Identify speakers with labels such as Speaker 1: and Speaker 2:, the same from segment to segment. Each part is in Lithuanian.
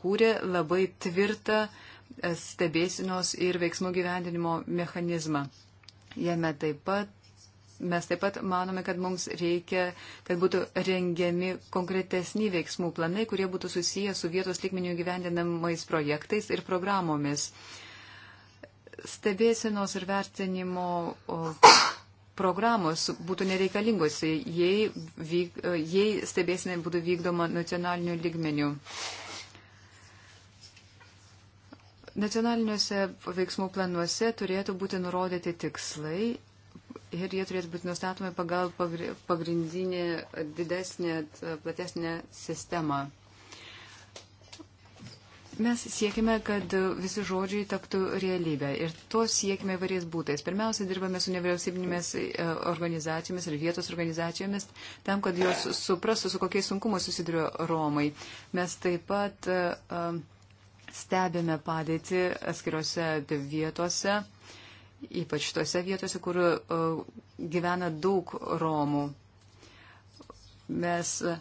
Speaker 1: kūrė labai tvirtą e, stebėsinos ir veiksmų gyvendinimo mechanizmą. Jame taip pat Mes taip pat manome, kad mums reikia, kad būtų rengiami konkretesni veiksmų planai, kurie būtų susiję su vietos likmenių gyvendinamais projektais ir programomis. Stebėsinos ir vertinimo programos būtų nereikalingos, jei, jei stebėsinė būtų vykdoma nacionaliniu lygmeniu. Nacionaliniuose veiksmų planuose turėtų būti nurodyti tikslai ir jie turėtų būti nustatomi pagal pagrindinį didesnį, platesnį sistemą. Mes siekime, kad visi žodžiai taptų realybę ir to siekime įvairiais būtais. Pirmiausia, dirbame su nevyriausybinėmis e, organizacijomis ir vietos organizacijomis tam, kad jos suprastų, su kokiais sunkumais susiduria Romai. Mes taip pat uh, stebime padėti atskiriuose vietose, ypač tose vietose, kur e, gyvena daug Romų. Mes, e,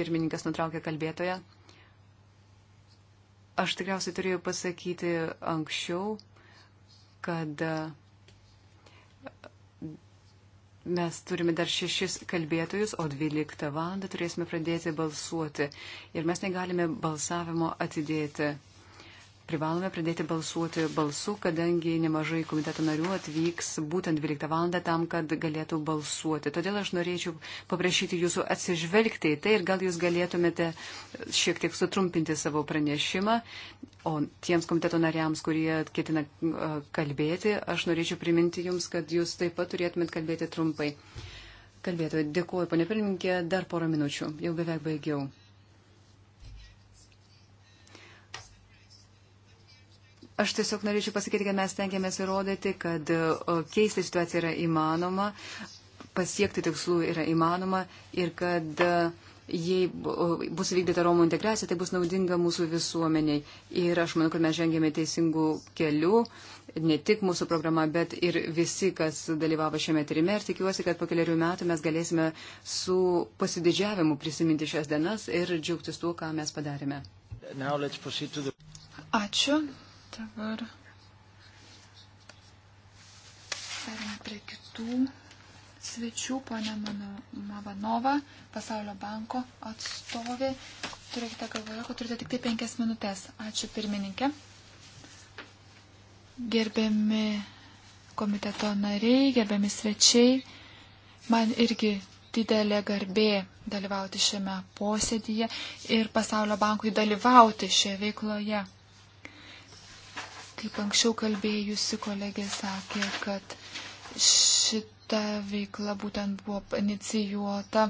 Speaker 1: pirmininkas nutraukė kalbėtoje, aš tikriausiai turėjau pasakyti anksčiau, kad e, Mes turime dar šešis kalbėtojus, o 12 val. turėsime pradėti balsuoti. Ir mes negalime balsavimo atidėti privalome pradėti balsuoti balsu, kadangi nemažai komiteto narių atvyks būtent 12 val. tam, kad galėtų balsuoti. Todėl aš norėčiau paprašyti jūsų atsižvelgti į tai ir gal jūs galėtumėte šiek tiek sutrumpinti savo pranešimą. O tiems komiteto nariams, kurie ketina kalbėti, aš norėčiau priminti jums, kad jūs taip pat turėtumėt kalbėti trumpai. Kalbėtojai, dėkuoju, ponė pirmininkė, dar porą minučių, jau beveik baigiau. Aš tiesiog norėčiau pasakyti, kad mes tengiamės įrodyti, kad e, keisti situaciją yra įmanoma, pasiekti tikslų yra įmanoma ir kad e, jei bus vykdyta Romų integracija, tai bus naudinga mūsų visuomeniai. Ir aš manau, kad mes žengėme teisingų kelių, ne tik mūsų programa, bet ir visi, kas dalyvavo šiame tyrime. Ir tikiuosi, kad po keliarių metų mes galėsime su pasididžiavimu prisiminti šias dienas ir džiaugtis tuo, ką mes padarėme.
Speaker 2: The...
Speaker 3: Ačiū. Dabar perim prie kitų svečių, ponė mano Mavanova, Pasaulio banko atstovė. Turėkite galvoje, kad turite tik tai penkias minutės. Ačiū pirmininkė. Gerbiami komiteto nariai, gerbiami svečiai, man irgi didelė garbė dalyvauti šiame posėdyje ir Pasaulio bankui dalyvauti šioje veikloje. Kaip anksčiau kalbėjusi kolegė sakė, kad šita veikla būtent buvo inicijuota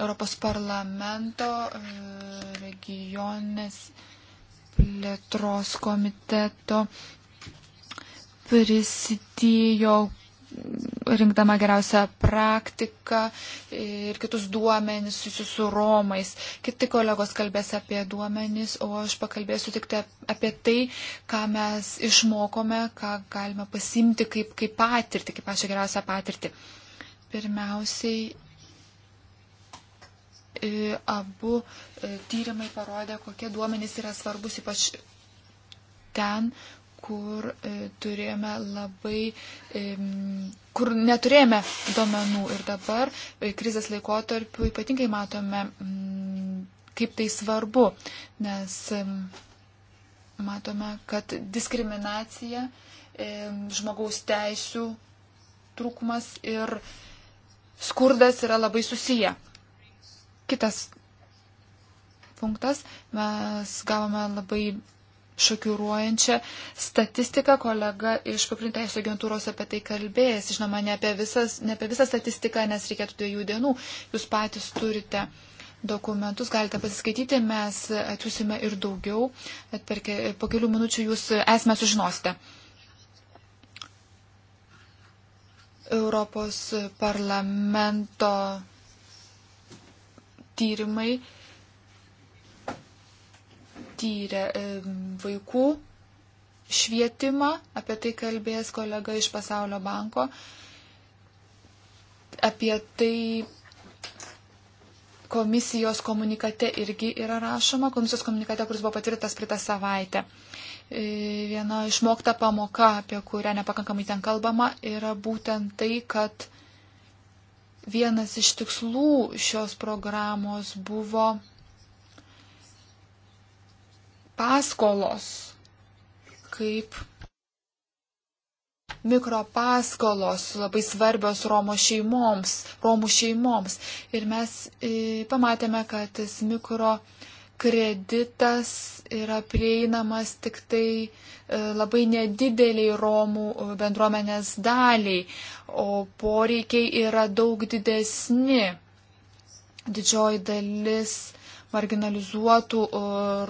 Speaker 3: Europos parlamento e, regionės plėtros komiteto prisidėjo rinkdama geriausią praktiką ir kitus duomenys susijusius su Romais. Kiti kolegos kalbės apie duomenys, o aš pakalbėsiu tik apie tai, ką mes išmokome, ką galime pasimti kaip, kaip patirtį, kaip pačią geriausią patirtį. Pirmiausiai e, abu e, tyrimai parodė, kokie duomenys yra svarbus, ypač ten, kur e, turėjome labai, e, kur neturėjome duomenų ir dabar e, krizės laikotarpiu ypatingai matome, mm, kaip tai svarbu, nes matome, kad diskriminacija, žmogaus teisų trūkumas ir skurdas yra labai susiję. Kitas punktas, mes gavome labai šokiruojančią statistiką. Kolega iš paprinteisų agentūros apie tai kalbėjęs. Žinoma, ne apie, visas, ne apie visą statistiką, nes reikėtų dviejų dienų. Jūs patys turite dokumentus, galite pasiskaityti, mes atsiusime ir daugiau, bet per, po kelių minučių jūs esmę sužinosite. Europos parlamento tyrimai tyrė vaikų švietimą, apie tai kalbės kolega iš Pasaulio banko, apie tai komisijos komunikate irgi yra rašoma, komisijos komunikate, kuris buvo patvirtas pritą savaitę. E, viena išmokta pamoka, apie kurią nepakankamai ten kalbama, yra būtent tai, kad vienas iš tikslų šios programos buvo paskolos, kaip mikropaskolos labai svarbios Romo šeimoms, Romų šeimoms. Ir mes e, pamatėme, kad tas mikro kreditas yra prieinamas tik tai e, labai nedideliai Romų e, bendruomenės daliai, o poreikiai yra daug didesni. Didžioji dalis marginalizuotų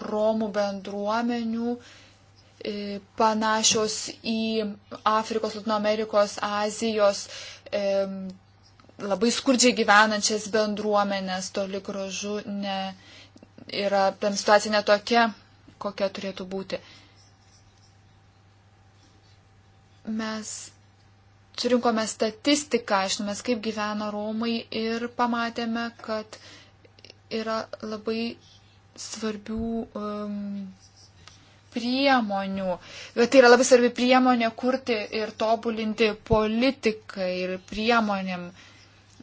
Speaker 3: Romų bendruomenių panašios į Afrikos, Latino Amerikos, Azijos labai skurdžiai gyvenančias bendruomenės, toli gražu ne, yra tam situacija netokia, kokia turėtų būti. Mes surinkome statistiką, žinome, kaip gyvena Romai ir pamatėme, kad yra labai svarbių um, priemonių. Tai yra labai svarbi priemonė kurti ir tobulinti politiką ir priemonėm.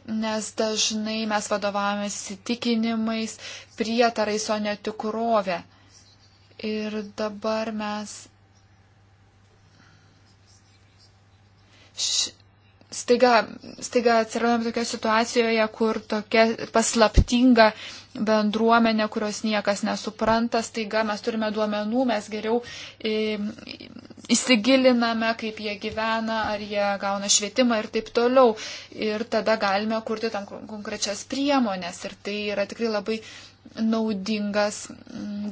Speaker 3: Nes dažnai mes vadovavomės įsitikinimais, prietarais, o ne tikrovė. Ir dabar mes š staiga, staiga atsiradom tokioje situacijoje, kur tokia paslaptinga bendruomenė, kurios niekas nesupranta, staiga mes turime duomenų, mes geriau į, e, įsigiliname, kaip jie gyvena, ar jie gauna švietimą ir taip toliau. Ir tada galime kurti tam konkrečias priemonės ir tai yra tikrai labai naudingas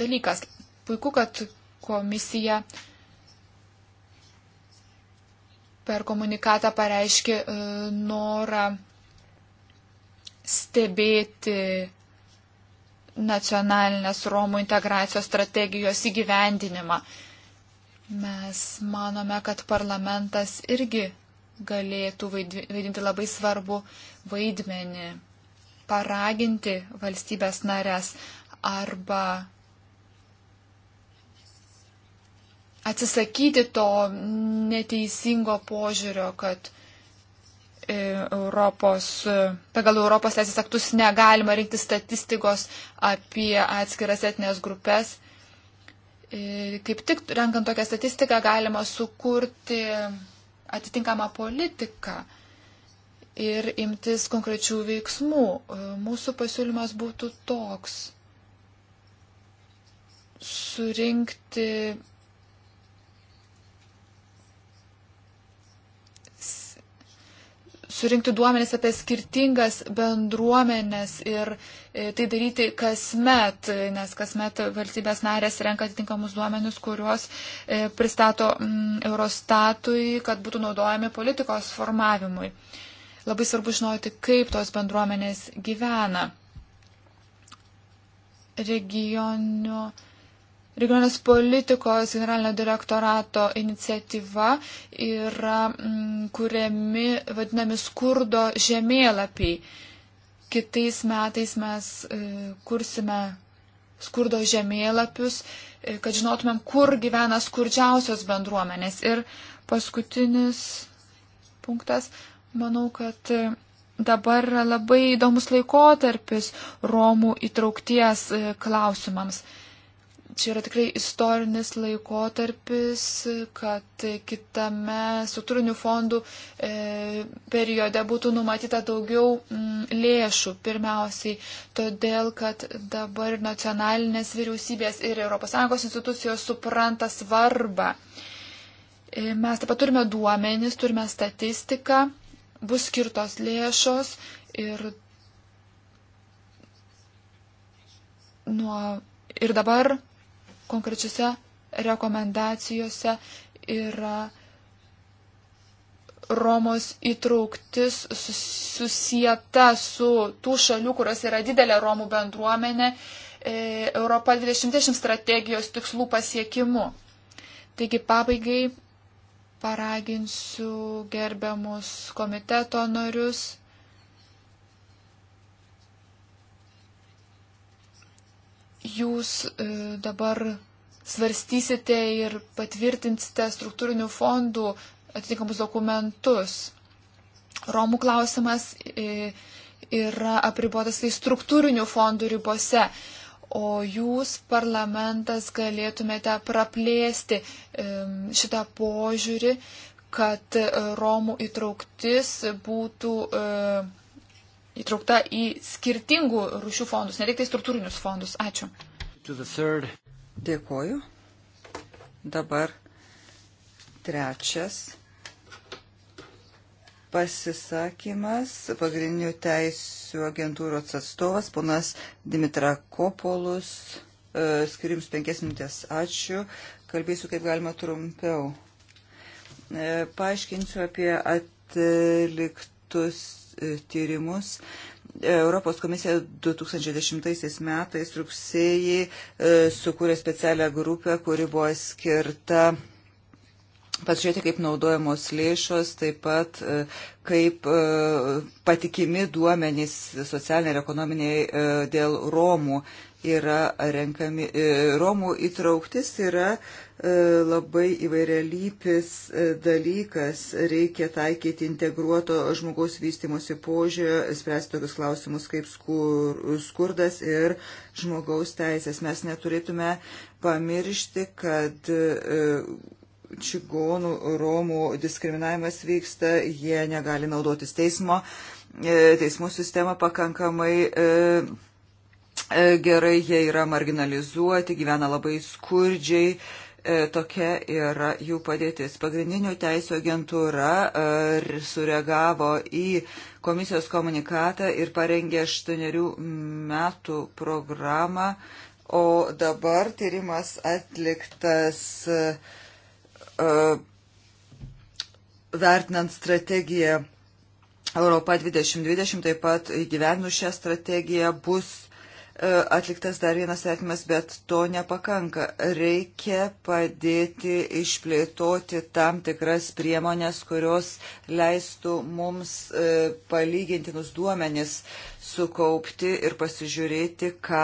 Speaker 3: dalykas. Puiku, kad komisija per komunikatą pareiškė e, norą stebėti nacionalinės Romų integracijos strategijos įgyvendinimą. Mes manome, kad parlamentas irgi galėtų vaidinti labai svarbu vaidmenį, paraginti valstybės narės arba atsisakyti to neteisingo požiūrio, kad e, Europos, pagal Europos teisės aktus negalima rinkti statistikos apie atskiras etinės grupės. E, kaip tik renkant tokią statistiką galima sukurti atitinkamą politiką ir imtis konkrečių veiksmų. E, mūsų pasiūlymas būtų toks surinkti surinkti duomenis apie skirtingas bendruomenės ir e, tai daryti kasmet, nes kasmet valstybės narės renka atitinkamus duomenis, kuriuos e, pristato mm, Eurostatui, kad būtų naudojami politikos formavimui. Labai svarbu žinoti, kaip tos bendruomenės gyvena regionio regionės politikos generalinio direktorato iniciatyva yra mm, kuriami vadinami skurdo žemėlapiai. Kitais metais mes e, kursime skurdo žemėlapius, e, kad žinotumėm, kur gyvena skurdžiausios bendruomenės. Ir paskutinis punktas, manau, kad e, dabar yra labai įdomus laikotarpis Romų įtraukties e, klausimams čia yra tikrai istorinis laikotarpis, kad kitame struktūrinių fondų e, periode būtų numatyta daugiau mm, lėšų. Pirmiausiai todėl, kad dabar nacionalinės vyriausybės ir ES institucijos supranta svarbą. E, mes taip pat turime duomenis, turime statistiką, bus skirtos lėšos ir nuo ir dabar konkrečiose rekomendacijose yra Romos įtrauktis susijęta su tų šalių, kurios yra didelė Romų bendruomenė, e, Europa 2020 strategijos tikslų pasiekimu. Taigi pabaigai paraginsiu gerbiamus komiteto norius jūs e, dabar svarstysite ir patvirtinsite struktūrinių fondų atitinkamus dokumentus. Romų klausimas e, yra apribotas tai struktūrinių fondų ribose, o jūs parlamentas galėtumėte praplėsti e, šitą požiūrį, kad Romų įtrauktis būtų įtraukta į skirtingų rušių fondus, ne tik tai struktūrinius fondus. Ačiū.
Speaker 2: Dėkoju. Dabar trečias pasisakymas pagrindinių teisų agentūros atstovas, ponas Dimitra Kopolus. E, skirims penkias minutės. Ačiū. Kalbėsiu kaip galima trumpiau. E, paaiškinsiu apie atliktus E, tyrimus. E, Europos komisija 2010 metais rugsėjį e, sukūrė specialią grupę, kuri buvo skirta pasižiūrėti, kaip naudojamos lėšos, taip pat kaip patikimi duomenys socialiniai ir ekonominiai dėl Romų yra renkami. Romų įtrauktis yra E, labai įvairialypis e, dalykas. Reikia taikyti integruoto žmogaus vystimosi požiūrio, spręsti tokius klausimus kaip skur, skurdas ir žmogaus teisės. Mes neturėtume pamiršti, kad e, čigonų, romų diskriminavimas vyksta, jie negali naudotis teismo, teismų sistema pakankamai gerai, jie yra marginalizuoti, gyvena labai skurdžiai E, tokia yra jų padėtis. Pagrindinių teisų agentūra e, sureagavo į komisijos komunikatą ir parengė aštuonerių metų programą, o dabar tyrimas atliktas e, vertinant strategiją Europa 2020, taip pat įgyvenus šią strategiją bus E, atliktas dar vienas vertimas, bet to nepakanka. Reikia padėti išplėtoti tam tikras priemonės, kurios leistų mums e, palygintinus duomenis sukaupti ir pasižiūrėti, ką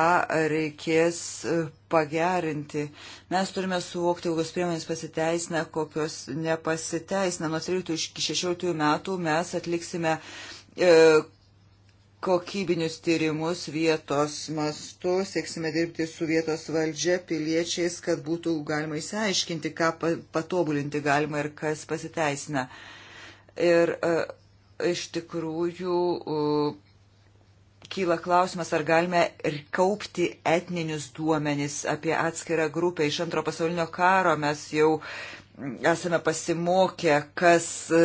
Speaker 2: reikės e, pagerinti. Mes turime suvokti, kokios priemonės pasiteisina, kokios nepasiteisina. Nuo 13 iki 16 metų mes atliksime kokybinius tyrimus vietos mastu, sėksime dirbti su vietos valdžia, piliečiais, kad būtų galima įsiaiškinti, ką patobulinti galima ir kas pasiteisina. Ir e, iš tikrųjų e, kyla klausimas, ar galime ir kaupti etninius duomenis apie atskirą grupę. Iš antro pasaulinio karo mes jau esame pasimokę, kas e,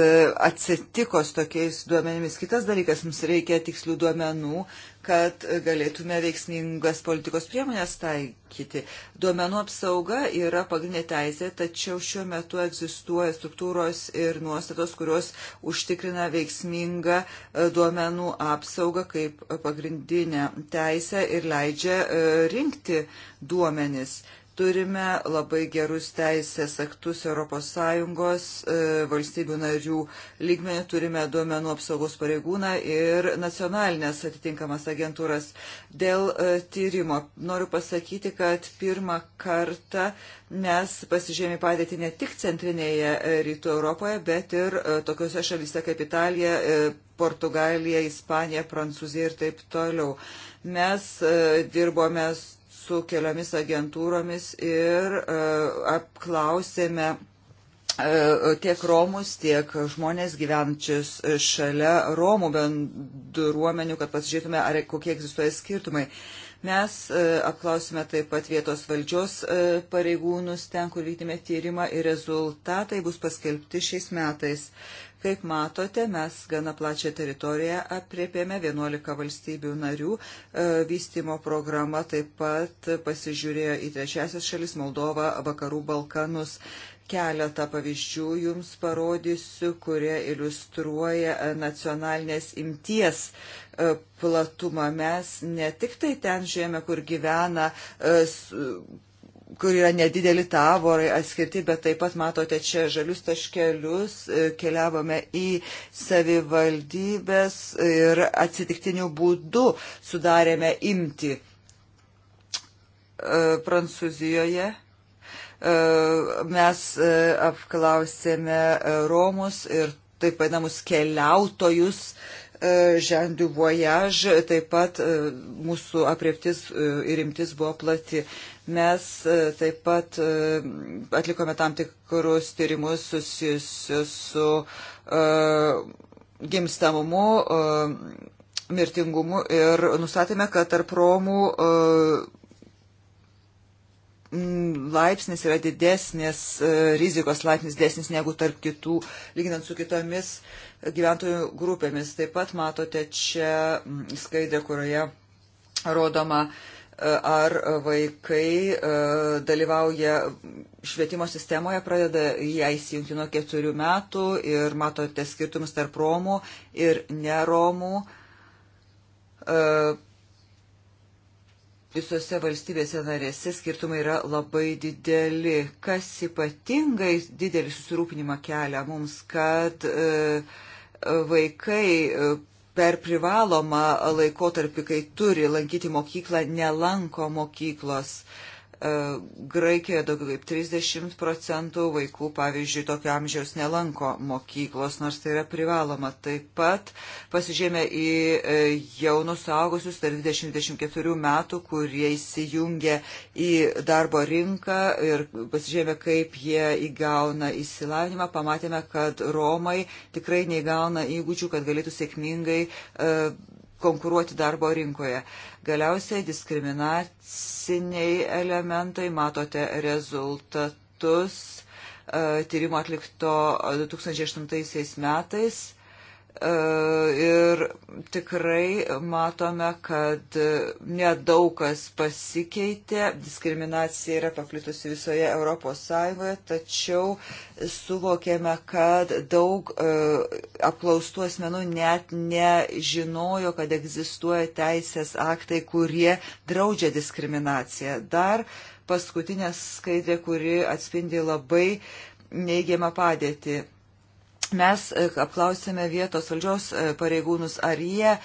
Speaker 2: atsitiko su tokiais duomenimis. Kitas dalykas, mums reikia tikslių duomenų kad galėtume veiksmingas politikos priemonės taikyti. Duomenų apsauga yra pagrindinė teisė, tačiau šiuo metu egzistuoja struktūros ir nuostatos, kurios užtikrina veiksmingą e, duomenų apsaugą kaip pagrindinę teisę ir leidžia e, rinkti duomenis. Turime labai gerus teisės aktus ES e, valstybių narių lygmenį, turime duomenų apsaugos pareigūną ir nacionalinės atitinkamas agentūras. Dėl e, tyrimo noriu pasakyti, kad pirmą kartą mes pasižymė padėti ne tik centrinėje e, rytų Europoje, bet ir tokiuose šalyse kaip Italija, Portugalija, Ispanija, Prancūzija ir taip toliau. Mes dirbome su keliomis agentūromis ir e, apklausėme e, tiek Romus, tiek žmonės gyvenčius šalia Romų bendruomenių, kad pasižiūrėtume, ar kokie egzistuoja skirtumai. Mes e, apklausime taip pat vietos valdžios pareigūnus ten, kur vykdėme tyrimą ir rezultatai bus paskelbti šiais metais. Kaip matote, mes gana plačią teritoriją apriepėme 11 valstybių narių. E, vystimo programa taip pat pasižiūrėjo į trečiasias šalis Moldovą, Vakarų Balkanus. Keletą pavyzdžių jums parodysiu, kurie iliustruoja e, nacionalinės imties e, platumą. Mes ne tik tai ten žiūrėjome, kur gyvena kur yra nedideli taborai atskirti, bet taip pat matote čia žalius taškelius, e, keliavome į savivaldybės ir atsitiktiniu būdu sudarėme imti e, Prancūzijoje. E, mes apklausėme Romus ir taip vadinamus keliautojus, Žen du Voyage, taip pat mūsų apreptis ir imtis buvo plati. Mes e, taip pat e, atlikome tam tikrus tyrimus susijusius su uh, gimstamumu, uh, mirtingumu ir nustatėme, kad tarp Romų uh, laipsnis yra didesnis, rizikos laipsnis didesnis negu tarp kitų, lyginant su kitomis gyventojų grupėmis. Taip pat matote čia skaidrę, kurioje rodoma ar vaikai e, dalyvauja švietimo sistemoje, pradeda ją įsijungti nuo keturių metų ir matote skirtumus tarp romų ir neromų. E, visose valstybėse narėse skirtumai yra labai dideli, kas ypatingai didelį susirūpinimą kelia mums, kad e, vaikai per privalomą laikotarpį, kai turi lankyti mokyklą, nelanko mokyklos. Uh, E, Graikijoje daugiau kaip 30 procentų vaikų, pavyzdžiui, tokio amžiaus nelanko mokyklos, nors tai yra privaloma. Taip pat pasižymė į e, jaunus augusius tarp 20-24 metų, kurie įsijungia į darbo rinką ir pasižymė, kaip jie įgauna įsilavinimą. Pamatėme, kad Romai tikrai neįgauna įgūdžių, kad galėtų sėkmingai uh, konkuruoti darbo rinkoje. Galiausiai diskriminaciniai elementai, matote rezultatus e, tyrimo atlikto 2008 metais E, ir tikrai matome, kad nedaug kas pasikeitė, diskriminacija yra paplitusi visoje Europos Sąjungoje, tačiau suvokėme, kad daug e, aplaustų asmenų net nežinojo, kad egzistuoja teisės aktai, kurie draudžia diskriminaciją. Dar paskutinė skaidrė, kuri atspindi labai neigiamą padėtį mes e, apklausėme vietos valdžios e, pareigūnus, ar jie e,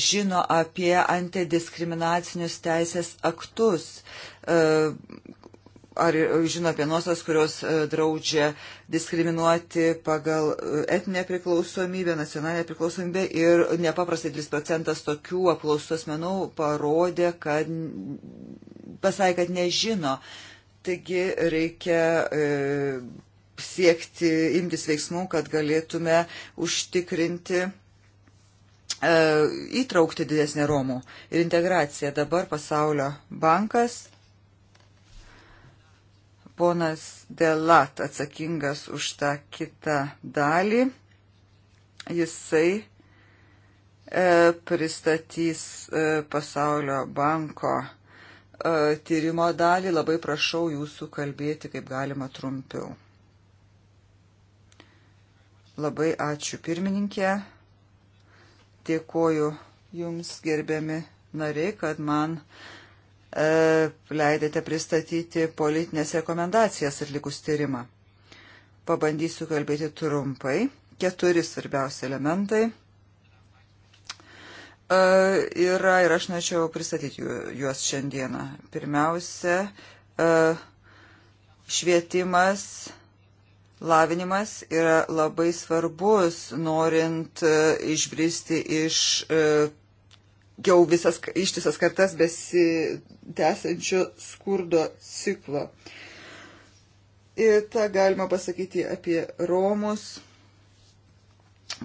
Speaker 2: žino apie antidiskriminacinius teisės aktus, ar žino apie nuostas, kurios draudžia diskriminuoti pagal etinę priklausomybę, nacionalinę priklausomybę ir nepaprastai 3 procentas tokių apklausų asmenų parodė, kad pasakė, kad nežino. Taigi reikia siekti imtis veiksmų, kad galėtume užtikrinti e, įtraukti didesnį Romų ir integraciją. Dabar pasaulio bankas, ponas Delat atsakingas už tą kitą dalį, jisai e, pristatys e, pasaulio banko e, tyrimo dalį, labai prašau jūsų kalbėti kaip galima trumpiau. Labai ačiū pirmininkė. Dėkoju Jums, gerbiami nariai, kad man e, leidėte pristatyti politinės rekomendacijas atlikus tyrimą. Pabandysiu kalbėti trumpai. Keturi svarbiausi elementai e, yra ir aš norėčiau pristatyti juos šiandieną. Pirmiausia, e, švietimas lavinimas yra labai svarbus, norint e, išbristi iš e, jau visas ištisas kartas besitęsiančio skurdo ciklo. Ir tą galima pasakyti apie Romus,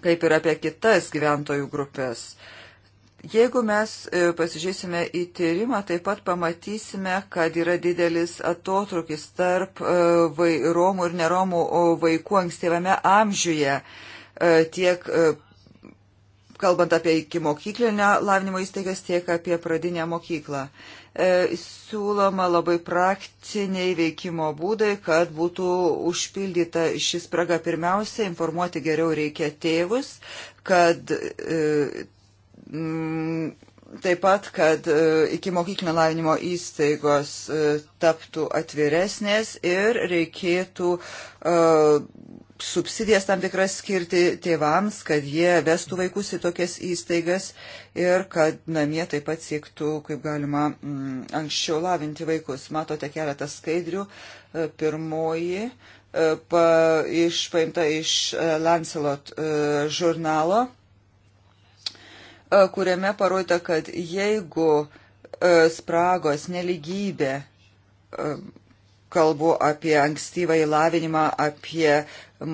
Speaker 2: kaip ir apie kitas gyventojų grupės. Uh, Jeigu mes e, pasižiūrėsime į tyrimą, taip pat pamatysime, kad yra didelis atotrukis tarp e, vai, romų ir neromų vaikų ankstyvame amžiuje, e, tiek kalbant apie iki mokyklinio lavinimo įstaigas, tiek apie pradinę mokyklą. Siūloma labai praktiniai veikimo būdai, kad būtų užpildyta šis praga. Pirmiausia, informuoti geriau reikia tėvus, kad Mm, taip pat, kad e, iki mokyklinio lavinimo įstaigos e, taptų atviresnės ir reikėtų e, subsidijas tam tikras skirti tėvams, kad jie vestų vaikus į tokias įstaigas ir kad namie taip pat siektų, kaip galima, mm, anksčiau lavinti vaikus. Matote keletą skaidrių. Pirmoji pa, iš, paimta iš Lancelot žurnalo E, kuriame parodyta, kad jeigu e, spragos, neligybė, e, kalbu apie ankstyvą įlavinimą, apie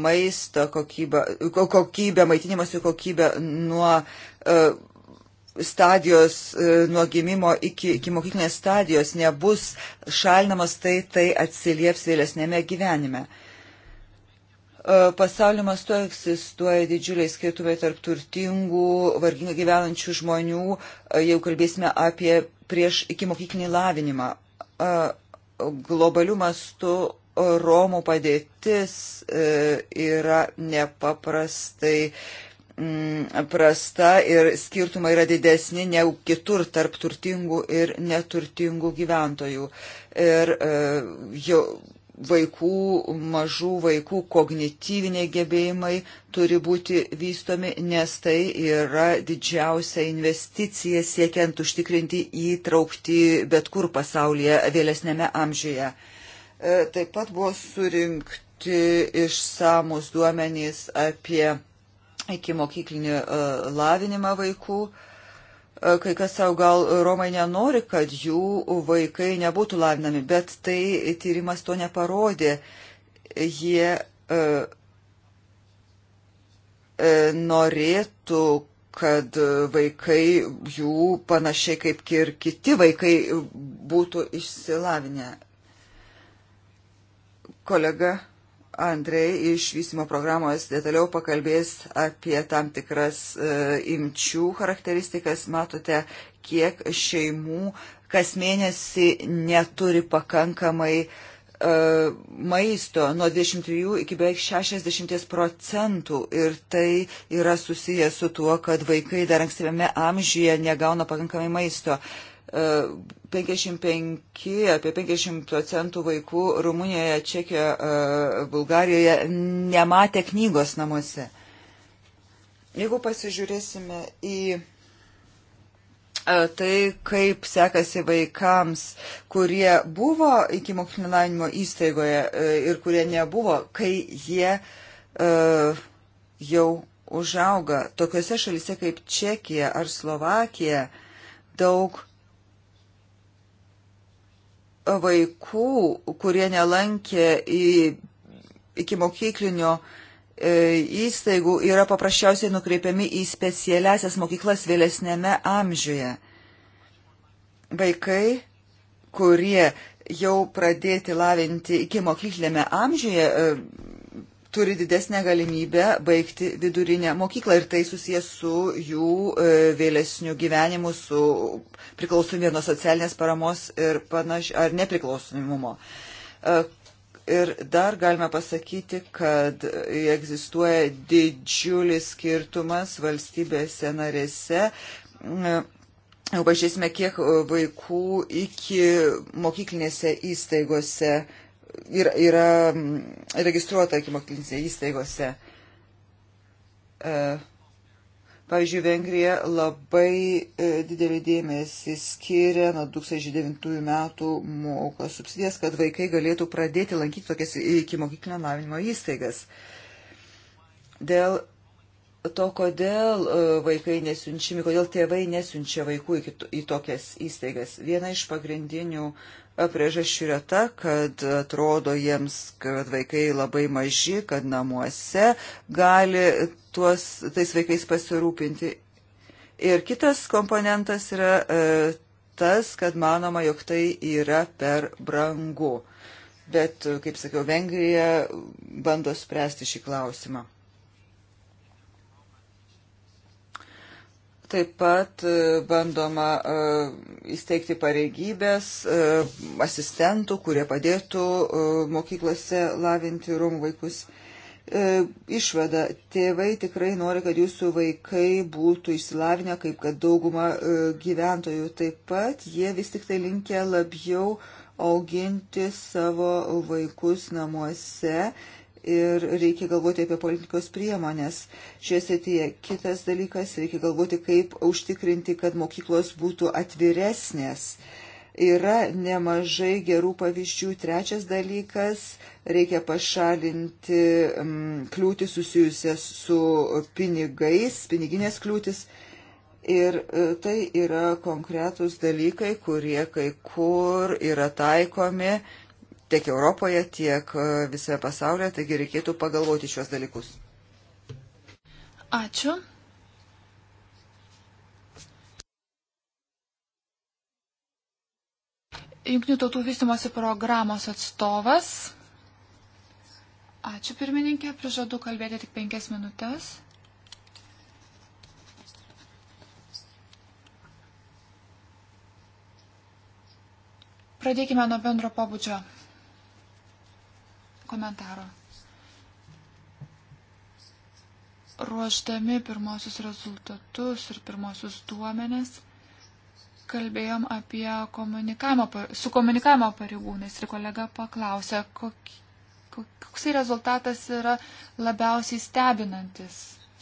Speaker 2: maisto kokybę, kokybę maitinimosi kokybę nuo stadijos nuo gimimo iki, iki mokyklinės stadijos nebus šalinamas, tai tai atsilieps vėlesnėme gyvenime. Uh, E, pasaulio mastu egzistuoja didžiuliai skirtumai tarp turtingų, vargingai gyvenančių žmonių, e, jau kalbėsime apie prieš iki mokyklinį lavinimą. E, Globalių mastų Romų padėtis yra nepaprastai mm, prasta ir skirtumai yra didesni negu kitur tarp turtingų ir neturtingų gyventojų. Ir jau vaikų, mažų vaikų kognityviniai gebėjimai turi būti vystomi, nes tai yra didžiausia investicija siekiant užtikrinti įtraukti bet kur pasaulyje vėlesnėme amžiuje. E, taip pat buvo surinkti išsamus duomenys apie iki mokyklinį e, lavinimą vaikų. E, kai kas savo gal Romai nenori, kad jų vaikai nebūtų lavinami, bet tai tyrimas to neparodė. Jie e, e, norėtų, kad vaikai jų panašiai kaip ir kiti vaikai būtų išsilavinę. Kolega Andrei iš vystimo programos detaliau pakalbės apie tam tikras e, imčių charakteristikas. Matote, kiek šeimų kas mėnesį neturi pakankamai e, maisto nuo 23 iki beveik 60 procentų ir tai yra susijęs su tuo, kad vaikai dar ankstyvame amžiuje negauna pakankamai maisto. E, 55, apie 50 procentų vaikų Rumunijoje, Čekijoje, e, Bulgarijoje nematė knygos namuose. Jeigu pasižiūrėsime į e, tai, kaip sekasi vaikams, kurie buvo iki mokyklinavimo įstaigoje e, ir kurie nebuvo, kai jie uh, jau užauga. Tokiuose šalise kaip Čekija ar Slovakija daug vaikų, kurie nelankė į, iki mokyklinio e, įstaigų, yra paprasčiausiai nukreipiami į specialiasias mokyklas vėlesnėme amžiuje. Vaikai, kurie jau pradėti lavinti iki mokyklinėme amžiuje, e, turi didesnę galimybę baigti vidurinę mokyklą ir tai susijęs su jų e, vėlesniu gyvenimu, su priklausomybė nuo socialinės paramos ir panaš, ar nepriklausomumo. E, ir dar galime pasakyti, kad egzistuoja didžiulis skirtumas valstybėse narėse. E, pažiūrėsime, kiek vaikų iki mokyklinėse įstaigose yra, yra mm, registruota iki mokyklinėse įstaigose. E, pavyzdžiui, Vengrija labai e, didelį dėmesį skiria nuo 2009 metų moka subsidijas, kad vaikai galėtų pradėti lankyti tokias iki mokyklinio lavinimo įstaigas. Dėl to, kodėl e, vaikai nesiunčiami, kodėl tėvai nesiunčia vaikų į tokias įstaigas. Viena iš pagrindinių uh, Priežasčių yra ta, kad atrodo jiems, kad vaikai labai maži, kad namuose gali tuos, tais vaikais pasirūpinti. Ir kitas komponentas yra e, tas, kad manoma, jog tai yra per brangu. Bet, kaip sakiau, Vengrija bando spręsti šį klausimą. Taip pat e, bandoma e, įsteigti pareigybės e, asistentų, kurie padėtų mokyklose lavinti romų vaikus. Išvada. Tėvai tikrai nori, kad jūsų vaikai būtų išsilavinę, kaip kad dauguma gyventojų. Taip pat jie vis tik tai linkia labiau auginti savo vaikus namuose ir reikia galvoti apie politikos priemonės. Šioje srityje kitas dalykas, reikia galvoti, kaip užtikrinti, kad mokyklos būtų atviresnės. Yra nemažai gerų pavyzdžių. Trečias dalykas - reikia pašalinti mm, kliūtis susijusias su pinigais, piniginės kliūtis. Ir e, tai yra konkretūs dalykai, kurie kai kur yra taikomi tiek Europoje, tiek e, visame pasaulyje, taigi reikėtų pagalvoti šios dalykus.
Speaker 3: Ačiū. Junktinių tautų vystimosi programos atstovas. Ačiū pirmininkė, prižadu kalbėti tik penkias minutės. Pradėkime nuo bendro pobūdžio komentaro. Ruoždami pirmosius rezultatus ir pirmosius duomenis, kalbėjom apie komunikavimo, su komunikavimo pareigūnais ir kolega paklausė, koks rezultatas yra labiausiai stebinantis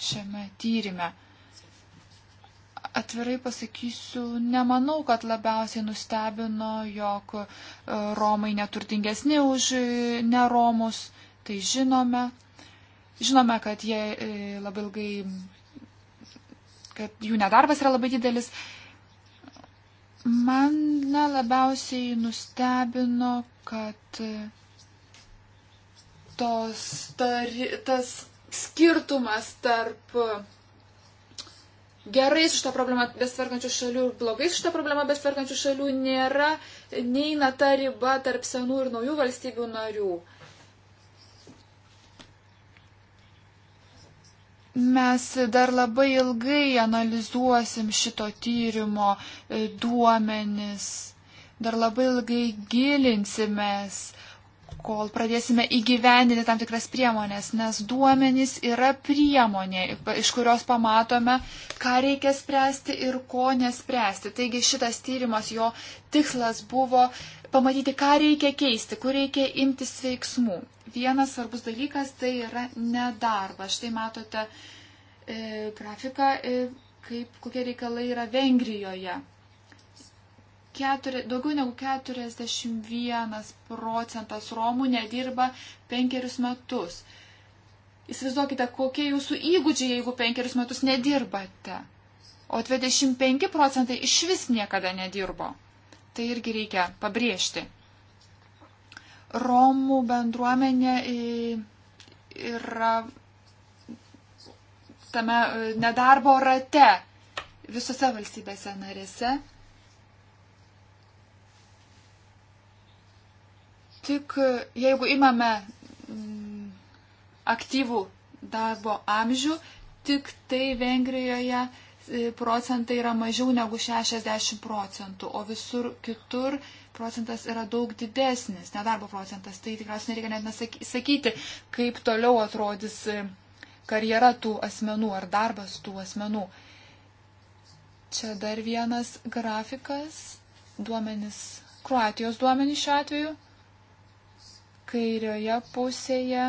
Speaker 3: šiame tyrimė atvirai pasakysiu, nemanau, kad labiausiai nustebino, jog e, Romai neturtingesni už e, neromus. Tai žinome. Žinome, kad jie e, labai ilgai, kad jų nedarbas yra labai didelis. Man na, labiausiai nustebino, kad tos, tar, tas skirtumas tarp gerai su šitą problemą besvarkančių šalių ir blogai su šitą problemą besvarkančių šalių nėra, neina ta riba tarp senų ir naujų valstybių narių. Mes dar labai ilgai analizuosim šito tyrimo e, duomenis, dar labai ilgai gilinsimės kol pradėsime įgyvendinti tam tikras priemonės, nes duomenys yra priemonė, iš kurios pamatome, ką reikia spręsti ir ko nespręsti. Taigi šitas tyrimas, jo tikslas buvo pamatyti, ką reikia keisti, kur reikia imtis veiksmų. Vienas svarbus dalykas tai yra nedarbas. Štai matote e, grafiką, e, kaip, kokie reikalai yra Vengrijoje keturi, daugiau negu 41 procentas Romų nedirba penkerius metus. Įsivaizduokite, kokie jūsų įgūdžiai, jeigu penkerius metus nedirbate. O 25 procentai iš vis niekada nedirbo. Tai irgi reikia pabrėžti. Romų bendruomenė e, yra tame e, nedarbo rate visose valstybėse narėse tik jeigu imame m, mm, aktyvų darbo amžių, tik tai Vengrijoje e, procentai yra mažiau negu 60 procentų, o visur kitur procentas yra daug didesnis, nedarbo procentas. Tai tikriausiai nereikia net nesakyti, kaip toliau atrodys e, karjera tų asmenų ar darbas tų asmenų. Čia dar vienas grafikas, duomenis, Kroatijos duomenis šiuo atveju. Kairioje pusėje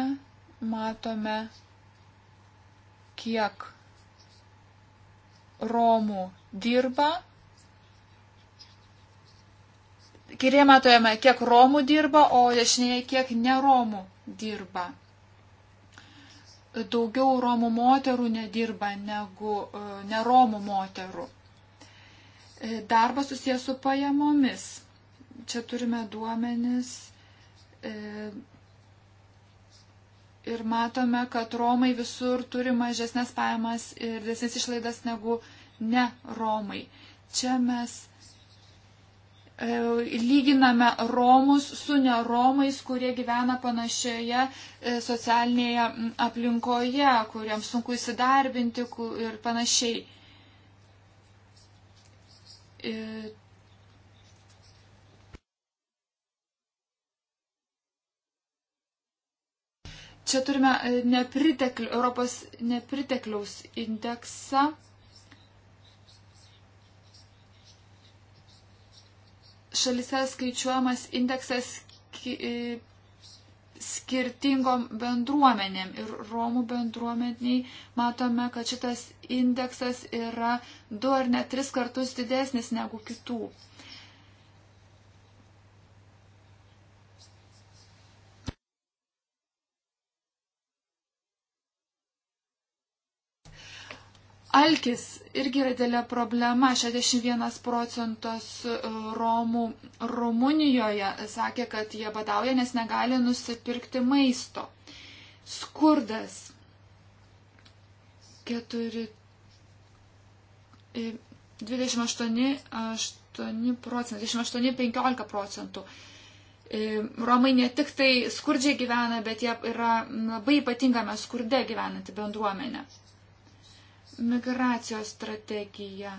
Speaker 3: matome, kiek Romų dirba. Kairėje matome, kiek Romų dirba, o dešinėje kiek neromų dirba. Daugiau Romų moterų nedirba negu e, neromų moterų. E, darbas susijęs su pajamomis. Čia turime duomenis E, ir matome, kad Romai visur turi mažesnės pajamas ir didesnės išlaidas negu ne Romai. Čia mes e, lyginame Romus su neromais, kurie gyvena panašioje e, socialinėje aplinkoje, kuriems sunku įsidarbinti ir panašiai Čia turime e, nepriteklių, Europos nepritekliaus indeksą. Šalise skaičiuojamas indeksas e, skirtingom bendruomenėm ir Romų bendruomeniai matome, kad šitas indeksas yra du ar net tris kartus didesnis negu kitų. Alkis irgi yra dėlė problema. 61 procentas e, Romų Rumunijoje sakė, kad jie badauja, nes negali nusipirkti maisto. Skurdas. 4. 28, 8 procentai, 28-15 procentų. E, Romai ne tik tai skurdžiai gyvena, bet jie yra labai ypatingame skurde gyvenanti bendruomenė migracijos strategija.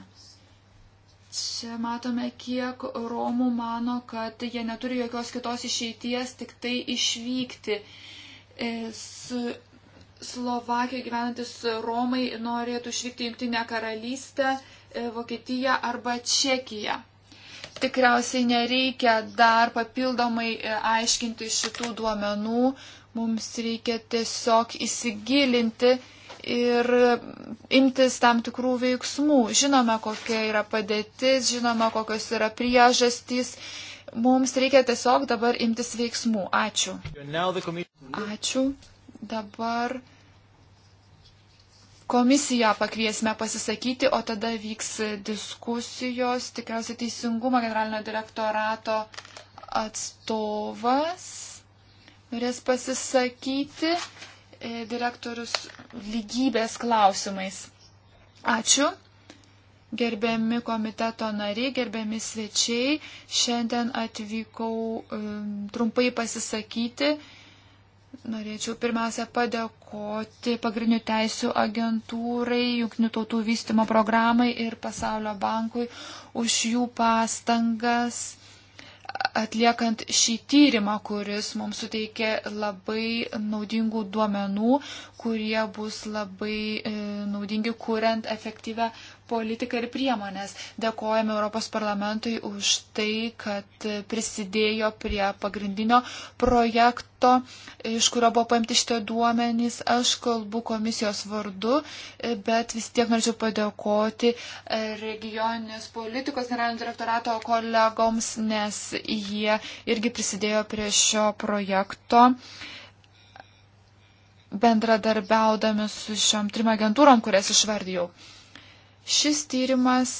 Speaker 3: Čia matome, kiek Romų mano, kad jie neturi jokios kitos išeities, tik tai išvykti. E, su Slovakijoje gyvenantis Romai norėtų išvykti į Junktinę karalystę, e, Vokietiją arba Čekiją. Tikriausiai nereikia dar papildomai e, aiškinti šitų duomenų, mums reikia tiesiog įsigilinti ir imtis tam tikrų veiksmų. Žinome, kokia yra padėtis, žinome, kokios yra priežastys. Mums reikia tiesiog dabar imtis veiksmų. Ačiū. Ačiū. Dabar komisiją pakviesime pasisakyti, o tada vyks diskusijos. Tikriausiai teisingumo generalinio direktorato atstovas norės pasisakyti. E, direktorius lygybės klausimais. Ačiū. Gerbiami komiteto nariai, gerbiami svečiai, šiandien atvykau um, trumpai pasisakyti. Norėčiau pirmiausia padėkoti pagrindinių teisų agentūrai, Junktinių tautų vystimo programai ir Pasaulio bankui už jų pastangas atliekant šį tyrimą, kuris mums suteikė labai naudingų duomenų, kurie bus labai e, naudingi kuriant efektyvę politiką ir priemonės. Dėkojame Europos parlamentui už tai, kad prisidėjo prie pagrindinio projekto, iš kurio buvo paimti šitie duomenys. Aš kalbu komisijos vardu, bet vis tiek norėčiau padėkoti e, regioninės politikos generalinio direktorato kolegoms, nes jie irgi prisidėjo prie šio projekto bendradarbiaudami su šiom trim agentūrom, kurias išvardėjau. Šis tyrimas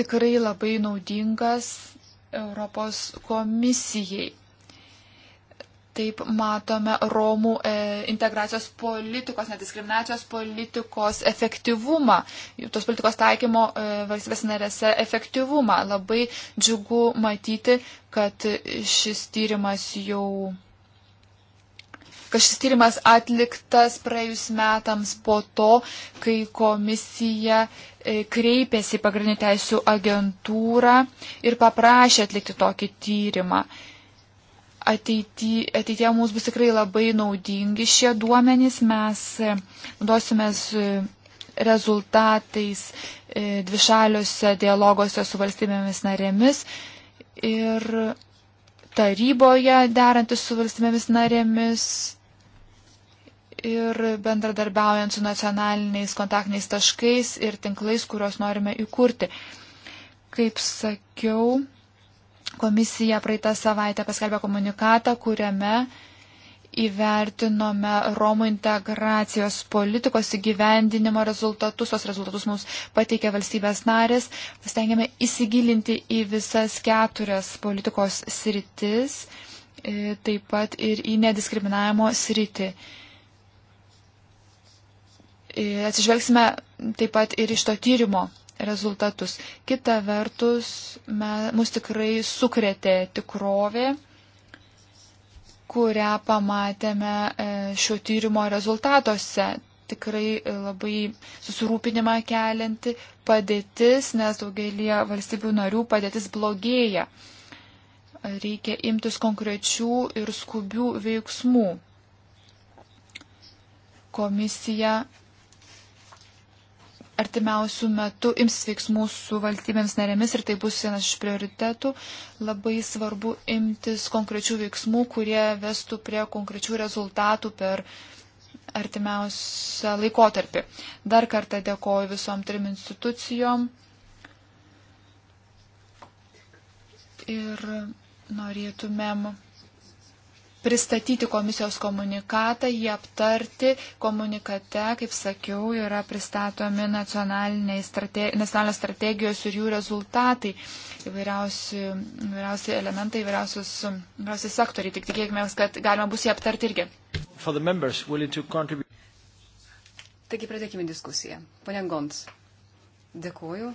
Speaker 3: tikrai labai naudingas Europos komisijai. Taip matome Romų e, integracijos politikos, nediskriminacijos politikos efektyvumą, tos politikos taikymo e, valstybės narėse efektyvumą. Labai džiugu matyti, kad šis tyrimas jau kad šis tyrimas atliktas praėjus metams po to, kai komisija e, kreipėsi į pagrindinį teisų agentūrą ir paprašė atlikti tokį tyrimą. Ateity, ateitie mums bus tikrai labai naudingi šie duomenys, mes e, duosimės rezultatais e, dvišaliuose dialoguose su valstybėmis narėmis ir taryboje derantis su valstybėmis narėmis ir bendradarbiaujant su nacionaliniais kontaktiniais taškais ir tinklais, kuriuos norime įkurti. Kaip sakiau, komisija praeitą savaitę paskelbė komunikatą, kuriame įvertinome Romų integracijos politikos įgyvendinimo rezultatus, tos rezultatus mums pateikė valstybės narės, stengiame įsigilinti į visas keturias politikos sritis, e, taip pat ir į nediskriminavimo sritį. E, atsižvelgsime taip pat ir iš to tyrimo rezultatus. Kita vertus, me, mus tikrai sukrėtė tikrovė, kurią pamatėme e, šio tyrimo rezultatuose. Tikrai e, labai susirūpinimą kelianti padėtis, nes daugelie valstybių narių padėtis blogėja. Reikia imtis konkrečių ir skubių veiksmų. Komisija artimiausių metų imsis veiksmų su valstybėms narėmis ir tai bus vienas iš prioritetų. Labai svarbu imtis konkrečių veiksmų, kurie vestų prie konkrečių rezultatų per artimiausią laikotarpį. Dar kartą dėkoju visom trim institucijom. Ir norėtumėm pristatyti komisijos komunikatą, jį aptarti. Komunikate, kaip sakiau, yra pristatomi strate, nacionalinės strategijos ir jų rezultatai, įvairiausi, įvairiausi elementai, įvairiausi sektoriai. Tik tikėkime, kad galima bus jį aptarti irgi. Members,
Speaker 1: Taigi pradėkime diskusiją. Pane Gons, dėkuoju.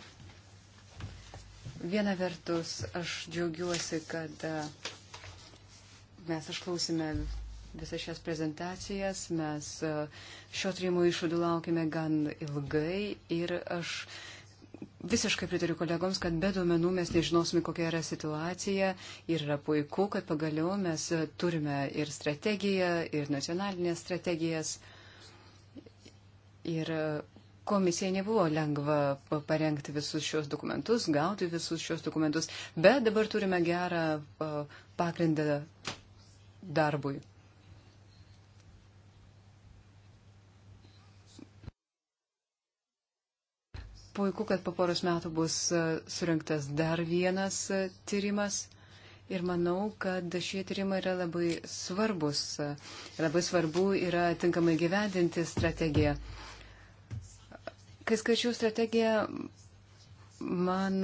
Speaker 1: Viena vertus, aš džiaugiuosi, kad Mes išklausime visas šias prezentacijas, mes e, šio trimų išvadų laukime gan ilgai ir aš visiškai pritariu kolegoms, kad be duomenų mes nežinosime, kokia yra situacija ir yra puiku, kad pagaliau mes e, turime ir strategiją, ir nacionalinės strategijas. Ir e, komisija nebuvo lengva parengti visus šios dokumentus, gauti visus šios dokumentus, bet dabar turime gerą pagrindą darbui. Puiku, kad po poros metų bus e, surinktas dar vienas e, tyrimas. Ir manau, kad šie tyrimai yra labai svarbus. E, labai svarbu yra tinkamai gyvendinti strategiją. Kai skaičiau strategiją, man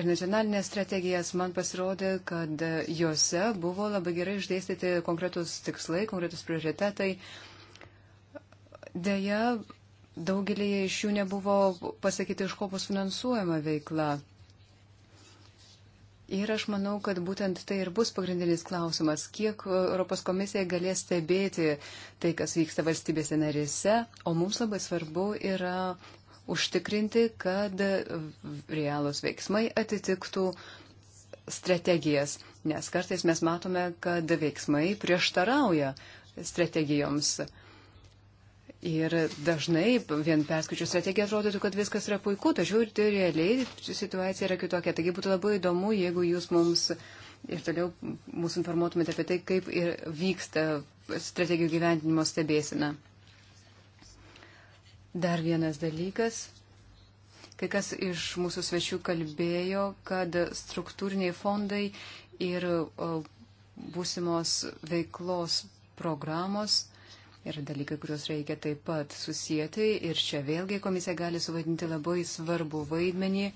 Speaker 1: ir nacionalinės strategijas, man pasirodė, kad juose buvo labai gerai išdėstyti konkretus tikslai, konkretus prioritetai. Deja, daugelį iš jų nebuvo pasakyti, iš ko bus finansuojama veikla. Ir aš manau, kad būtent tai ir bus pagrindinis klausimas, kiek Europos komisija galės stebėti tai, kas vyksta valstybėse narėse, o mums labai svarbu yra užtikrinti, kad realūs veiksmai atitiktų strategijas, nes kartais mes matome, kad veiksmai prieštarauja strategijoms. Ir dažnai vien perskaičius strategiją atrodytų, kad viskas yra puiku, tačiau ir tai realiai situacija yra kitokia. Taigi būtų labai įdomu, jeigu jūs mums ir toliau mūsų informuotumėte apie tai, kaip ir vyksta strategijų gyventinimo stebėsina. Dar vienas dalykas. Kai kas iš mūsų svečių kalbėjo, kad struktūriniai fondai ir būsimos veiklos programos yra dalykai, kuriuos reikia taip pat susijęti. Ir čia vėlgi komisija gali suvaidinti labai svarbu vaidmenį.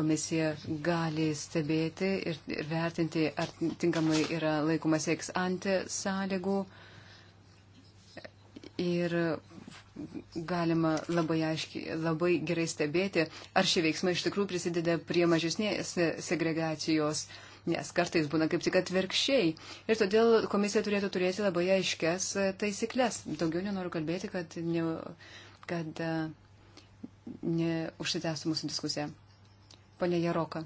Speaker 1: Komisija gali stebėti ir, ir vertinti, ar tinkamai yra laikomas eks ante sąlygų. Ir galima labai, aiškiai, labai gerai stebėti, ar šie veiksmai iš tikrųjų prisideda prie mažesnės segregacijos, nes kartais būna kaip tik atvirkščiai. Ir todėl komisija turėtų turėti labai aiškias e, taisyklės. Daugiau nenoriu kalbėti, kad, ne, kad e, neužsitęstų mūsų diskusija. Pane Jaroka.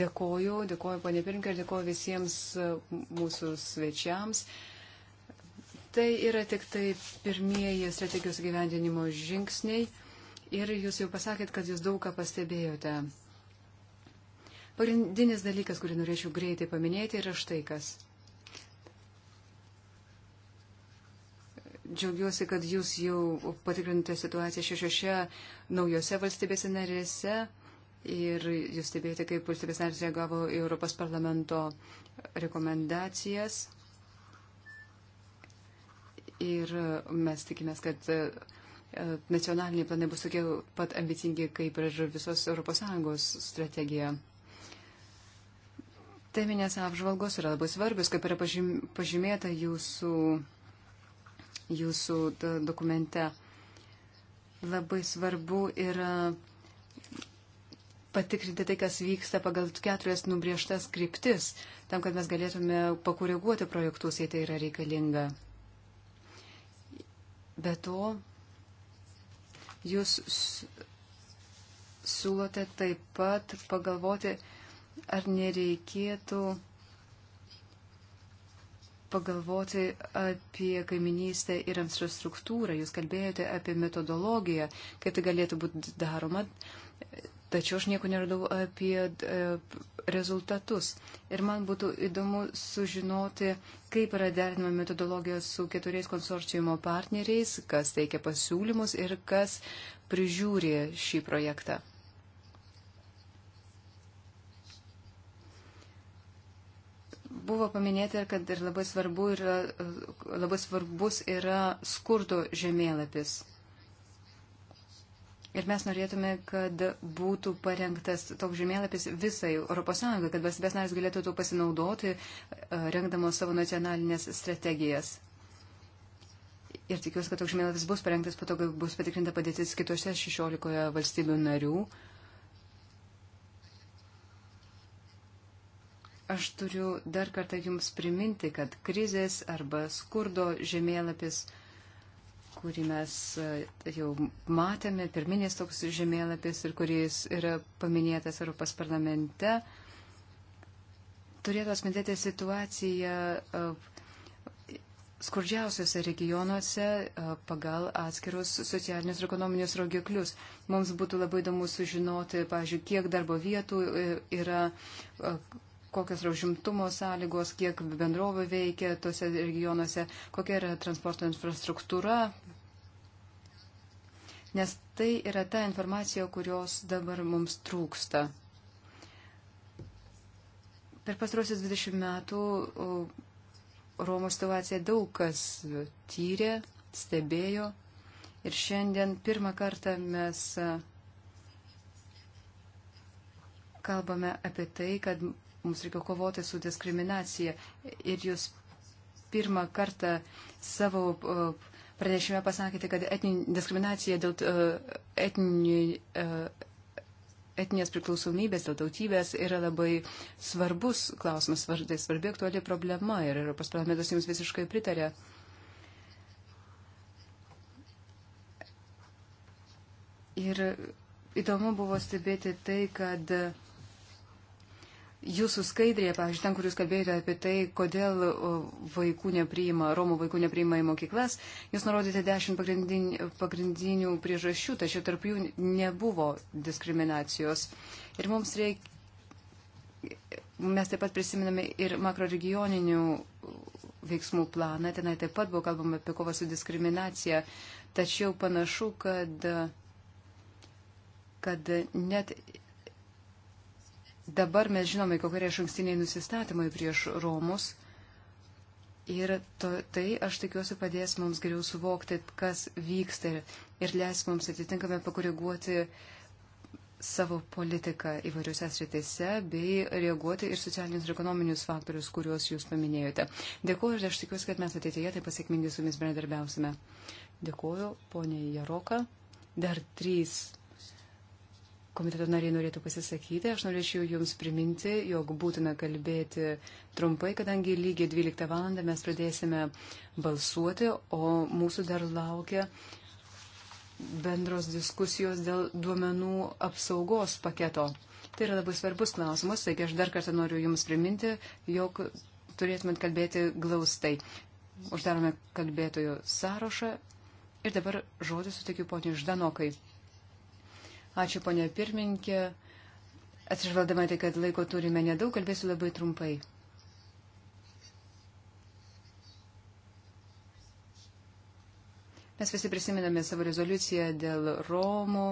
Speaker 1: Dėkoju, dėkoju ponė Pirinkė ir dėkoju visiems e, mūsų svečiams. Tai yra tik tai pirmieji strategijos gyvendinimo žingsniai ir jūs jau pasakėt, kad jūs daug ką pastebėjote. Pagrindinis dalykas, kurį norėčiau greitai paminėti, yra štai kas. Džiaugiuosi, kad jūs jau patikrinate situaciją šešiose naujose valstybėse narėse ir jūs stebėjote, kaip valstybės narės reagavo į Europos parlamento rekomendacijas ir mes tikimės, kad e, e, nacionaliniai planai bus tokie pat ambicingi, kaip ir visos ES strategija. Teminės apžvalgos yra labai svarbios, kaip yra pažymėta jūsų, jūsų dokumente. Labai svarbu yra patikrinti tai, kas vyksta pagal keturias nubrieštas kryptis, tam, kad mes galėtume pakoreguoti projektus, jei tai yra reikalinga. Be to, jūs siūlote taip pat pagalvoti, ar nereikėtų pagalvoti apie kaiminystę ir infrastruktūrą. Jūs kalbėjote apie metodologiją, kaip tai galėtų būti daroma. Tačiau aš nieko neradau apie e, rezultatus. Ir man būtų įdomu sužinoti, kaip yra derinama metodologija su keturiais konsorcijumo partneriais, kas teikia pasiūlymus ir kas prižiūri šį projektą. Buvo paminėta, kad ir labai, svarbu yra, e, labai svarbus yra skurdo žemėlapis. Ir mes norėtume, kad būtų parengtas toks žemėlapis visai ES, kad valstybės narės galėtų tuo pasinaudoti, e, rengdamos savo nacionalinės strategijas. Ir tikiuosi, kad toks žemėlapis bus parengtas po to, kai bus patikrinta padėtis kitose 16 valstybių narių. Aš turiu dar kartą Jums priminti, kad krizės arba skurdo žemėlapis kurį mes e, jau matėme, pirminės toks žemėlapis ir kuris yra paminėtas Europos parlamente, turėtų asmintėti situaciją e, skurdžiausiuose regionuose e, pagal atskirus socialinius ir ekonominius rodiklius. Mums būtų labai įdomu sužinoti, pažiūrėjau, kiek darbo vietų yra, kokios yra užimtumo sąlygos, kiek bendrovų veikia tose regionuose, kokia yra transporto infrastruktūra, nes tai yra ta informacija, kurios dabar mums trūksta. Per pastarosius 20 metų Romos situaciją daug kas tyrė, stebėjo ir šiandien pirmą kartą mes kalbame apie tai, kad mums reikia kovoti su diskriminacija ir jūs pirmą kartą savo uh, pranešime pasakėte, kad etninė diskriminacija dėl e, etninių, e, etinės priklausomybės, dėl tautybės yra labai svarbus klausimas, tai svarbi aktuali problema ir Europos parlamentas jums visiškai pritarė. Ir įdomu buvo stebėti tai, kad Jūsų skaidrėje, pavyzdžiui, ten, kur jūs kalbėjote apie tai, kodėl vaikų nepriima, Romų vaikų nepriima į mokyklas, jūs nurodėte dešimt pagrindinių, pagrindinių priežasčių, tačiau tarp jų nebuvo diskriminacijos. Ir mums reikia, mes taip pat prisiminame ir makroregioninių veiksmų planą, tenai taip pat buvo kalbama apie kovą su diskriminacija, tačiau panašu, kad, kad net Dabar mes žinome, kokie yra šankstiniai nusistatymai prieš Romus. Ir to, tai, aš tikiuosi, padės mums geriau suvokti, kas vyksta ir, ir leis mums atitinkamai pakoreguoti savo politiką įvairiuose sritise bei reaguoti ir socialinius ir ekonominius faktorius, kuriuos jūs paminėjote. Dėkuoju ir aš tikiuosi, kad mes ateityje taip pasiekmingai su jumis bendradarbiausime. Dėkuoju, ponė Jaroka. Dar trys komiteto nariai norėtų pasisakyti, aš norėčiau Jums priminti, jog būtina kalbėti trumpai, kadangi lygiai 12 val. mes pradėsime balsuoti, o mūsų dar laukia bendros diskusijos dėl duomenų apsaugos paketo. Tai yra labai svarbus klausimas, taigi aš dar kartą noriu Jums priminti, jog turėtumėt kalbėti glaustai. Uždarome kalbėtojų sąrašą ir dabar žodį sutikiu poniai Ždanokai. Ačiū, ponė pirmininkė. Atsižvaldama tai, kad laiko turime nedaug, kalbėsiu labai trumpai. Mes visi prisiminame savo rezoliuciją dėl Romų,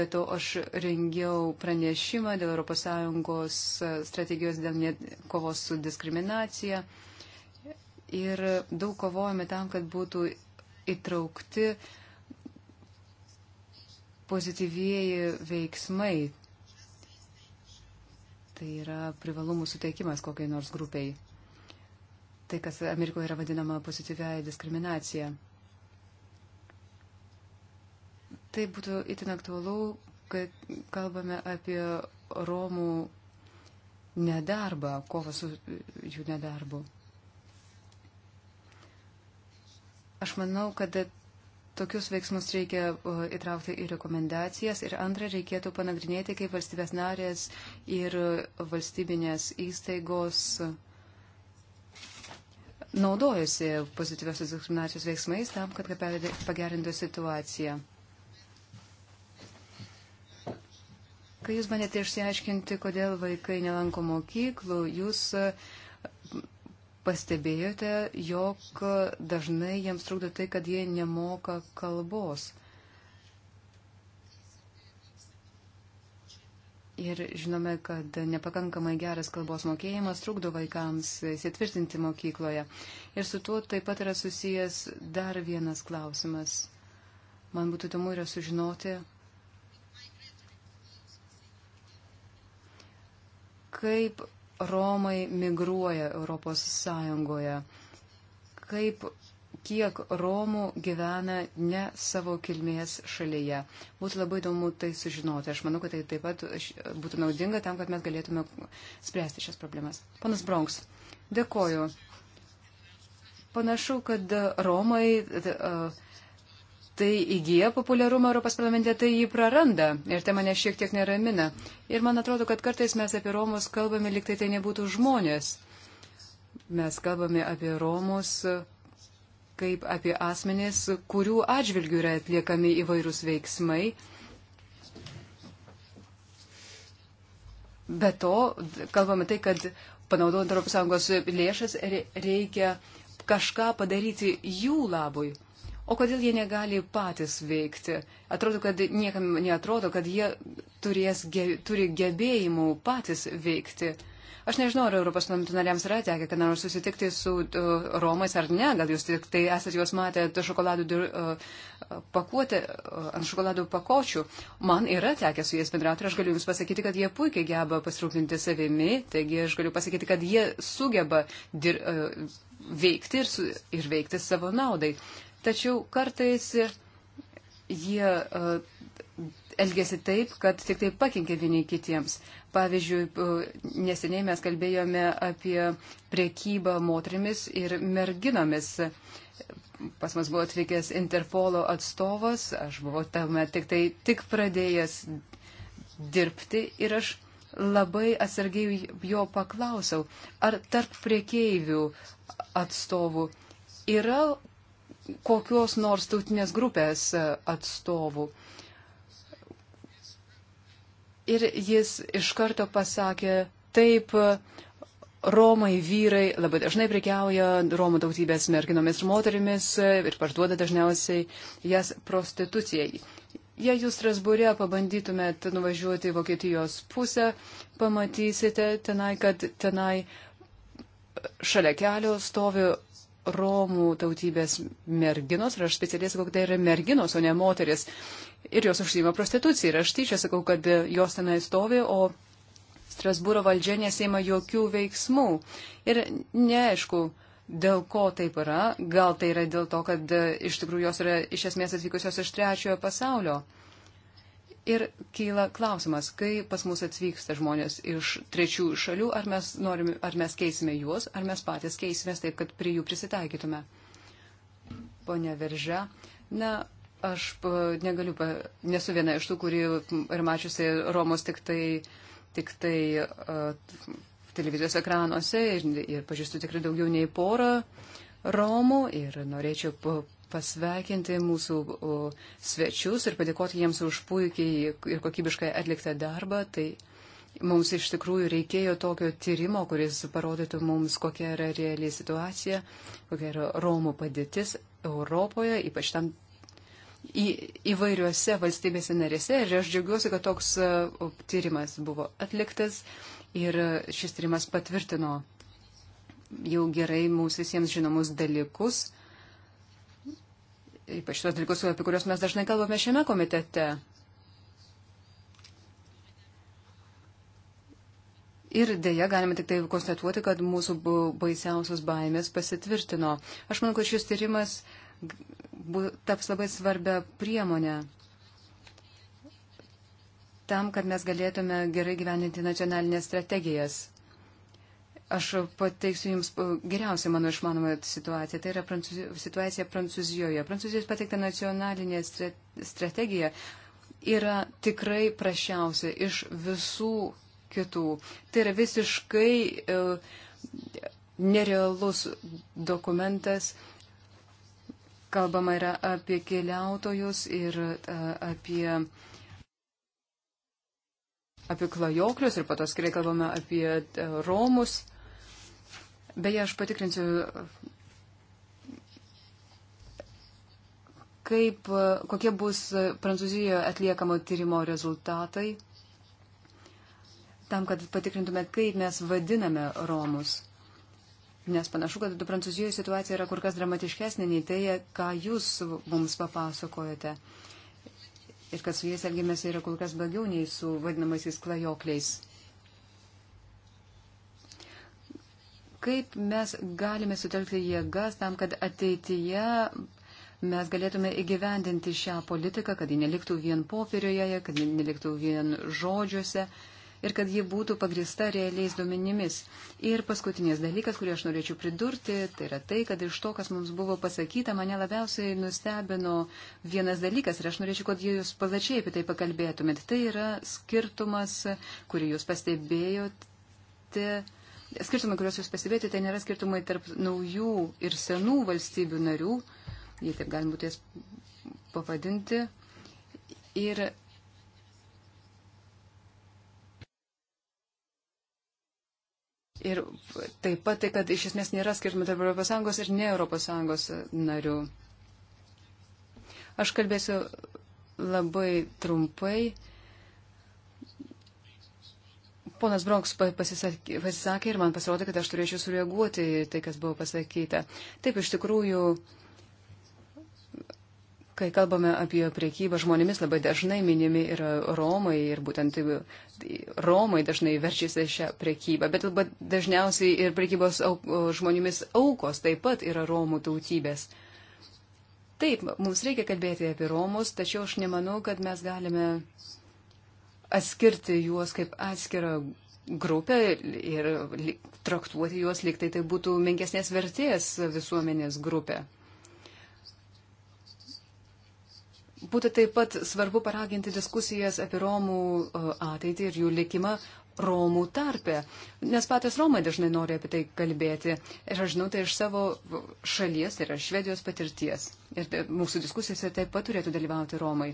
Speaker 1: bet to aš rengiau pranešimą dėl ES strategijos dėl kovos su diskriminacija. Ir daug kovojame tam, kad būtų įtraukti uh, pozityvieji veiksmai. Tai yra privalumų suteikimas kokiai nors grupiai. Tai, kas Amerikoje yra vadinama pozityviai diskriminacija. Tai būtų itin aktualu, kai kalbame apie Romų nedarbą, kovą su jų nedarbu. Aš manau, kad Tokius veiksmus reikia įtraukti į rekomendacijas. Ir antra, reikėtų panagrinėti, kaip valstybės narės ir valstybinės įstaigos naudojasi pozityviosios diskriminacijos veiksmais tam, kad pagerintų situaciją. Kai jūs bandėte išsiaiškinti, kodėl vaikai nelanko mokyklų, jūs uh, pastebėjote, jog dažnai jiems trukdo tai, kad jie nemoka kalbos. Ir žinome, kad nepakankamai geras kalbos mokėjimas trukdo vaikams įsitvirtinti mokykloje. Ir su tuo taip pat yra susijęs dar vienas klausimas. Man būtų įdomu yra sužinoti, kaip Romai migruoja Europos Sąjungoje? Kaip, kiek Romų gyvena ne savo kilmės šalyje? Būtų labai įdomu tai sužinoti. Aš manau, kad tai taip pat būtų naudinga tam, kad mes galėtume spręsti šias problemas. Panas Bronks, dėkoju. Panašu, kad Romai. Uh, tai įgyja populiarumą Europos parlamente, tai jį praranda. Ir tai mane šiek tiek neramina. Ir man atrodo, kad kartais mes apie Romus kalbame, liktai tai nebūtų žmonės. Mes kalbame apie Romus kaip apie asmenės, kurių atžvilgių yra atliekami įvairūs veiksmai. Be to, kalbame tai, kad panaudojant ES lėšas reikia kažką padaryti jų labui. O kodėl jie negali patys veikti? Atrodo, kad niekam neatrodo, kad jie turės, ge, turi gebėjimų patys veikti. Aš nežinau, ar Europos parlamento nariams yra tekę, kad nors susitikti su uh, Romais ar ne, gal jūs tik tai esate juos matę šokoladų uh, pakuotę, uh, ant šokoladų pakočių. Man yra tekę su jais bendrauti ir aš galiu jums pasakyti, kad jie puikiai geba pasirūpinti savimi, taigi aš galiu pasakyti, kad jie sugeba dir, uh, veikti ir, su, ir veikti savo naudai. Uh, tačiau kartais jie e, elgesi taip, kad tik tai pakinkė vieni kitiems. Pavyzdžiui, e, neseniai mes kalbėjome apie priekybą moterimis ir merginomis. Pas mus buvo atvykęs Interpolo atstovas, aš buvau tame tik tai tik pradėjęs dirbti ir aš labai atsargiai jo paklausiau, ar tarp priekeivių atstovų yra kokios nors tautinės grupės e, atstovų. Ir jis iš karto pasakė, taip, Romai vyrai labai dažnai prekiauja Romų tautybės merginomis ir moterimis e, ir parduoda dažniausiai jas prostitucijai. Jei jūs Strasbūrė pabandytumėt nuvažiuoti į Vokietijos pusę, pamatysite tenai, kad tenai šalia kelio stovi Romų tautybės merginos, ir aš specialiai sakau, kad tai yra merginos, o ne moteris, ir jos užsima prostituciją. Ir aš tyčia tai sakau, kad jos tenai stovi, o Strasbūro valdžia nesima jokių veiksmų. Ir neaišku, dėl ko taip yra. Gal tai yra dėl to, kad iš tikrųjų jos yra iš esmės atvykusios iš trečiojo pasaulio. Ir kyla klausimas, kai pas mus atvyksta žmonės iš trečių šalių, ar mes, norim, ar mes keisime juos, ar mes patys keisime taip, kad prie jų prisitaikytume. Pone Veržė, na, aš negaliu, nesu viena iš tų, kuri ir mačiusi Romos tik tai, tik tai uh, televizijos ekranuose ir, ir pažįstu tikrai daugiau nei porą Romų ir norėčiau pasveikinti mūsų svečius ir padėkoti jiems už puikiai ir kokybiškai atliktą darbą. Tai mums iš tikrųjų reikėjo tokio tyrimo, kuris parodytų mums, kokia yra reali situacija, kokia yra Romų padėtis Europoje, ypač tam į, įvairiuose valstybėse narėse. Ir aš džiaugiuosi, kad toks tyrimas buvo atliktas ir šis tyrimas patvirtino jau gerai mūsų visiems žinomus dalykus ypač tos dalykus, apie kuriuos mes dažnai kalbame šiame komitete. Ir dėja galime tik tai konstatuoti, kad mūsų baisiausios baimės pasitvirtino. Aš manau, kad šis tyrimas taps labai svarbia priemonė tam, kad mes galėtume gerai gyveninti nacionalinės strategijas. Aš pateiksiu Jums geriausią mano išmanomą situaciją. Tai yra prancūzi, situacija Prancūzijoje. Prancūzijos pateikta nacionalinė strategija yra tikrai prašiausia iš visų kitų. Tai yra visiškai e, nerealus dokumentas. Kalbama yra apie keliautojus ir e, apie apie klajoklius ir patos, kai kalbame apie e, Romus. Beje, aš patikrinsiu, kaip, kokie bus Prancūzijoje atliekamo tyrimo rezultatai, tam, kad patikrintume, kaip mes vadiname Romus. Nes panašu, kad Prancūzijoje situacija yra kur kas dramatiškesnė nei tai, ką jūs mums papasakojate. Ir kad su jais elgėmės yra kur kas blogiau nei su vadinamaisiais klajokliais. kaip mes galime sutelkti jėgas tam, kad ateityje mes galėtume įgyvendinti šią politiką, kad ji neliktų vien popierioje, kad ji neliktų vien žodžiuose ir kad ji būtų pagrista realiais duomenimis. Ir paskutinis dalykas, kurį aš norėčiau pridurti, tai yra tai, kad iš to, kas mums buvo pasakyta, mane labiausiai nustebino vienas dalykas ir aš norėčiau, kad jūs plačiai apie tai pakalbėtumėt. Tai yra skirtumas, kurį jūs pastebėjote skirtumai, kuriuos jūs pastebėjote, tai nėra skirtumai tarp naujų ir senų valstybių narių, jei taip galima būtų jas pavadinti. Ir Ir taip pat tai, kad iš esmės nėra skirtumų tarp ES ir ne ES narių. Aš kalbėsiu labai trumpai Ponas Bronks pasisakė ir man pasirodė, kad aš turėčiau sureaguoti tai, kas buvo pasakyta. Taip, iš tikrųjų, kai kalbame apie priekybą žmonėmis, labai dažnai minimi yra Romai ir būtent tai, tai Romai dažnai verčiasi šią priekybą, bet dažniausiai ir priekybos žmonėmis aukos taip pat yra Romų tautybės. Taip, mums reikia kalbėti apie Romus, tačiau aš nemanau, kad mes galime atskirti juos kaip atskirą grupę ir traktuoti juos lyg tai tai būtų menkesnės vertės visuomenės grupė. Būtų taip pat svarbu paraginti diskusijas apie Romų e, ateitį ir jų likimą Romų tarpe, nes patys Romai dažnai nori apie tai kalbėti. Ir aš žinau tai iš savo šalies, tai yra Švedijos patirties. Ir mūsų diskusijose taip pat turėtų dalyvauti Romai.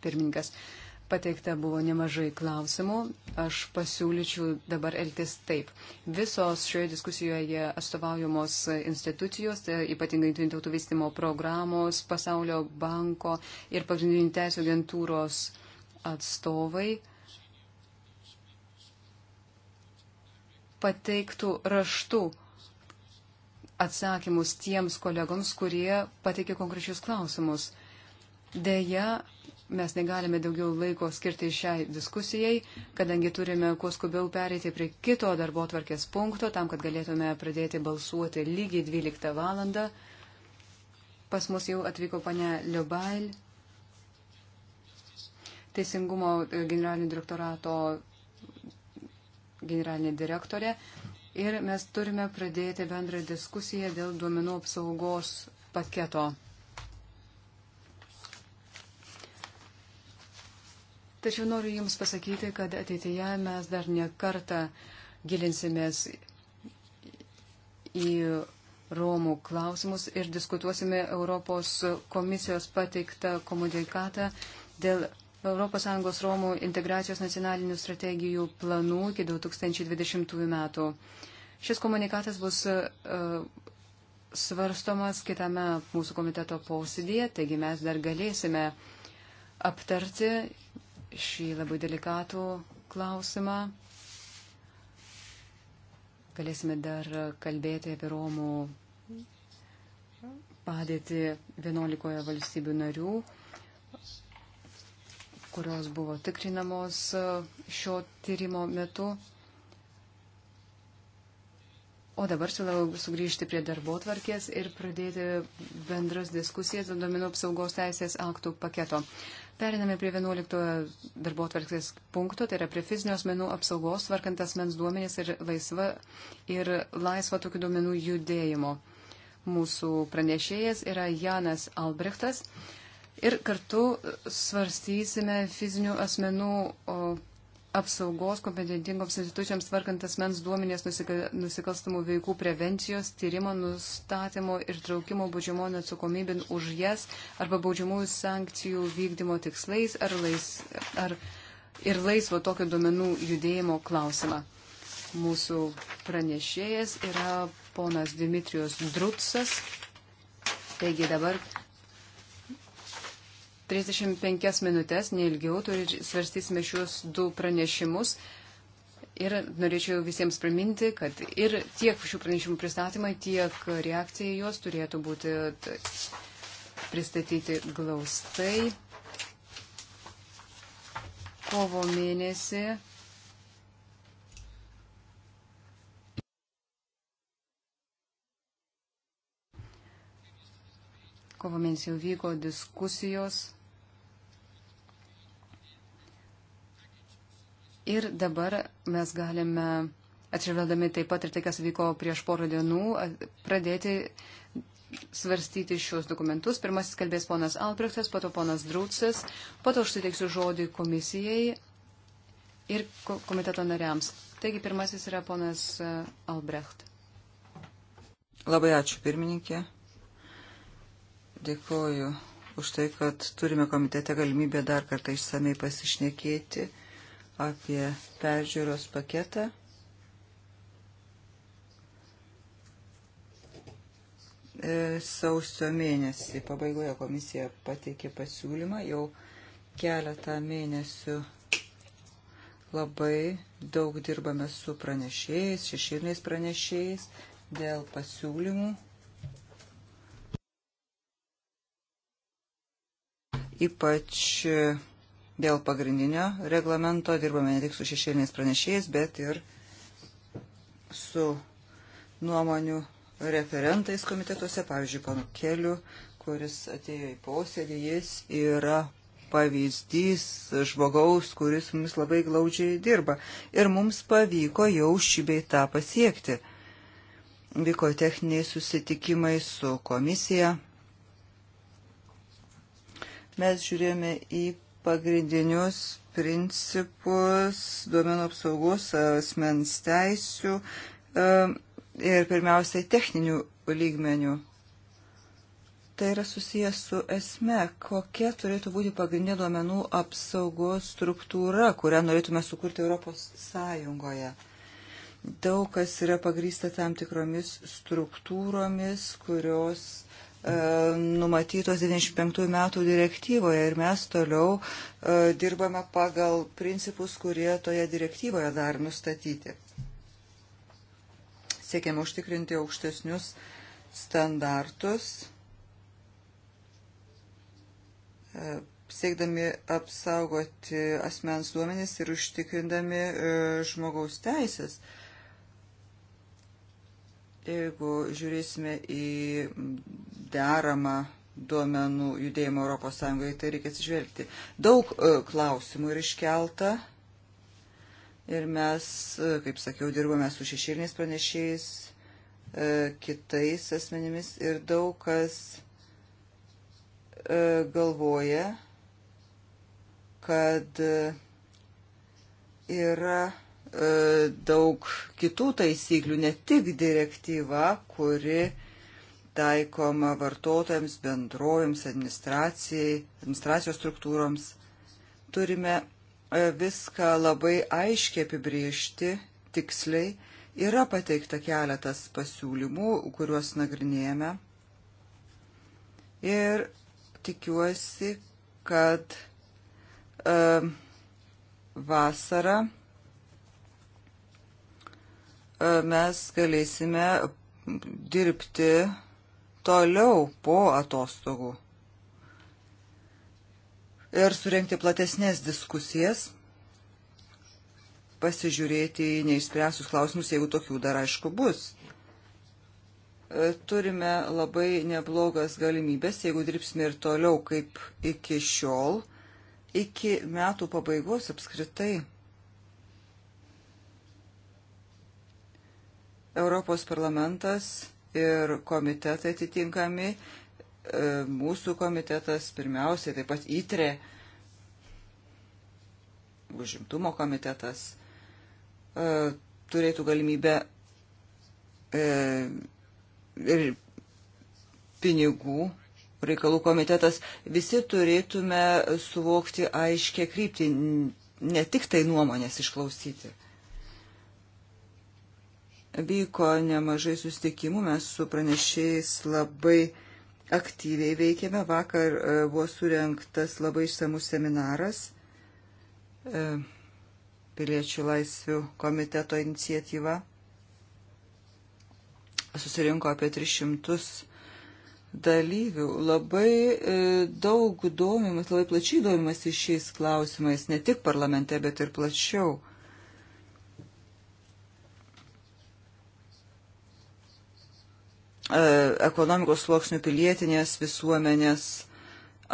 Speaker 1: Pirmininkas. Uh, Pateikta buvo nemažai klausimų. Aš pasiūlyčiau dabar elgtis taip. Visos šioje diskusijoje atstovaujamos institucijos, tai ypatingai Junktinių tautų vystimo programos, Pasaulio banko ir pagrindinių teisų agentūros atstovai pateiktų raštų atsakymus tiems kolegoms, kurie pateikė konkrečius klausimus. Deja, mes negalime daugiau laiko skirti šiai diskusijai, kadangi turime kuo skubiau pereiti prie kito darbo tvarkės punkto, tam, kad galėtume pradėti balsuoti lygiai 12 valandą. Pas mus jau atvyko pane Liubail, Teisingumo generalinio direktorato generalinė direktorė. Ir mes turime pradėti bendrą diskusiją dėl duomenų apsaugos paketo. Tačiau noriu Jums pasakyti, kad ateityje mes dar ne kartą gilinsimės į Romų klausimus ir diskutuosime Europos komisijos pateiktą komunikatą dėl ES Romų integracijos nacionalinių strategijų planų iki 2020 metų. Šis komunikatas bus uh, svarstomas kitame mūsų komiteto posėdėje, taigi mes dar galėsime aptarti šį labai delikatų klausimą. Galėsime dar kalbėti apie Romų padėtį 11 valstybių narių, kurios buvo tikrinamos šio tyrimo metu. O dabar siūlau sugrįžti prie darbo tvarkės ir pradėti bendras diskusijas dėl domenų apsaugos teisės aktų paketo. Periname prie 11 darbo atvarkės punkto, tai yra prie fizinio asmenų apsaugos, tvarkant asmens duomenys ir laisva ir laisva tokių duomenų judėjimo. Mūsų pranešėjas yra Janas Albrechtas ir kartu svarstysime fizinių asmenų apsaugos kompetentingoms institucijoms tvarkant asmens duomenės nusikalstamų veikų prevencijos, tyrimo, nustatymo ir traukimo baudžiamonio atsakomybin už jas arba baudžiamųjų sankcijų vykdymo tikslais ar, lais, ar ir laisvo tokio duomenų judėjimo klausimą. Mūsų pranešėjas yra ponas Dimitrijos Drutsas. Taigi dabar 35 minutės, neilgiau, svarstysime šios du pranešimus. Ir norėčiau visiems priminti, kad ir tiek šių pranešimų pristatymai, tiek reakcija juos turėtų būti pristatyti glaustai. Kovo mėnesį kovo mėnesį jau vyko diskusijos Ir dabar mes galime, atsižvelgdami taip pat ir tai, kas vyko prieš porą dienų, pradėti svarstyti šios dokumentus. Pirmasis kalbės ponas Albrechtas, po to ponas Drūcas, po to aš suteiksiu žodį komisijai ir komiteto nariams. Taigi pirmasis yra ponas Albrecht.
Speaker 2: Labai ačiū pirmininkė. Dėkoju už tai, kad turime komitete galimybę dar kartą išsamei pasišnekėti apie peržiūros paketą. E, sausio mėnesį pabaigoje komisija pateikė pasiūlymą, jau keletą mėnesių labai daug dirbame su pranešėjais, šeširniais pranešėjais dėl pasiūlymų. Ypač dėl pagrindinio reglamento. Dirbame ne tik su šešėliniais pranešėjais, bet ir su nuomonių referentais komitetuose, pavyzdžiui, panu Keliu, kuris atėjo į posėdį, jis yra pavyzdys žmogaus, kuris mums labai glaudžiai dirba. Ir mums pavyko jau šį bei tą pasiekti. Vyko techniniai susitikimai su komisija. Mes žiūrėjome į pagrindinius principus duomenų apsaugos asmens teisių ir pirmiausiai techninių lygmenių. Tai yra susijęs su esme, kokia turėtų būti pagrindinė duomenų apsaugos struktūra, kurią norėtume sukurti Europos Sąjungoje. Daug kas yra pagrysta tam tikromis struktūromis, kurios E, numatytos 95 metų direktyvoje ir mes toliau e, dirbame pagal principus, kurie toje direktyvoje dar nustatyti. Siekiame užtikrinti aukštesnius standartus, e, siekdami apsaugoti asmens duomenys ir užtikrindami žmogaus teisės. Jeigu žiūrėsime į deramą duomenų judėjimą ES, tai reikia atsižvelgti. Daug e, klausimų yra iškelta ir mes, e, kaip sakiau, dirbame su šešėliniais pranešėjais, e, kitais asmenimis ir daug kas galvoja, kad yra E, daug kitų taisyklių, ne tik direktyva, kuri taikoma vartotojams, bendrojams, administracijai, administracijos struktūroms. Turime e, viską labai aiškiai apibriežti, tiksliai. Yra pateikta keletas pasiūlymų, kuriuos nagrinėjame. Ir tikiuosi, kad uh, e, vasarą mes galėsime dirbti toliau po atostogų ir surenkti platesnės diskusijas, pasižiūrėti į neišspręstus klausimus, jeigu tokių dar aišku bus. E, turime labai neblogas galimybės, jeigu dirbsime ir toliau kaip iki šiol, iki metų pabaigos apskritai Europos parlamentas ir komitetai atitinkami, e, mūsų komitetas pirmiausiai, taip pat įtrė, užimtumo komitetas, e, turėtų galimybę e, ir pinigų reikalų komitetas, visi turėtume suvokti aiškę kryptį, ne tik tai nuomonės išklausyti. Vyko nemažai sustikimų, mes su pranešėjais labai aktyviai veikėme. Vakar e, buvo surinktas labai išsamus seminaras e, piliečių laisvių komiteto iniciatyva. Susirinko apie 300 dalyvių. Labai e, daug domimas, labai plačiai domimas iš šiais klausimais, ne tik parlamente, bet ir plačiau. E, ekonomikos sluoksnių pilietinės visuomenės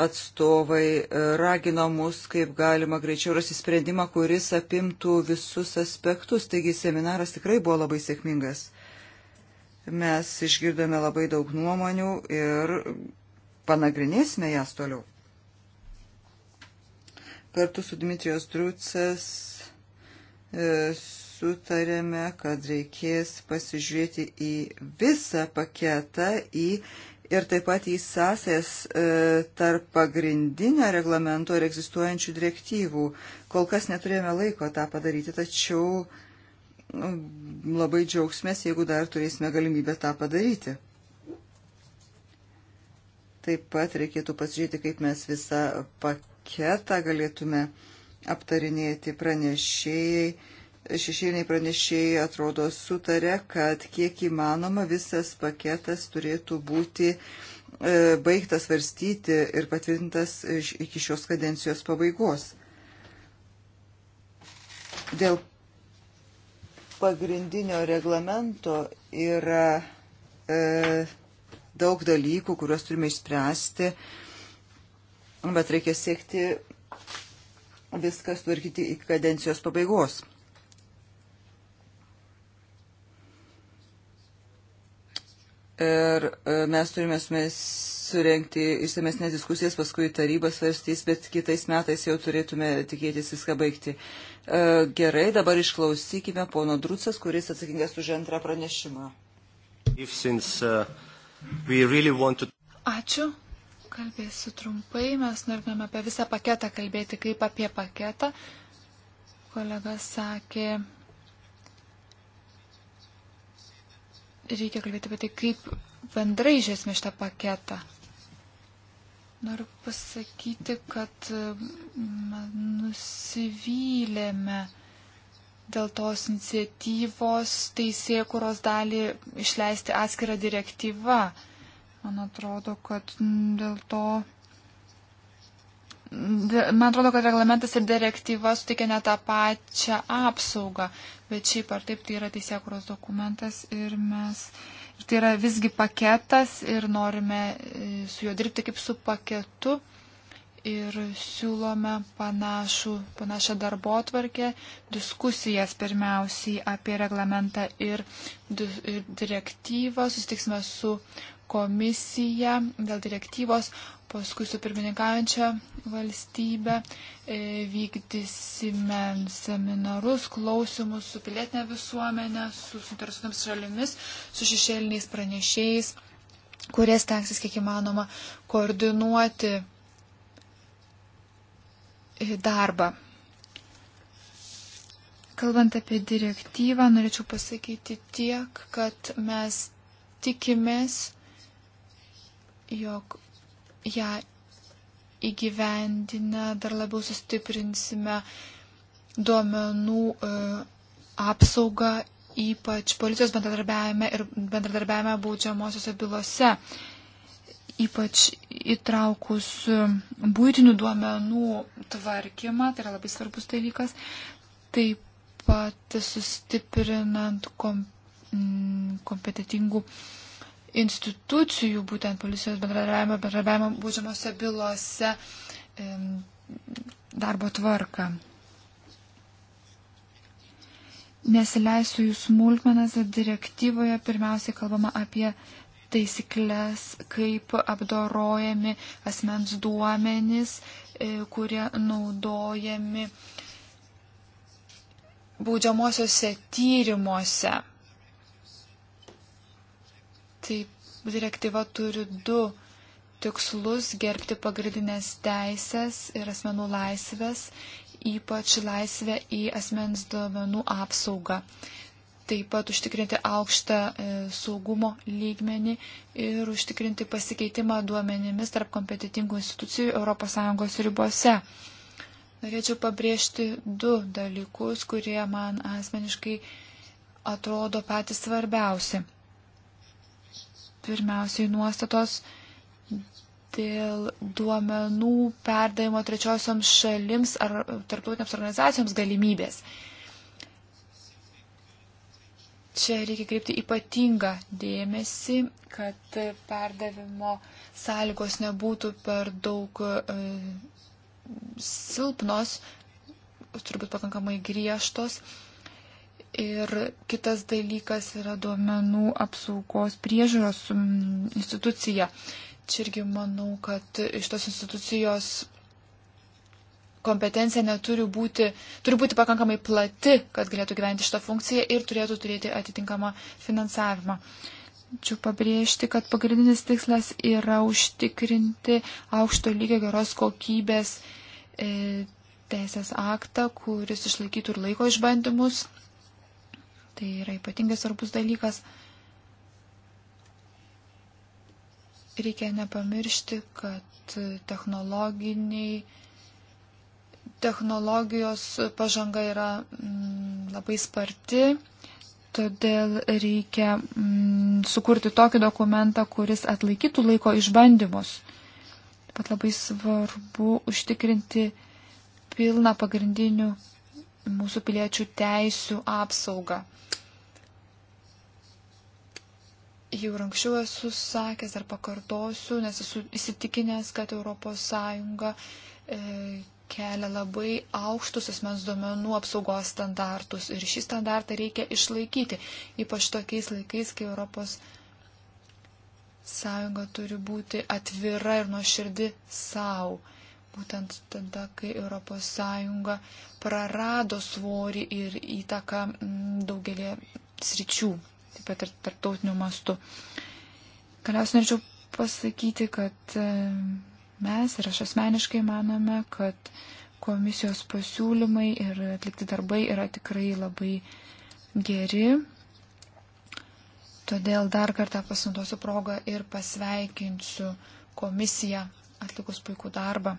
Speaker 2: atstovai e, ragino mus, kaip galima greičiau rasti sprendimą, kuris apimtų visus aspektus. Taigi seminaras tikrai buvo labai sėkmingas. Mes išgirdome labai daug nuomonių ir panagrinėsime jas toliau. Kartu su Dmitrijos Drucas, e, sutarėme, kad reikės pasižiūrėti į visą paketą į, ir taip pat į sąsės e, tarp pagrindinio reglamento ir egzistuojančių direktyvų. Kol kas neturėjome laiko tą padaryti, tačiau nu, labai džiaugsmės, jeigu dar turėsime galimybę tą padaryti. Taip pat reikėtų pasižiūrėti, kaip mes visą paketą galėtume aptarinėti pranešėjai šešėliniai pranešėjai atrodo sutarė, kad kiek įmanoma visas paketas turėtų būti e, baigtas varstyti ir patvirtintas iki šios kadencijos pabaigos. Dėl pagrindinio reglamento yra e, daug dalykų, kuriuos turime išspręsti, bet reikia siekti viskas tvarkyti iki kadencijos pabaigos. Ir e, mes turime surenkti išsamesnės diskusijas, paskui taryba svarstys, bet kitais metais jau turėtume tikėtis viską baigti. E, gerai, dabar išklausykime pono Drucas, kuris atsakingas už antrą pranešimą. If since, uh, really to...
Speaker 3: Ačiū. Kalbėsiu trumpai. Mes norime apie visą paketą kalbėti kaip apie paketą. Kolega sakė, reikia kalbėti apie tai, kaip bendrai žiūrėsime šitą paketą. Noriu pasakyti, kad nusivylėme dėl tos iniciatyvos teisėkuros dalį išleisti atskirą direktyvą. Man atrodo, kad dėl to Man atrodo, kad reglamentas ir direktyva suteikia ne tą pačią apsaugą, bet šiaip ar taip tai yra teisėkuros dokumentas ir mes. Ir tai yra visgi paketas ir norime e, su juo dirbti kaip su paketu ir siūlome panašų, panašią darbo atvarkę, diskusijas pirmiausiai apie reglamentą ir, ir direktyvą. Sustiksime su komisija dėl direktyvos, paskui su pirmininkaujančia valstybė e, vykdysime seminarus, klausimus su pilietinė visuomenė, su suinteresuotams šalimis, su šešėliniais pranešėjais, kurie stengsis kiek įmanoma koordinuoti e, darbą. Kalbant apie direktyvą, norėčiau pasakyti tiek, kad mes tikimės, jog ją įgyvendinę dar labiau sustiprinsime duomenų e, apsaugą, ypač policijos bendradarbiavime ir bendradarbiavime baudžiamosiose bylose, ypač įtraukus e, būtinių duomenų tvarkymą, tai yra labai svarbus dalykas, taip pat sustiprinant kom, mm, kompetitingų mm, institucijų, būtent policijos bendradarbiavimo, bendradarbiavimo būdžiamose bylose darbo tvarką. Nesileisiu jų smulkmenas, direktyvoje pirmiausiai kalbama apie taisyklės, kaip apdorojami asmens duomenys, e, kurie naudojami baudžiamosiuose tyrimuose Taip, direktyva turi du tikslus - gerbti pagrindinės teisės ir asmenų laisvės, ypač laisvę į asmens duomenų apsaugą. Taip pat užtikrinti aukštą e, saugumo lygmenį ir užtikrinti pasikeitimą duomenimis tarp kompetitingų institucijų ES ribose. Norėčiau pabrėžti du dalykus, kurie man asmeniškai atrodo patys svarbiausi. Pirmiausiai nuostatos dėl duomenų perdavimo trečiosioms šalims ar tarptautiniams organizacijoms galimybės. Čia reikia kreipti ypatingą dėmesį, kad perdavimo sąlygos nebūtų per daug e, silpnos, turbūt pakankamai griežtos. E, Ir kitas dalykas yra duomenų apsaugos priežiūros mm, institucija. Čia irgi manau, kad šitos institucijos kompetencija neturi būti, turi būti pakankamai plati, kad galėtų gyventi šitą funkciją ir turėtų turėti atitinkamą finansavimą. Čia pabrėžti, kad pagrindinis tikslas yra užtikrinti aukšto lygio geros kokybės e, teisės aktą, kuris išlaikytų ir laiko išbandymus Tai yra ypatingai svarbus dalykas. Reikia nepamiršti, kad technologiniai technologijos pažanga yra mm, labai sparti, todėl reikia mm, sukurti tokį dokumentą, kuris atlaikytų laiko išbandymus. Taip pat labai svarbu užtikrinti pilną pagrindinių mūsų piliečių teisų apsaugą. Jau ir anksčiau esu sakęs ar pakartosiu, nes esu įsitikinęs, kad ES e, kelia labai aukštus asmens duomenų apsaugos standartus ir šį standartą reikia išlaikyti, ypač tokiais laikais, kai ES sąjunga turi būti atvira ir nuoširdi savo būtent tada, kai ES prarado svorį ir įtaką mm, daugelį sričių, taip pat ir tarptautinių mastų. Galiausiai norėčiau pasakyti, kad mm, mes ir aš asmeniškai manome, kad komisijos pasiūlymai ir atlikti darbai yra tikrai labai geri. Todėl dar kartą pasinaudosiu progą ir pasveikinsiu komisiją atlikus puikų darbą.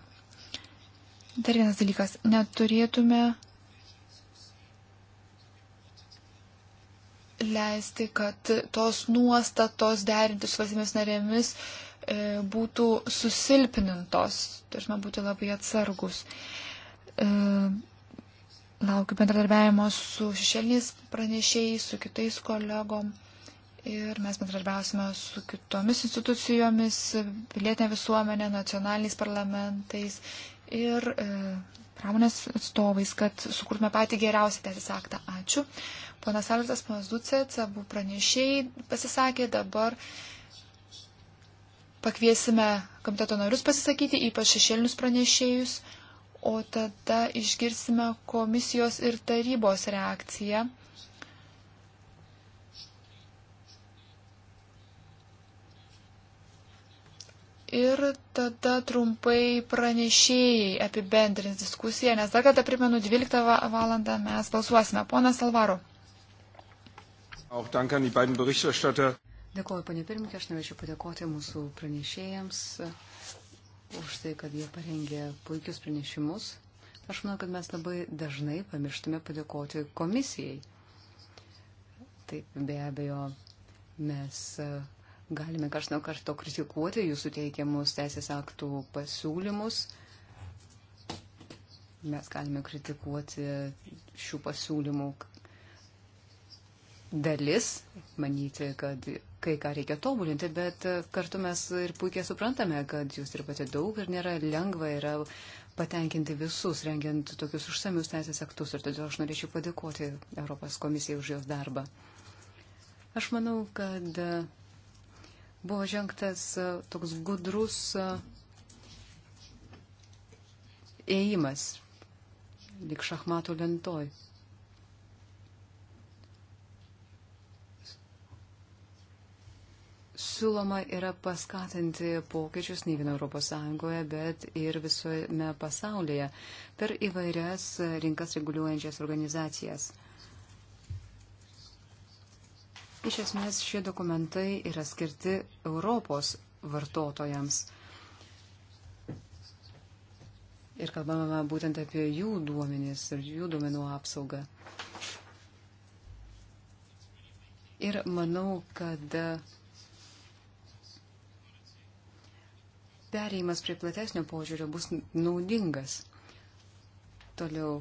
Speaker 3: Dar vienas dalykas. Neturėtume leisti, kad tos nuostatos derinti su valstybės narėmis e, būtų susilpnintos. Turime tai būti labai atsargus. E, laukiu bendradarbiavimo su šešėliniais pranešėjais, su kitais kolegom. Ir mes bendradarbiausime su kitomis institucijomis, pilietinė visuomenė, nacionaliniais parlamentais ir e, pramonės atstovais, kad sukurtume patį geriausią teisės aktą. Ačiū. Ponas Albertas, ponas Ducets, abu pranešėjai pasisakė, dabar pakviesime komiteto narius pasisakyti, ypač šešėlinius pranešėjus, o tada išgirsime komisijos ir tarybos reakciją ir tada trumpai pranešėjai apibendrins diskusiją, nes dar kartą primenu, 12 valandą mes balsuosime. Ponas Alvaro.
Speaker 1: Dėkuoju, panė pirmininkė, aš norėčiau padėkoti mūsų pranešėjams e, už tai, kad jie parengė puikius pranešimus. Aš manau, kad mes labai dažnai pamirštume padėkoti komisijai. Taip, be abejo, mes. Uh, Galime kars nuo karto kritikuoti jūsų teikiamus teisės aktų pasiūlymus. Mes galime kritikuoti šių pasiūlymų dalis, manyti, kad kai ką reikia tobulinti, bet kartu mes ir puikiai suprantame, kad jūs dirbate daug ir nėra lengva yra patenkinti visus, rengiant tokius užsamius teisės aktus ir todėl aš norėčiau padėkoti Europos komisijai už jos darbą. Aš manau, kad buvo žengtas e, toks gudrus e, ėjimas, lik šachmatų lentoj. siūloma yra paskatinti pokyčius ne vien Europos Sąjungoje, bet ir visojame pasaulyje per įvairias rinkas reguliuojančias organizacijas. Iš esmės šie dokumentai yra skirti Europos vartotojams. Ir kalbame būtent apie jų duomenys ir jų duomenų apsaugą. Ir manau, kad perėjimas prie platesnio požiūrio bus naudingas. Toliau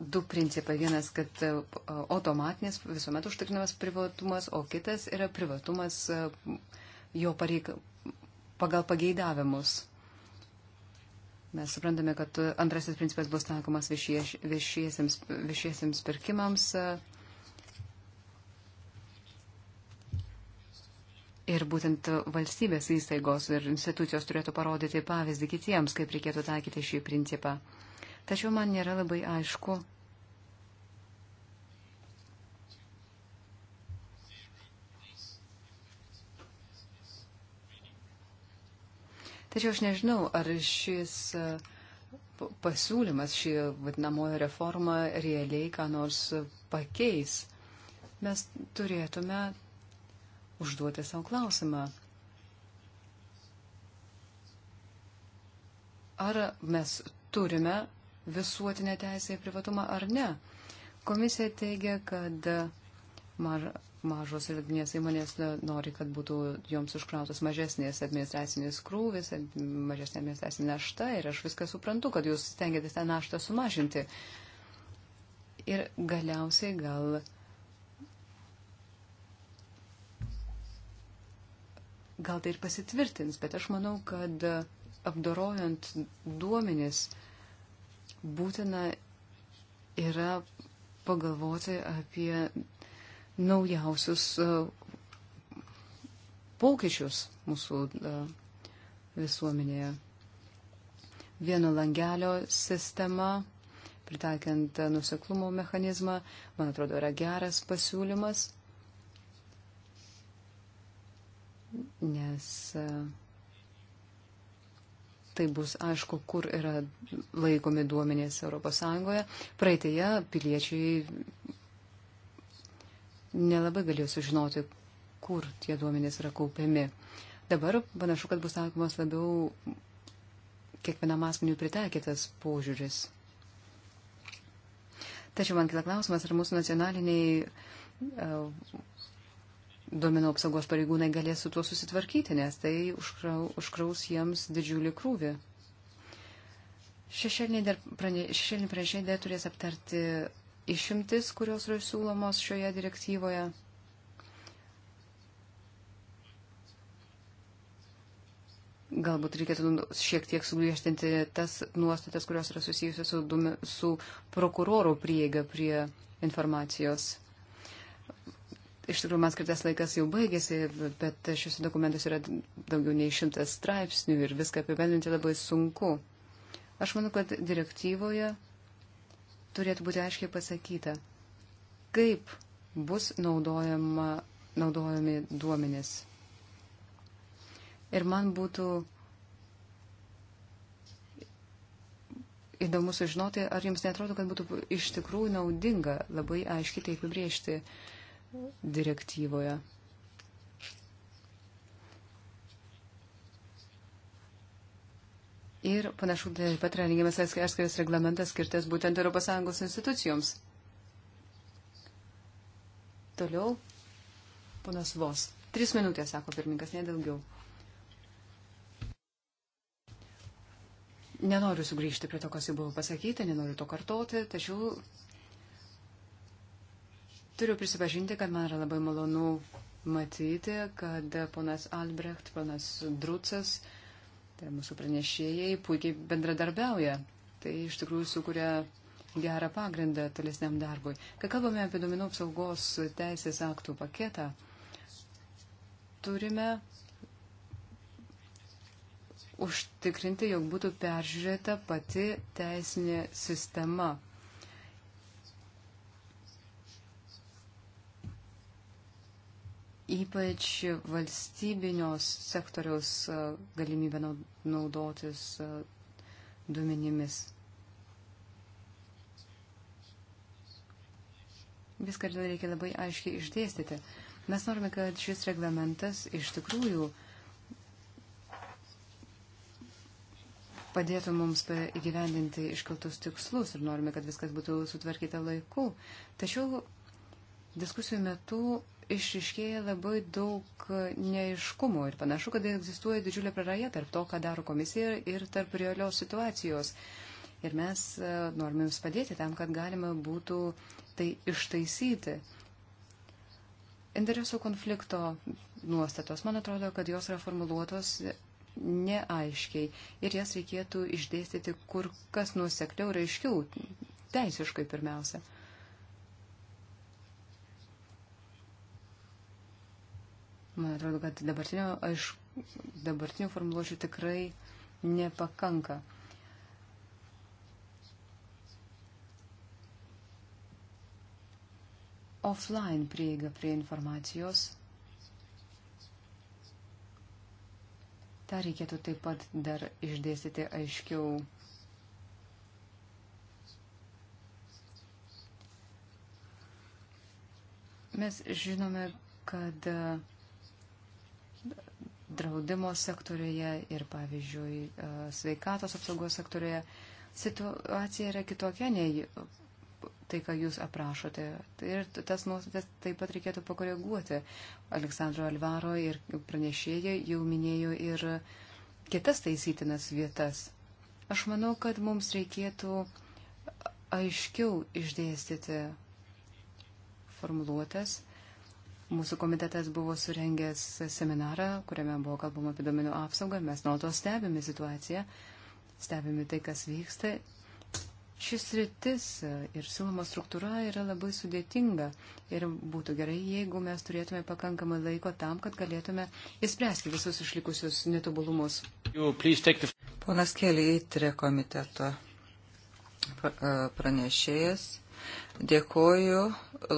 Speaker 1: du principai. Vienas, kad e, automatinis visuomet užtikrinamas privatumas, o kitas yra privatumas e, jo pareik, pagal pageidavimus. Mes suprantame, kad antrasis principas bus taikomas viešies, viešiesiems, viešiesiems pirkimams. E. Ir būtent valstybės įstaigos ir institucijos turėtų parodyti pavyzdį kitiems, kaip reikėtų taikyti šį principą. Tačiau man nėra labai aišku. Tačiau aš nežinau, ar šis e, pasiūlymas, ši vadinamoji reforma realiai ką nors pakeis. Mes turėtume užduoti savo klausimą. Ar mes turime visuotinę teisę į privatumą ar ne. Komisija teigia, kad mar, mažos ir vidinės įmonės nori, kad būtų joms užkrautas mažesnės administracinės krūvis, mažesnė administracinė našta ir aš viską suprantu, kad jūs stengiatės tą naštą sumažinti. Ir galiausiai gal. Gal tai ir pasitvirtins, bet aš manau, kad apdorojant duomenis, uh, būtina yra pagalvoti apie naujausius e, pokyčius mūsų e, visuomenėje. Vieno langelio sistema, pritaikant nuseklumo mechanizmą, man atrodo, yra geras pasiūlymas, nes uh, tai bus aišku, kur yra laikomi duomenės ES. Praeitėje piliečiai nelabai galėjo sužinoti, kur tie duomenys yra kaupiami. Dabar panašu, kad bus taikomas labiau kiekvienam asmeniu pritaikytas požiūris. Tačiau man kila klausimas, ar mūsų nacionaliniai duomenų apsaugos pareigūnai galės su tuo susitvarkyti, nes tai užkrau, užkraus jiems didžiulį krūvį. Šešėlinė pranešė dar turės aptarti išimtis, kurios yra siūlomos šioje direktyvoje. Galbūt reikėtų šiek tiek sugriežtinti tas nuostatas, kurios yra susijusios su, su prokuroro prieiga prie informacijos. Iš tikrųjų, man skirtas laikas jau baigėsi, bet šiuose dokumentuose yra daugiau nei šimtas straipsnių ir viską apibendrinti labai sunku. Aš manau, kad direktyvoje turėtų būti aiškiai pasakyta, kaip bus naudojama, naudojami duomenys. Ir man būtų įdomu sužinoti, ar jums netrodo, kad būtų iš tikrųjų naudinga labai aiškiai tai apibriežti. Uh, direktyvoje. Ir panašu, taip pat rengiamas atskiras reglamentas skirtas būtent ES institucijoms. Toliau, ponas Vos. Tris minutės, sako pirmininkas, nedaugiau. Nenoriu sugrįžti prie to, kas jau buvo pasakyta, nenoriu to kartoti, tačiau Turiu prisipažinti, kad man yra labai malonu matyti, kad ponas Albrecht, ponas Drucas, tai mūsų pranešėjai, puikiai bendradarbiauja. Tai iš tikrųjų sukuria gerą pagrindą tolesniam darbui. Kai kalbame apie duomenų apsaugos teisės aktų paketą, turime užtikrinti, jog būtų peržiūrėta pati teisinė sistema ypač valstybinios sektoriaus galimybę naudotis duomenimis. Viską reikia labai aiškiai išdėstyti. Mes norime, kad šis reglamentas iš tikrųjų padėtų mums įgyvendinti iškeltus tikslus ir norime, kad viskas būtų sutvarkyta laiku. Tačiau diskusijų metu išriškėja labai daug neiškumų ir panašu, kad egzistuoja didžiulė praraja tarp to, ką daro komisija ir tarp realios situacijos. Ir mes e, norime jums padėti tam, kad galima būtų tai ištaisyti. Interesų konflikto nuostatos, man atrodo, kad jos yra formuluotos neaiškiai ir jas reikėtų išdėstyti kur kas nuosekliau ir aiškiau, teisiškai pirmiausia. Man atrodo, kad dabartinio, aš, dabartinio formuluočių tikrai nepakanka. Offline prieiga prie informacijos. Ta reikėtų taip pat dar išdėstyti aiškiau. Mes žinome, kad uh, draudimo sektoriuje ir, pavyzdžiui, e, sveikatos apsaugos sektoriuje situacija yra kitokia nei tai, ką jūs aprašote. Ir tas nuostatas taip pat reikėtų pakoreguoti. Aleksandro Alvaro ir pranešėjai jau minėjo ir kitas taisytinas vietas. Aš manau, kad mums reikėtų aiškiau išdėstyti formuluotės Mūsų komitetas buvo surengęs seminarą, kuriame buvo kalbama apie domenų apsaugą. Mes nuolatos stebime situaciją, stebime tai, kas vyksta. Šis rytis e, ir siūloma struktūra yra labai sudėtinga ir būtų gerai, jeigu mes turėtume pakankamai laiko tam, kad galėtume
Speaker 2: įspręsti visus išlikusius netobulumus. Ponas Kelly, įtrė komiteto e, pranešėjas. Dėkoju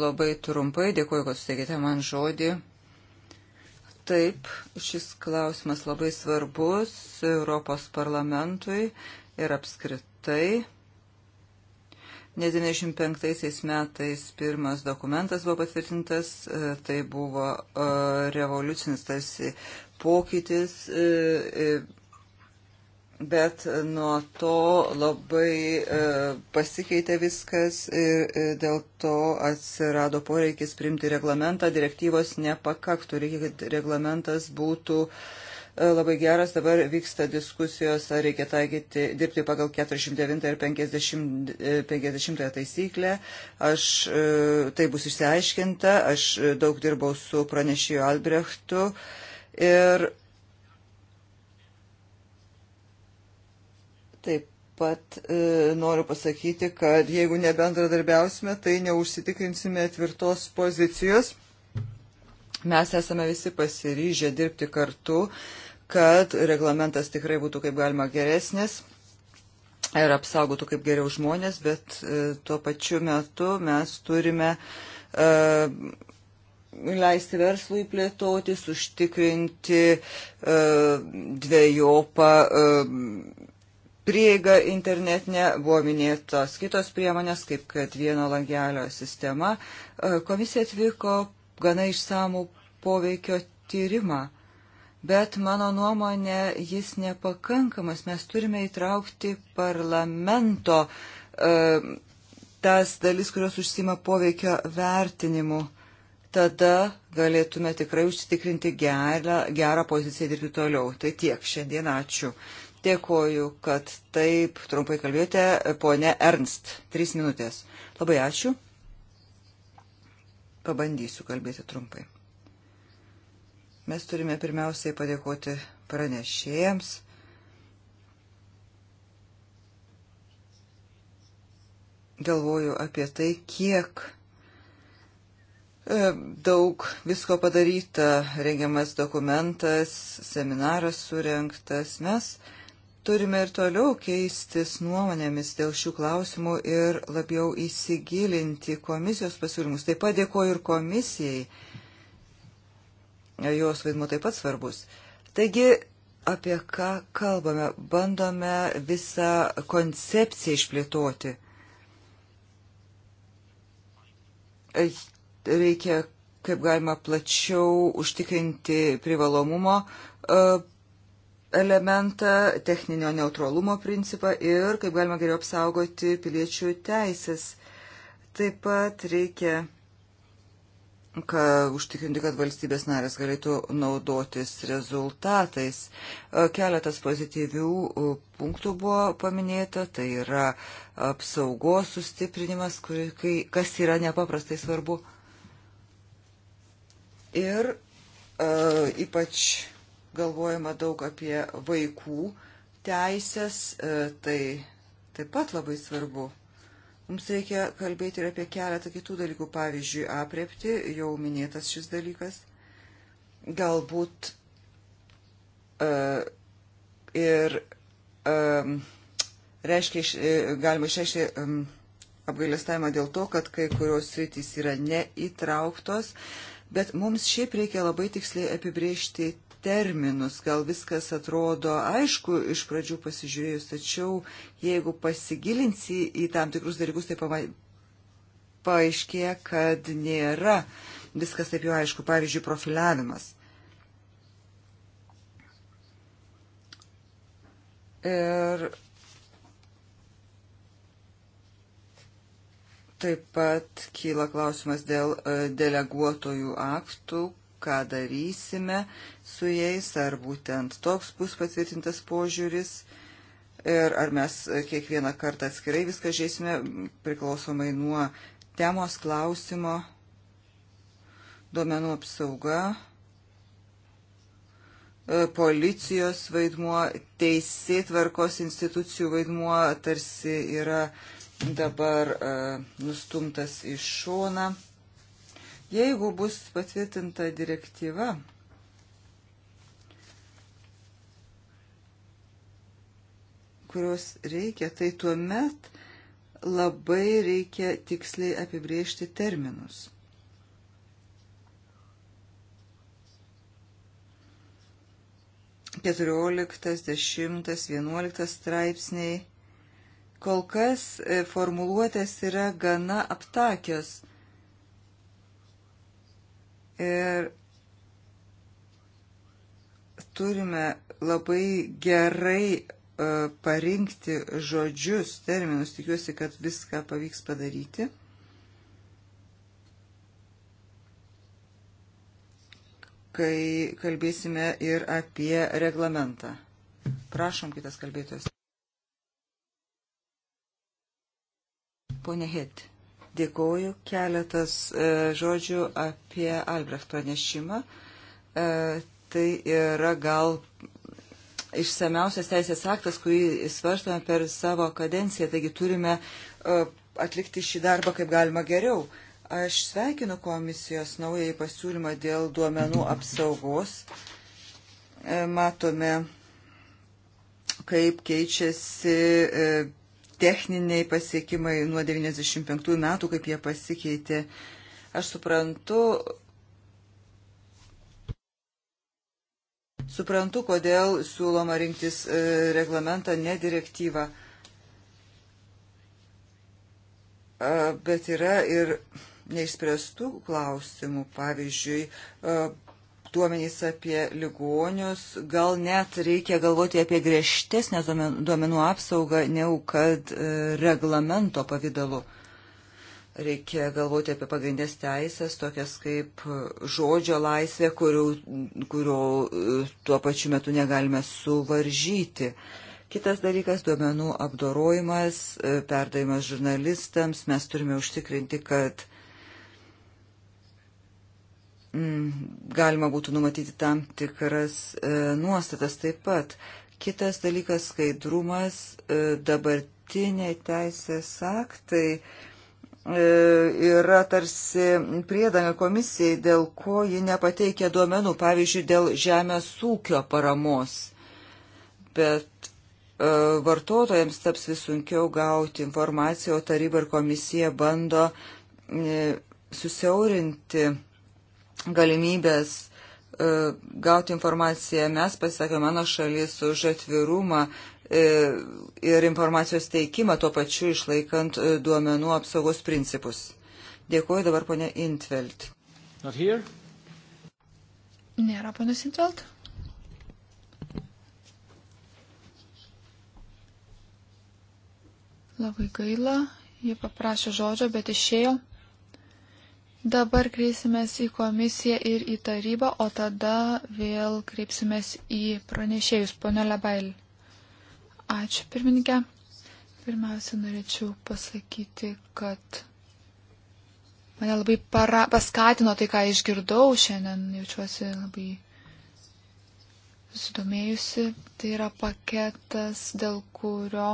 Speaker 2: labai trumpai, dėkoju, kad suteikėte man žodį. Taip, šis klausimas labai svarbus Europos parlamentui ir apskritai. Ne 95 metais pirmas dokumentas buvo patvirtintas, e, tai buvo e, revoliucinis tarsi pokytis e, bet nuo to labai e, pasikeitė viskas ir e, dėl to atsirado poreikis primti reglamentą. Direktyvos nepakaktų, reikia, kad reglamentas būtų e, labai geras. Dabar vyksta diskusijos, ar reikia taikyti, dirbti pagal 49 ir 50, 50 e, taisyklę. Aš, e, tai bus išsiaiškinta, aš e, daug dirbau su pranešėju Albrechtu ir Taip pat e, noriu pasakyti, kad jeigu nebendradarbiausime, tai neužsitikrinsime tvirtos pozicijos. Mes esame visi pasiryžę dirbti kartu, kad reglamentas tikrai būtų kaip galima geresnis ir apsaugotų kaip geriau žmonės, bet e, tuo pačiu metu mes turime e, leisti verslui plėtotis, užtikrinti e, dviejopą. E, prieiga internetinė, buvo minėtos kitos priemonės, kaip kad vieno langelio sistema. E, komisija atvyko gana išsamų poveikio tyrimą. Bet mano nuomonė, jis nepakankamas. Mes turime įtraukti parlamento e, tas dalis, kurios užsima poveikio vertinimu. Tada galėtume tikrai užsitikrinti gerą, gerą poziciją dirbti toliau. Tai tiek šiandien ačiū. Dėkoju, kad taip trumpai kalbėjote, ponė Ernst. Trys minutės. Labai ačiū. Pabandysiu kalbėti trumpai. Mes turime pirmiausiai padėkoti pranešėjams. Galvoju apie tai, kiek e, daug visko padaryta, rengiamas dokumentas, seminaras surinktas. Mes Turime ir toliau keistis nuomonėmis dėl šių klausimų ir labiau įsigilinti komisijos pasiūlymus. Taip pat dėkoju ir komisijai. Jos vaidmo taip pat svarbus. Taigi, apie ką kalbame? Bandome visą koncepciją išplėtoti. Reikia kaip galima plačiau užtikrinti privalomumo e, elementą, techninio neutralumo principą ir kaip galima geriau apsaugoti piliečių teisės. Taip pat reikia ka, užtikrinti, kad valstybės narės galėtų naudotis rezultatais. E, keletas pozityvių e, punktų buvo paminėta, tai yra apsaugos sustiprinimas, kuri, kai, kas yra nepaprastai svarbu. Ir e, ypač galvojama daug apie vaikų teisės, e, tai taip pat labai svarbu. Mums reikia kalbėti ir apie keletą kitų dalykų, pavyzdžiui, apriepti, jau minėtas šis dalykas, galbūt uh, ir um, reiškia, galima išreikšti um, apgailestavimą dėl to, kad kai kurios sritys yra neįtrauktos, bet mums šiaip reikia labai tiksliai apibriežti terminus. Gal viskas atrodo aišku iš pradžių pasižiūrėjus, tačiau jeigu pasigilinsi į tam tikrus dalykus, tai pama... paaiškėja, kad nėra viskas taip jau aišku. Pavyzdžiui, profiliavimas. Ir taip pat kyla klausimas dėl e, deleguotojų aktų, ką darysime su jais, ar būtent toks bus patvirtintas požiūris ir ar mes kiekvieną kartą atskirai viską žiūrėsime priklausomai nuo temos klausimo, duomenų apsauga, e, policijos vaidmuo, teisėtvarkos institucijų vaidmuo tarsi yra dabar e, nustumtas į šoną. Jeigu bus patvirtinta direktyva, kurios reikia, tai tuomet labai reikia tiksliai apibriežti terminus. Keturioliktas, dešimtas, vienuoliktas straipsniai. Kol kas e, formuluotės yra gana aptakios – Ir turime labai gerai e, parinkti žodžius, terminus. Tikiuosi, kad viską pavyks padaryti. kai kalbėsime ir apie reglamentą. Prašom kitas kalbėtojas. Pone Hit. Dėkoju keletas e, žodžių apie Albrecht pranešimą. E, tai yra gal išsamiausias teisės aktas, kurį svarstame per savo kadenciją, taigi turime e, atlikti šį darbą kaip galima geriau. Aš sveikinu komisijos naująjį pasiūlymą dėl duomenų apsaugos. Matome, kaip keičiasi techniniai pasiekimai nuo 95 metų, kaip jie pasikeitė. Aš suprantu, suprantu, kodėl siūloma rinktis e, reglamentą, ne direktyvą. E, bet yra ir neišspręstų klausimų, pavyzdžiui, e, duomenys apie ligonius, gal net reikia galvoti apie griežtesnę duomenų apsaugą, negu kad e, reglamento pavydalu. Reikia galvoti apie pagrindės teisės, tokias kaip žodžio laisvė, kurio, kurio e, tuo pačiu metu negalime suvaržyti. Kitas dalykas - duomenų apdorojimas, e, perdavimas žurnalistams. Mes turime užtikrinti, kad Mm, galima būtų numatyti tam tikras e, nuostatas taip pat. Kitas dalykas - skaidrumas, e, dabartiniai teisės aktai e, yra tarsi priedanga komisijai, dėl ko ji nepateikia duomenų, pavyzdžiui, dėl žemės ūkio paramos. Bet e, vartotojams taps vis sunkiau gauti informaciją, o taryba ir komisija bando e, susiaurinti galimybės e, gauti informaciją. Mes pasisakėme mano šalis už atvirumą e, ir informacijos teikimą, tuo pačiu išlaikant e, duomenų apsaugos principus. Dėkuoju dabar ponė Intveld.
Speaker 3: Nėra ponas Intveld? Labai gaila, jie paprašė žodžio, bet išėjo. Dabar kreisimės į komisiją ir į tarybą, o tada vėl kreipsimės į pranešėjus, ponė Lebail. Ačiū, pirmininkė. Pirmiausia, norėčiau pasakyti, kad mane labai para, paskatino tai, ką išgirdau šiandien, jaučiuosi labai sudomėjusi. Tai yra paketas, dėl kurio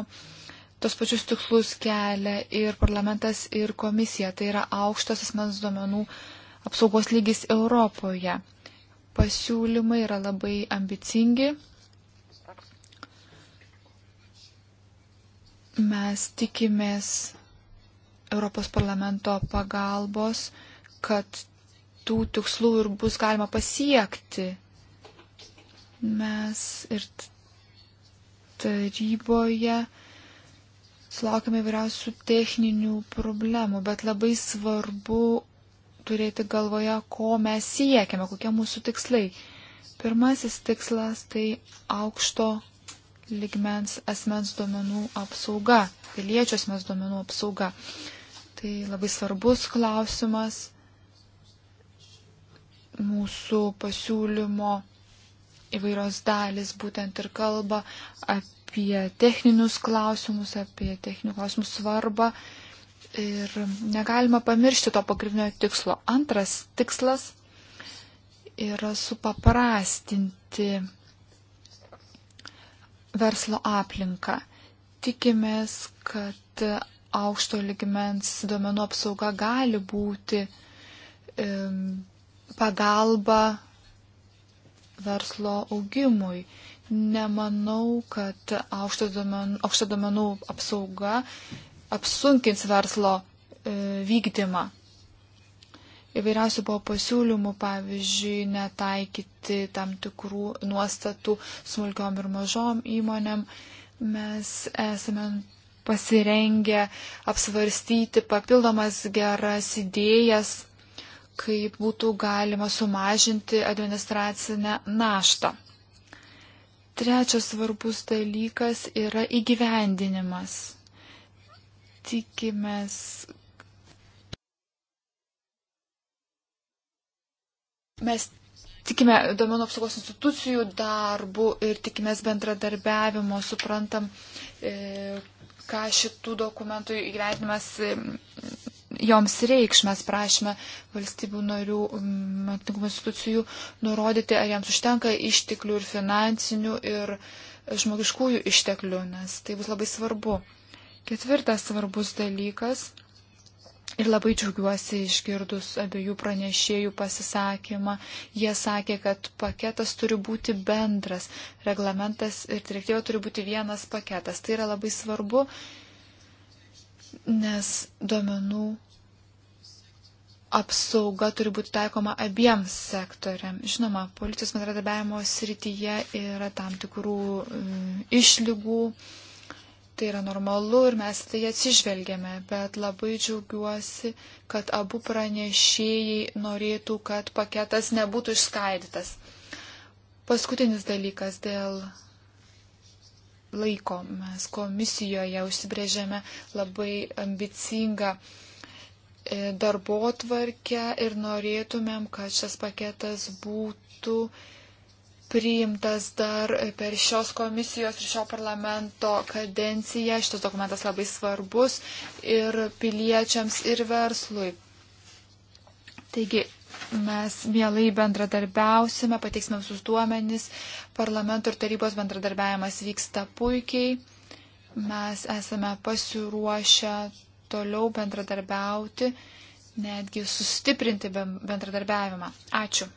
Speaker 3: tos pačius tikslus kelia ir parlamentas, ir komisija. Tai yra aukštas asmens duomenų apsaugos lygis Europoje. Pasiūlymai yra labai ambicingi. Mes tikimės Europos parlamento pagalbos, kad tų tikslų ir bus galima pasiekti. Mes ir taryboje sulaukime įvairiausių techninių problemų, bet labai svarbu turėti galvoje, ko mes siekiame, kokie mūsų tikslai. Pirmasis tikslas tai aukšto ligmens asmens duomenų apsauga, piliečio asmens duomenų apsauga. Tai labai svarbus klausimas mūsų pasiūlymo įvairios dalis būtent ir kalba apie apie techninius klausimus, apie techninių klausimų svarbą. Ir negalima pamiršti to pagrindinio tikslo. Antras tikslas yra supaprastinti verslo aplinką. Tikimės, kad aukšto ligmens duomenų apsauga gali būti e, pagalba verslo augimui. Nemanau, kad aukšto domenų, aukšto domenų apsauga apsunkins verslo e, vykdymą. Įvairiausių buvo pasiūlymų, pavyzdžiui, netaikyti tam tikrų nuostatų smulkiom ir mažom įmonėm. Mes esame pasirengę apsvarstyti papildomas geras idėjas, kaip būtų galima sumažinti administracinę naštą. Trečias svarbus dalykas yra įgyvendinimas. Tikimės, mes tikime domenų apsaugos institucijų darbų ir tikimės bendradarbiavimo, suprantam, e, ką šitų dokumentų įgyvenimas joms reikš. Mes prašome valstybių narių, atitinkamų institucijų nurodyti, ar jiems užtenka išteklių ir finansinių, ir žmogiškųjų išteklių, nes tai bus labai svarbu. Ketvirtas svarbus dalykas. Ir labai džiaugiuosi išgirdus abiejų pranešėjų pasisakymą. Jie sakė, kad paketas turi būti bendras, reglamentas ir direktyva turi būti vienas paketas. Tai yra labai svarbu, nes duomenų apsauga turi būti taikoma abiems sektoriam. Žinoma, policijos bendradarbiavimo srityje yra tam tikrų mm, išlygų, tai yra normalu ir mes tai atsižvelgiame, bet labai džiaugiuosi, kad abu pranešėjai norėtų, kad paketas nebūtų išskaidytas. Paskutinis dalykas dėl laiko. Mes komisijoje užsibrėžėme labai ambicingą e, darbo tvarkę ir norėtumėm, kad šis paketas būtų priimtas dar per šios komisijos ir šio parlamento kadenciją. Šitas dokumentas labai svarbus ir piliečiams, ir verslui. Taigi, Mes mielai bendradarbiausime, pateiksime visus duomenys. Parlamento ir tarybos bendradarbiavimas vyksta puikiai. Mes esame pasiruošę toliau bendradarbiauti, netgi sustiprinti bendradarbiavimą. Ačiū.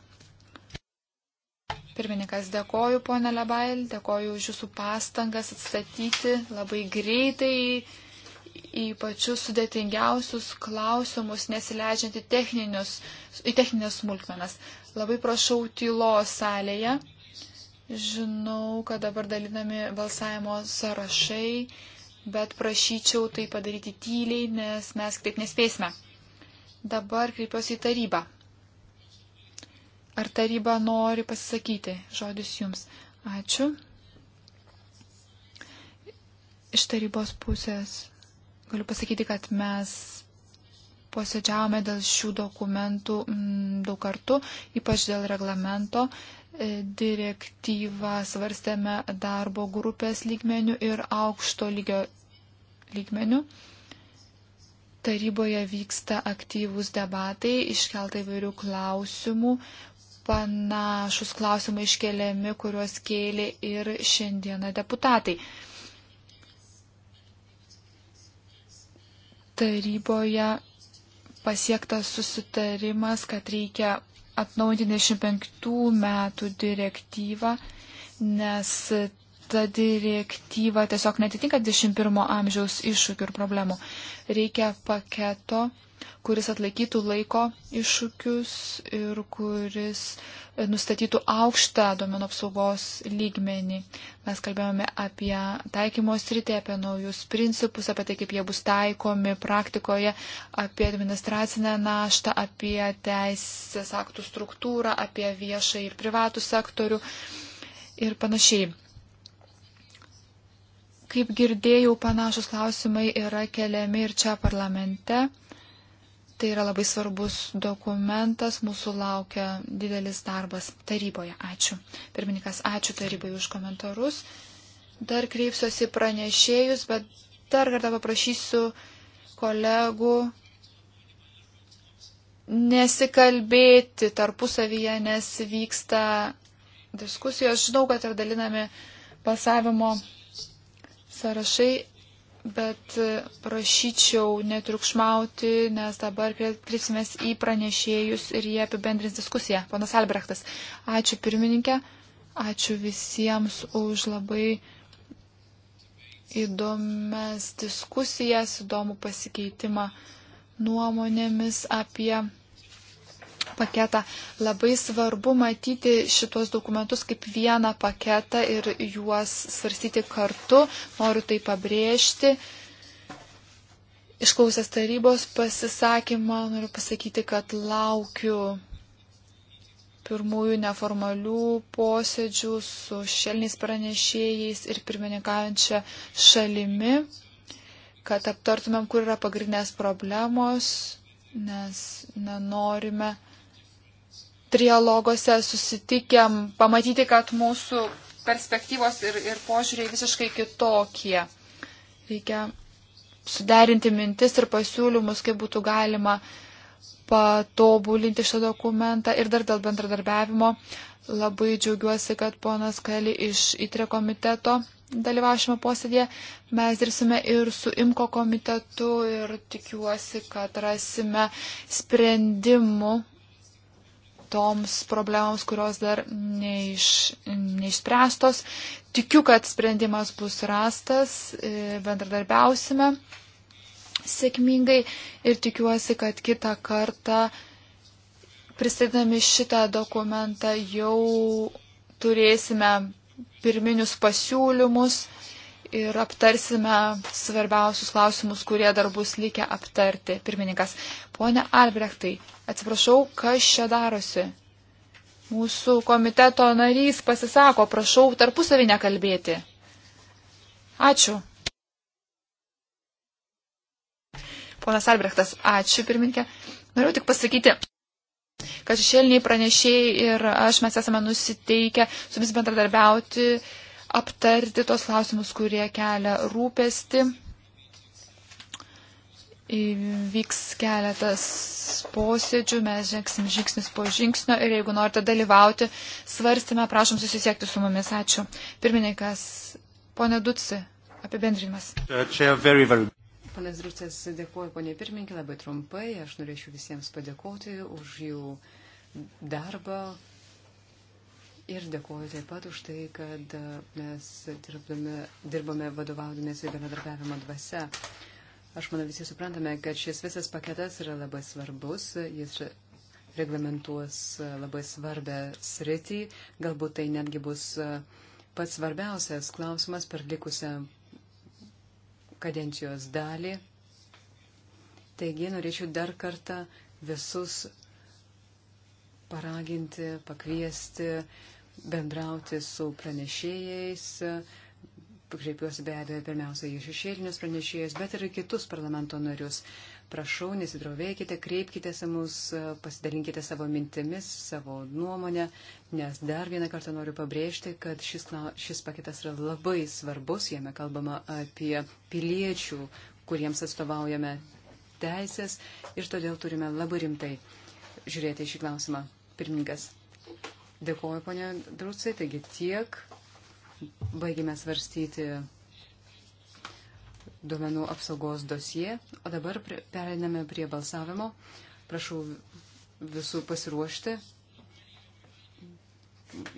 Speaker 3: Pirmininkas, dėkoju, ponė Lebail, dėkoju už jūsų pastangas atstatyti labai greitai į pačius sudėtingiausius klausimus, nesileidžiant į, į techninės smulkmenas. Labai prašau tylos salėje. Žinau, kad dabar dalinami balsavimo sąrašai, bet prašyčiau tai padaryti tyliai, nes mes taip nespėsime. Dabar kreipiuosi į tarybą. Ar taryba nori pasisakyti? Žodis jums. Ačiū. Iš tarybos pusės galiu pasakyti, kad mes posėdžiavome dėl šių dokumentų m, mm, daug kartų, ypač dėl reglamento. E, direktyvą svarstėme darbo grupės lygmenių ir aukšto lygio lygmenių. Taryboje vyksta aktyvūs debatai, iškelta įvairių klausimų, panašus klausimai iškeliami, kuriuos kėlė ir šiandieną deputatai. taryboje pasiektas susitarimas, kad reikia atnaujinti 25 metų direktyvą, nes ta direktyva tiesiog netitinka 21 amžiaus iššūkių ir problemų. Reikia paketo, kuris atlaikytų laiko iššūkius ir kuris e, nustatytų aukštą domenų apsaugos lygmenį. Mes kalbėjome apie taikymo sritį, apie naujus principus, apie tai, kaip jie bus taikomi praktikoje, apie administracinę naštą, apie teisės aktų struktūrą, apie viešą ir privatų sektorių ir panašiai. Kaip girdėjau, panašus klausimai yra keliami ir čia parlamente. Tai yra labai svarbus dokumentas, mūsų laukia didelis darbas taryboje. Ačiū. Pirmininkas, ačiū tarybai už komentarus. Dar kreipsiuosi pranešėjus, bet dar kartą paprašysiu kolegų nesikalbėti tarpusavyje, nes vyksta diskusijos. Žinau, kad ir dalinami balsavimo sąrašai, bet prašyčiau netriukšmauti, nes dabar kreipsimės į pranešėjus ir jie apibendrins diskusiją. Ponas Albrechtas, ačiū pirmininkė, ačiū visiems už labai įdomias diskusijas, įdomų pasikeitimą nuomonėmis apie paketą. Labai svarbu matyti šitos dokumentus kaip vieną paketą ir juos svarstyti kartu. Noriu tai pabrėžti. Išklausęs tarybos pasisakymą, noriu pasakyti, kad laukiu pirmųjų neformalių posėdžių su šelniais pranešėjais ir pirmininkaujančia šalimi, kad aptartumėm, kur yra pagrindinės problemos, nes nenorime trialoguose susitikėm, pamatyti, kad mūsų perspektyvos ir, ir požiūriai visiškai kitokie. Reikia suderinti mintis ir pasiūlymus, kaip būtų galima patobulinti šitą dokumentą ir dar dėl bendradarbiavimo. Labai džiaugiuosi, kad ponas Kali iš ITRE komiteto dalyvaušime posėdėje. Mes dirbsime ir su IMKO komitetu ir tikiuosi, kad rasime sprendimų toms problemams, kurios dar neiš, neišspręstos. Tikiu, kad sprendimas bus rastas, e, bendradarbiausime sėkmingai ir tikiuosi, kad kitą kartą pristatydami šitą dokumentą jau turėsime pirminius pasiūlymus ir aptarsime svarbiausius klausimus, kurie dar bus likę aptarti. Pirmininkas, ponė Albrechtai, atsiprašau, kas čia darosi? Mūsų komiteto narys pasisako, prašau tarpusavį nekalbėti. Ačiū. Ponas Albrechtas, ačiū pirmininkė. Noriu tik pasakyti, kad šešėliniai pranešėjai ir aš mes esame nusiteikę su vis bendradarbiauti aptarti tos klausimus, kurie kelia rūpesti. Vyks keletas posėdžių, mes žengsim žingsnis po žingsnio ir jeigu norite dalyvauti, svarstime, prašom susisiekti su mumis. Ačiū. Pirmininkas, ponė Dutsi, apibendrinimas. Uh,
Speaker 1: Ponas Drucas, dėkuoju ponė pirmininkė labai trumpai. Aš norėčiau visiems padėkoti už jų darbą, Ir dėkuoju taip pat už tai, kad e, mes dirbdame, dirbame vadovaudomės į bendradarbiavimo dvasę. Aš manau, visi suprantame, kad šis visas paketas yra labai svarbus, jis reglamentuos e, labai svarbę sritį, galbūt tai netgi bus e, pats svarbiausias klausimas per likusią kadencijos dalį. Taigi norėčiau dar kartą visus paraginti, pakviesti, uh, bendrauti su pranešėjais, kreipiuosi be abejo pirmiausia į šešėlinius pranešėjus, bet ir į kitus parlamento narius. Prašau, nesidrovėkite, kreipkite į mus, pasidalinkite savo mintimis, savo nuomonę, nes dar vieną kartą noriu pabrėžti, kad šis, šis paketas yra labai svarbus, jame kalbama apie piliečių, kuriems atstovaujame teisės ir todėl turime labai rimtai žiūrėti į šį klausimą. Pirmininkas. Dėkuoju, ponė Drūcai. Taigi tiek. Baigime svarstyti duomenų apsaugos dosie. O dabar pereiname prie balsavimo. Prašau visų pasiruošti.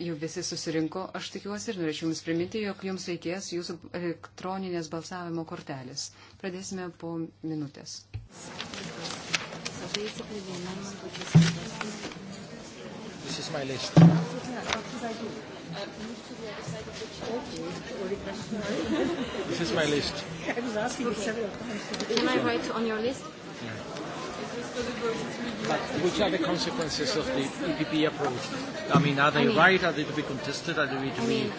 Speaker 1: Jau visi susirinko, aš tikiuosi ir norėčiau Jums priminti, jog Jums reikės Jūsų elektroninės balsavimo kortelės. Pradėsime po minutės. So
Speaker 2: This is my list. Yeah, what should I do? Uh, move to the other side of the chair. Okay. this is my list. I was asking okay. several
Speaker 1: times. Can I write on your list? Yeah.
Speaker 3: But which are the consequences of the EPP approach? I mean, are they I mean, right? Are they to be contested? Are they to I be... Mean,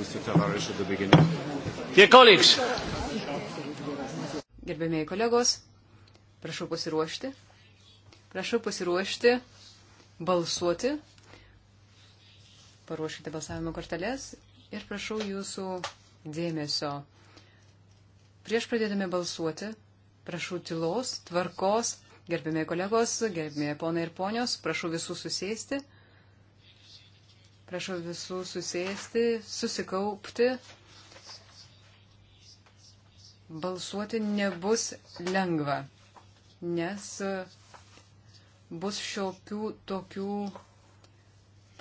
Speaker 1: Mr. Tavares at the beginning. Dear colleagues. Gerbėmėjai kolegos, prašau pasiruošti. Prašau pasiruošti, balsuoti. Paruoškite balsavimo korteles ir prašau jūsų dėmesio. Prieš pradėdami balsuoti, prašau tylos, tvarkos, gerbėmėjai kolegos, gerbėmėjai ponai ir ponios, prašau visų susėsti. Prašau visų susėsti, susikaupti. Balsuoti nebus lengva, nes e, bus šiokių tokių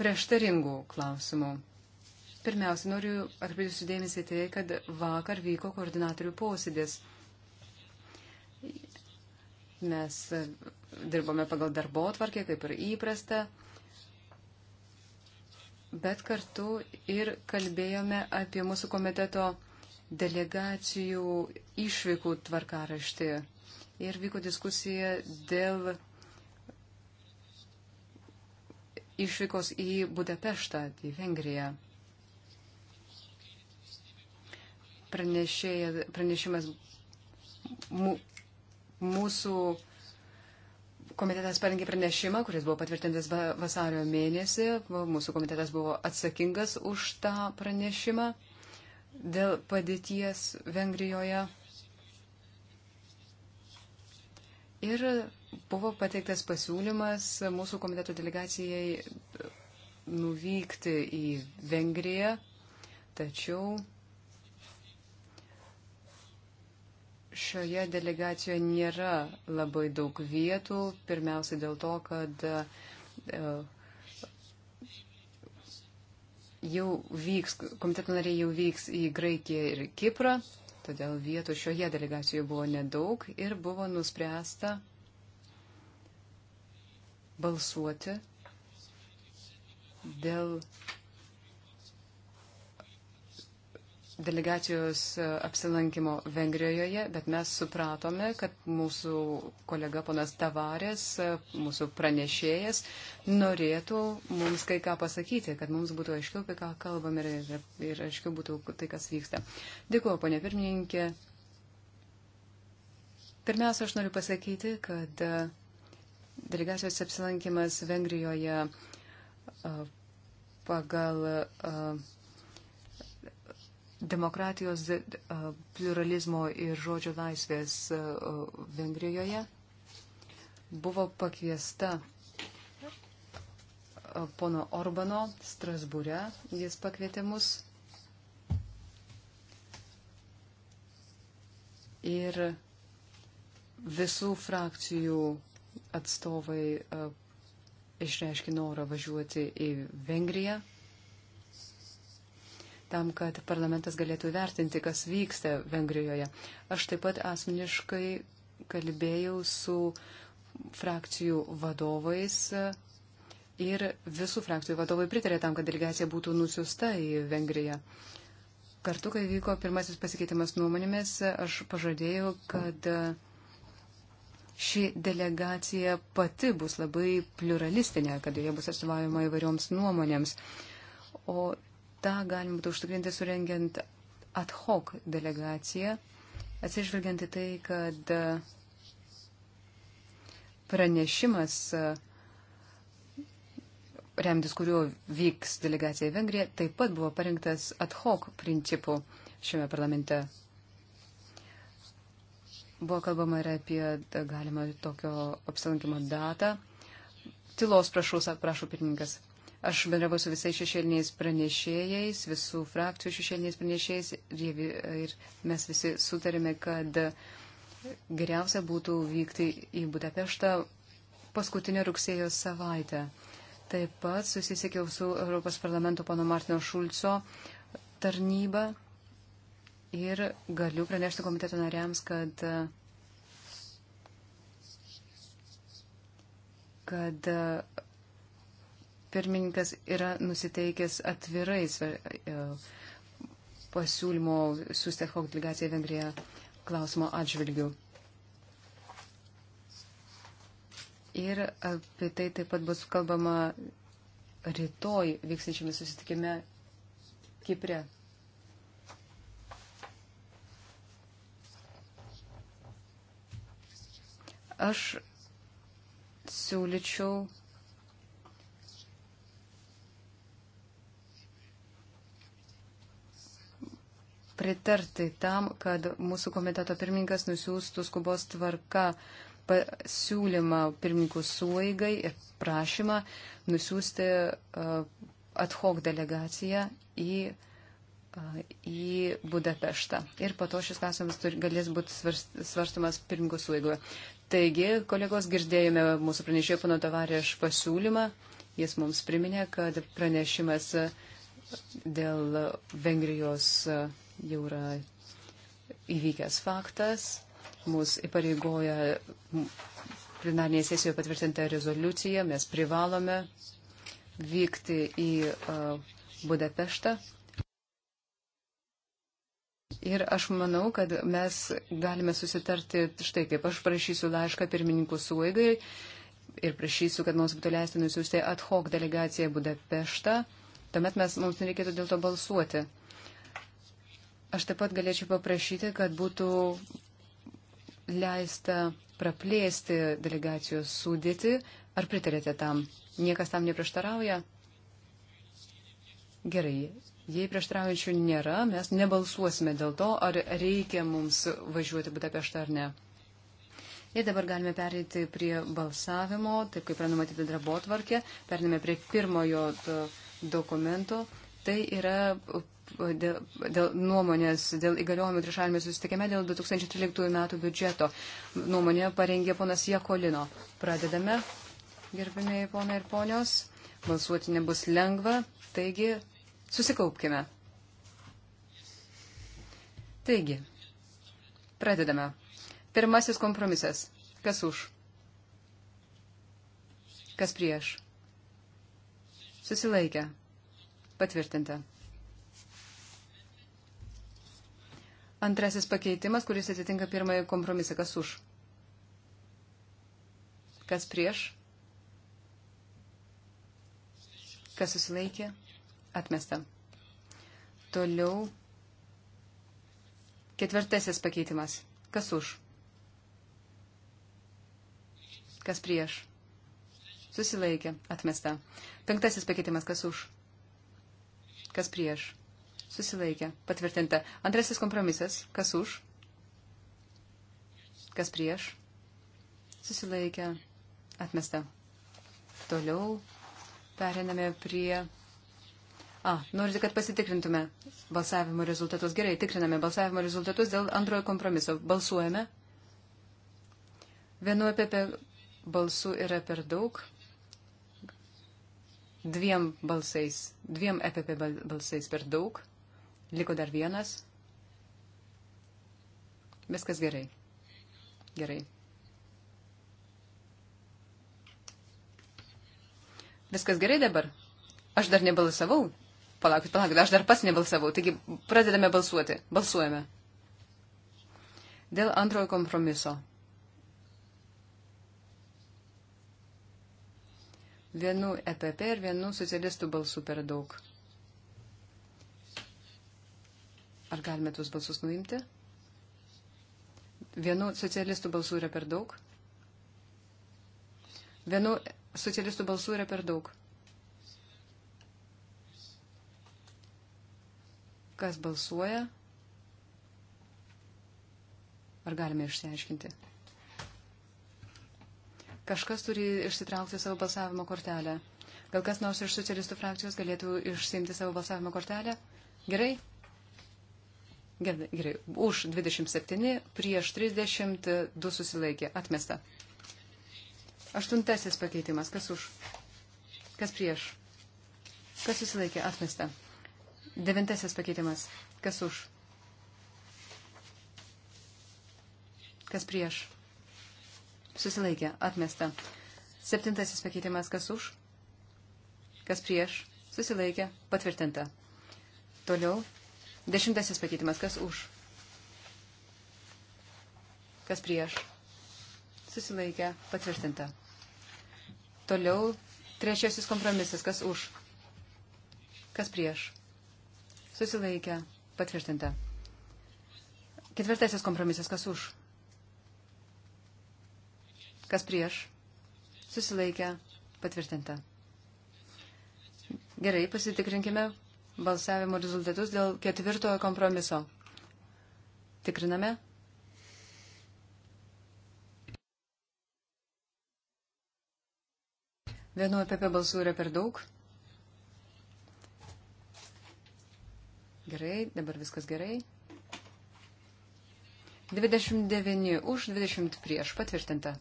Speaker 1: prieštaringų klausimų. Pirmiausia, noriu atkreipti sudėmesį tai, kad vakar vyko koordinatorių posėdis. Mes e, dirbome pagal darbo atvarkę, kaip ir įprasta bet kartu ir kalbėjome apie mūsų komiteto delegacijų išvykų tvarkaraštį. Ir vyko diskusija dėl išvykos į Budapeštą, į Vengriją. Pranešėja, pranešimas mūsų komitetas parengė pranešimą, kuris buvo patvirtintas vasario mėnesį. Mūsų komitetas buvo atsakingas už tą pranešimą dėl padėties Vengrijoje. Ir buvo pateiktas pasiūlymas mūsų komiteto delegacijai nuvykti į Vengriją, tačiau šioje delegacijoje nėra labai daug vietų, pirmiausia dėl to, kad e, jau vyks, komiteto nariai jau vyks į Graikiją ir Kiprą, todėl vietų šioje delegacijoje buvo nedaug ir buvo nuspręsta balsuoti dėl delegacijos e, apsilankimo Vengrijoje, bet mes supratome, kad mūsų kolega ponas Tavarės, e, mūsų pranešėjas, norėtų mums kai ką pasakyti, kad mums būtų aiškiau, apie ką kalbame ir, ir aiškiau būtų tai, kas vyksta. Dėkuoju, ponė pirmininkė. Pirmiausia, aš noriu pasakyti, kad e, delegacijos apsilankimas Vengrijoje pagal. Uh, demokratijos pluralizmo ir žodžio laisvės Vengrijoje buvo pakviesta pono Orbano Strasbūre. Jis pakvietė mus. Ir visų frakcijų atstovai išreiškė norą važiuoti į Vengriją tam, kad parlamentas galėtų vertinti, kas vyksta Vengrijoje. Aš taip pat asmeniškai kalbėjau su frakcijų vadovais ir visų frakcijų vadovai pritarė tam, kad delegacija būtų nusiusta į Vengriją. Kartu, kai vyko pirmasis pasikeitimas nuomonėmis, aš pažadėjau, kad ši delegacija pati bus labai pluralistinė, kad joje bus atstovaujama įvairioms nuomonėms. O tą galima būtų užtikrinti surengiant ad hoc delegaciją, atsižvelgiant į tai, kad e, pranešimas, e, remtis kuriuo vyks delegacija į Vengriją, taip pat buvo parinktas ad hoc principu šiame parlamente. Buvo kalbama ir apie e, galimą tokio apsilankimo datą. Tylos prašau, prašau pirmininkas. Aš bendravau su visais šešėliniais pranešėjais, visų frakcijų šešėliniais pranešėjais ir, ir mes visi sutarėme, kad geriausia būtų vykti į Budapeštą paskutinę rugsėjo savaitę. Taip pat susisiekiau su Europos parlamento pono Martino Šulco tarnyba ir galiu pranešti komiteto nariams, kad kad pirmininkas yra nusiteikęs atvirai e, pasiūlymo siūsti HOK delegaciją Vengriją klausimo atžvilgių. Ir apie tai taip pat bus kalbama rytoj vykstančiame susitikime Kipre. Aš siūlyčiau pritarti tam, kad mūsų komiteto pirmininkas nusiųstų skubos tvarka pasiūlymą pirmininkų suvaigai ir prašymą nusiųsti ad hoc delegaciją į, į Budapeštą. Ir po to šis klausimas galės būti svarstomas pirmininkų suvaigoje. Taigi, kolegos, girdėjome mūsų pranešėjo pano tavarėš pasiūlymą. Jis mums priminė, kad pranešimas dėl Vengrijos jau yra įvykęs faktas, mus įpareigoja plenarnėje sesijoje patvirtinta rezoliucija, mes privalome vykti į Budapeštą. Ir aš manau, kad mes galime susitarti štai kaip. Aš prašysiu laišką pirmininkų suėgai ir prašysiu, kad mums būtų leisti nusiųsti ad hoc delegaciją Budapeštą. Tuomet mes, mums nereikėtų dėl to balsuoti. Aš taip pat galėčiau paprašyti, kad būtų leista praplėsti delegacijos sudėti. Ar pritarėte tam? Niekas tam neprieštarauja? Gerai. Jei prieštaraujančių nėra, mes nebalsuosime dėl to, ar reikia mums važiuoti Budapeštą ar ne. Ir dabar galime pereiti prie balsavimo, taip kaip pranumatyti darbo tvarkė. Periname prie pirmojo dokumento. Tai yra dėl, dėl nuomonės dėl įgaliojimų trišalmės susitikime dėl 2013 metų biudžeto. Nuomonė parengė ponas Jekolino. Pradedame, gerbimieji ponai ir ponios. Balsuoti nebus lengva, taigi susikaupkime. Taigi, pradedame. Pirmasis kompromisas. Kas už? Kas prieš? Susilaikę. Patvirtinta. Antrasis pakeitimas, kuris atitinka pirmąjį kompromisą. Kas už? Kas prieš? Kas susilaikė? Atmesta. Toliau. Ketvirtasis pakeitimas. Kas už? Kas prieš? Susilaikė. Atmesta. Penktasis pakeitimas. Kas už? Kas prieš? Susilaikė. Patvirtinta. Antrasis kompromisas. Kas už? Kas prieš? Susilaikė. Atmesta. Toliau periname prie. A, norite, kad pasitikrintume balsavimo rezultatus. Gerai, tikriname balsavimo rezultatus dėl antrojo kompromiso. Balsuojame. Vienu apie balsų yra per daug dviem balsais, dviem EPP balsais per daug. Liko dar vienas. Viskas gerai. Gerai. Viskas gerai dabar? Aš dar nebalsavau. Palaukit, palaukit, aš dar pats nebalsavau. Taigi pradedame balsuoti. Balsuojame. Dėl antrojo kompromiso. Vienu EPP ir vienu socialistų balsu per daug. Ar galime tuos balsus nuimti? Vienu socialistų balsų yra per daug. Vienu socialistų balsų yra per daug. Kas balsuoja? Ar galime išsiaiškinti? Kažkas turi išsitraukti savo balsavimo kortelę. Gal kas nors iš socialistų frakcijos galėtų išsiimti savo balsavimo kortelę? Gerai, Gerai, už 27, prieš 32 susilaikė, atmesta. Aštuntasis pakeitimas, kas už, kas prieš, kas susilaikė, atmesta. Devintasis pakeitimas, kas už, kas prieš, susilaikė, atmesta. Septintasis pakeitimas, kas už, kas prieš, susilaikė, patvirtinta. Toliau Dešimtasis pakeitimas. Kas už? Kas prieš? Susilaikė. Patvirtinta. Toliau trečiasis kompromisas. Kas už? Kas prieš? Susilaikė. Patvirtinta. Ketvirtasis kompromisas. Kas už? Kas prieš? Susilaikė. Patvirtinta. Gerai, pasitikrinkime balsavimo rezultatus dėl ketvirtojo kompromiso. Tikriname. Vienu apie balsų yra per daug. Gerai, dabar viskas gerai. 29 už, 20 prieš patvirtinta.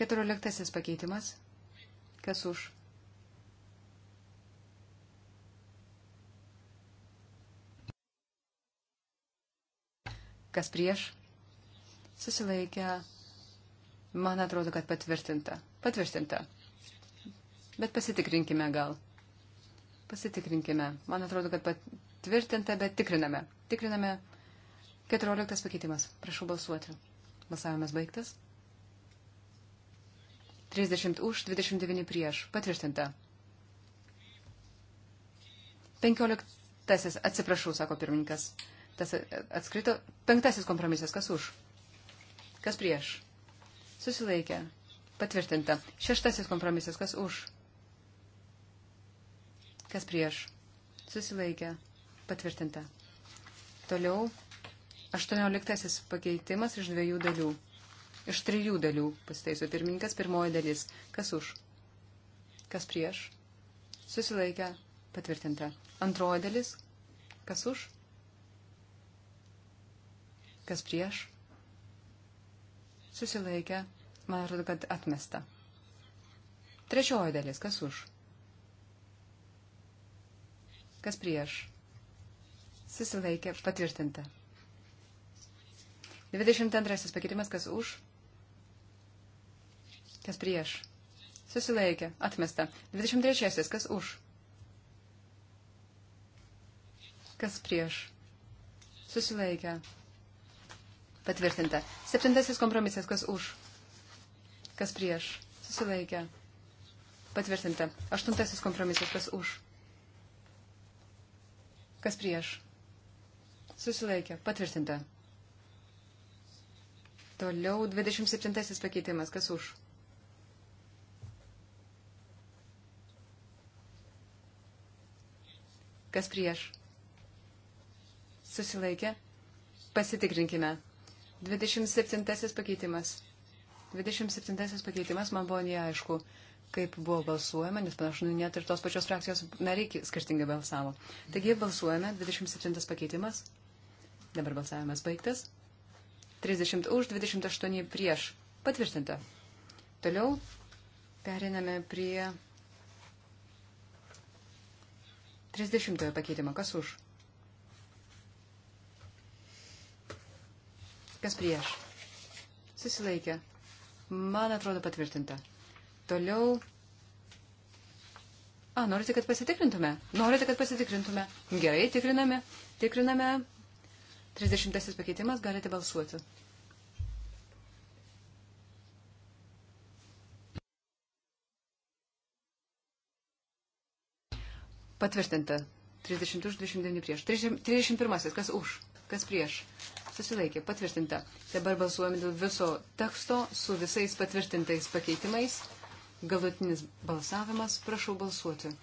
Speaker 1: 14 pakeitimas. Kas už? Kas prieš? Susilaikę. Man atrodo, kad patvirtinta. Patvirtinta. Bet pasitikrinkime gal. Pasitikrinkime. Man atrodo, kad patvirtinta, bet tikriname. Tikriname. 14 pakeitimas. Prašau balsuoti. Balsavimas baigtas. 30 už, 29 prieš. Patvirtinta. 15. Atsiprašau, sako pirmininkas. Tas atskrito. Penktasis kompromisas. Kas už? Kas prieš? Susilaikė. Patvirtinta. Šeštasis kompromisas. Kas už? Kas prieš? Susilaikė. Patvirtinta. Toliau. Aštuonioliktasis pakeitimas iš dviejų dalių. Iš trijų dalių, pasitaiso pirmininkas, pirmoji dalis. Kas už? Kas prieš? Susilaikę. Patvirtinta. Antroji dalis. Kas už? Kas prieš? Susilaikė. Man atrodo, kad atmesta. Trečioji dalis. Kas už? Kas prieš? Susilaikė. Patvirtinta. 22 pakeitimas. Kas už? Kas prieš? Susilaikė. Atmesta. 23. Kas už? Kas prieš? Susilaikė. Patvirtinta. Septintasis kompromisas. Kas už? Kas prieš? Susilaikė. Patvirtinta. Aštuntasis kompromisas. Kas už? Kas prieš? Susilaikė. Patvirtinta. Toliau 27 pakeitimas. Kas už? Kas prieš? Susilaikė? Pasitikrinkime. 27 pakeitimas. 27 pakeitimas man buvo neaišku, kaip buvo balsuojama, nes panašu, nu, net ir tos pačios frakcijos nariai skirtingai balsavo. Taigi balsuojame, 27 pakeitimas. Dabar balsavimas baigtas. 30 už, 28 prieš. Patvirtinta. Toliau periname prie 30 pakeitimo. Kas už? Kas prieš? Susilaikė. Man atrodo patvirtinta. Toliau. A, norite, kad pasitikrintume? Norite, kad pasitikrintume? Gerai, tikriname. Tikriname. 30 pakeitimas, galite balsuoti. Patvirtinta. 30 už, 29 prieš. 31. Kas už? Kas prieš? susilaikė, patvirtinta. Dabar balsuojame dėl viso teksto su visais patvirtintais pakeitimais. Galutinis balsavimas, prašau balsuoti.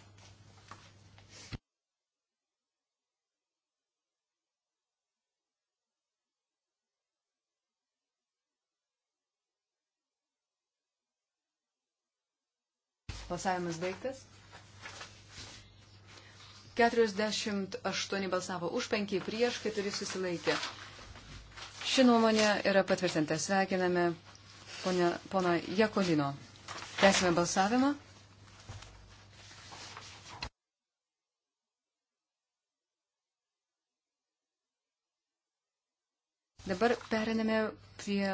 Speaker 1: Balsavimas baigtas. 48 balsavo už, 5 prieš, 4 susilaikė. Ši nuomonė yra patvirtinta. Sveikiname pono Jekolino. Tęsime balsavimą. Dabar periname prie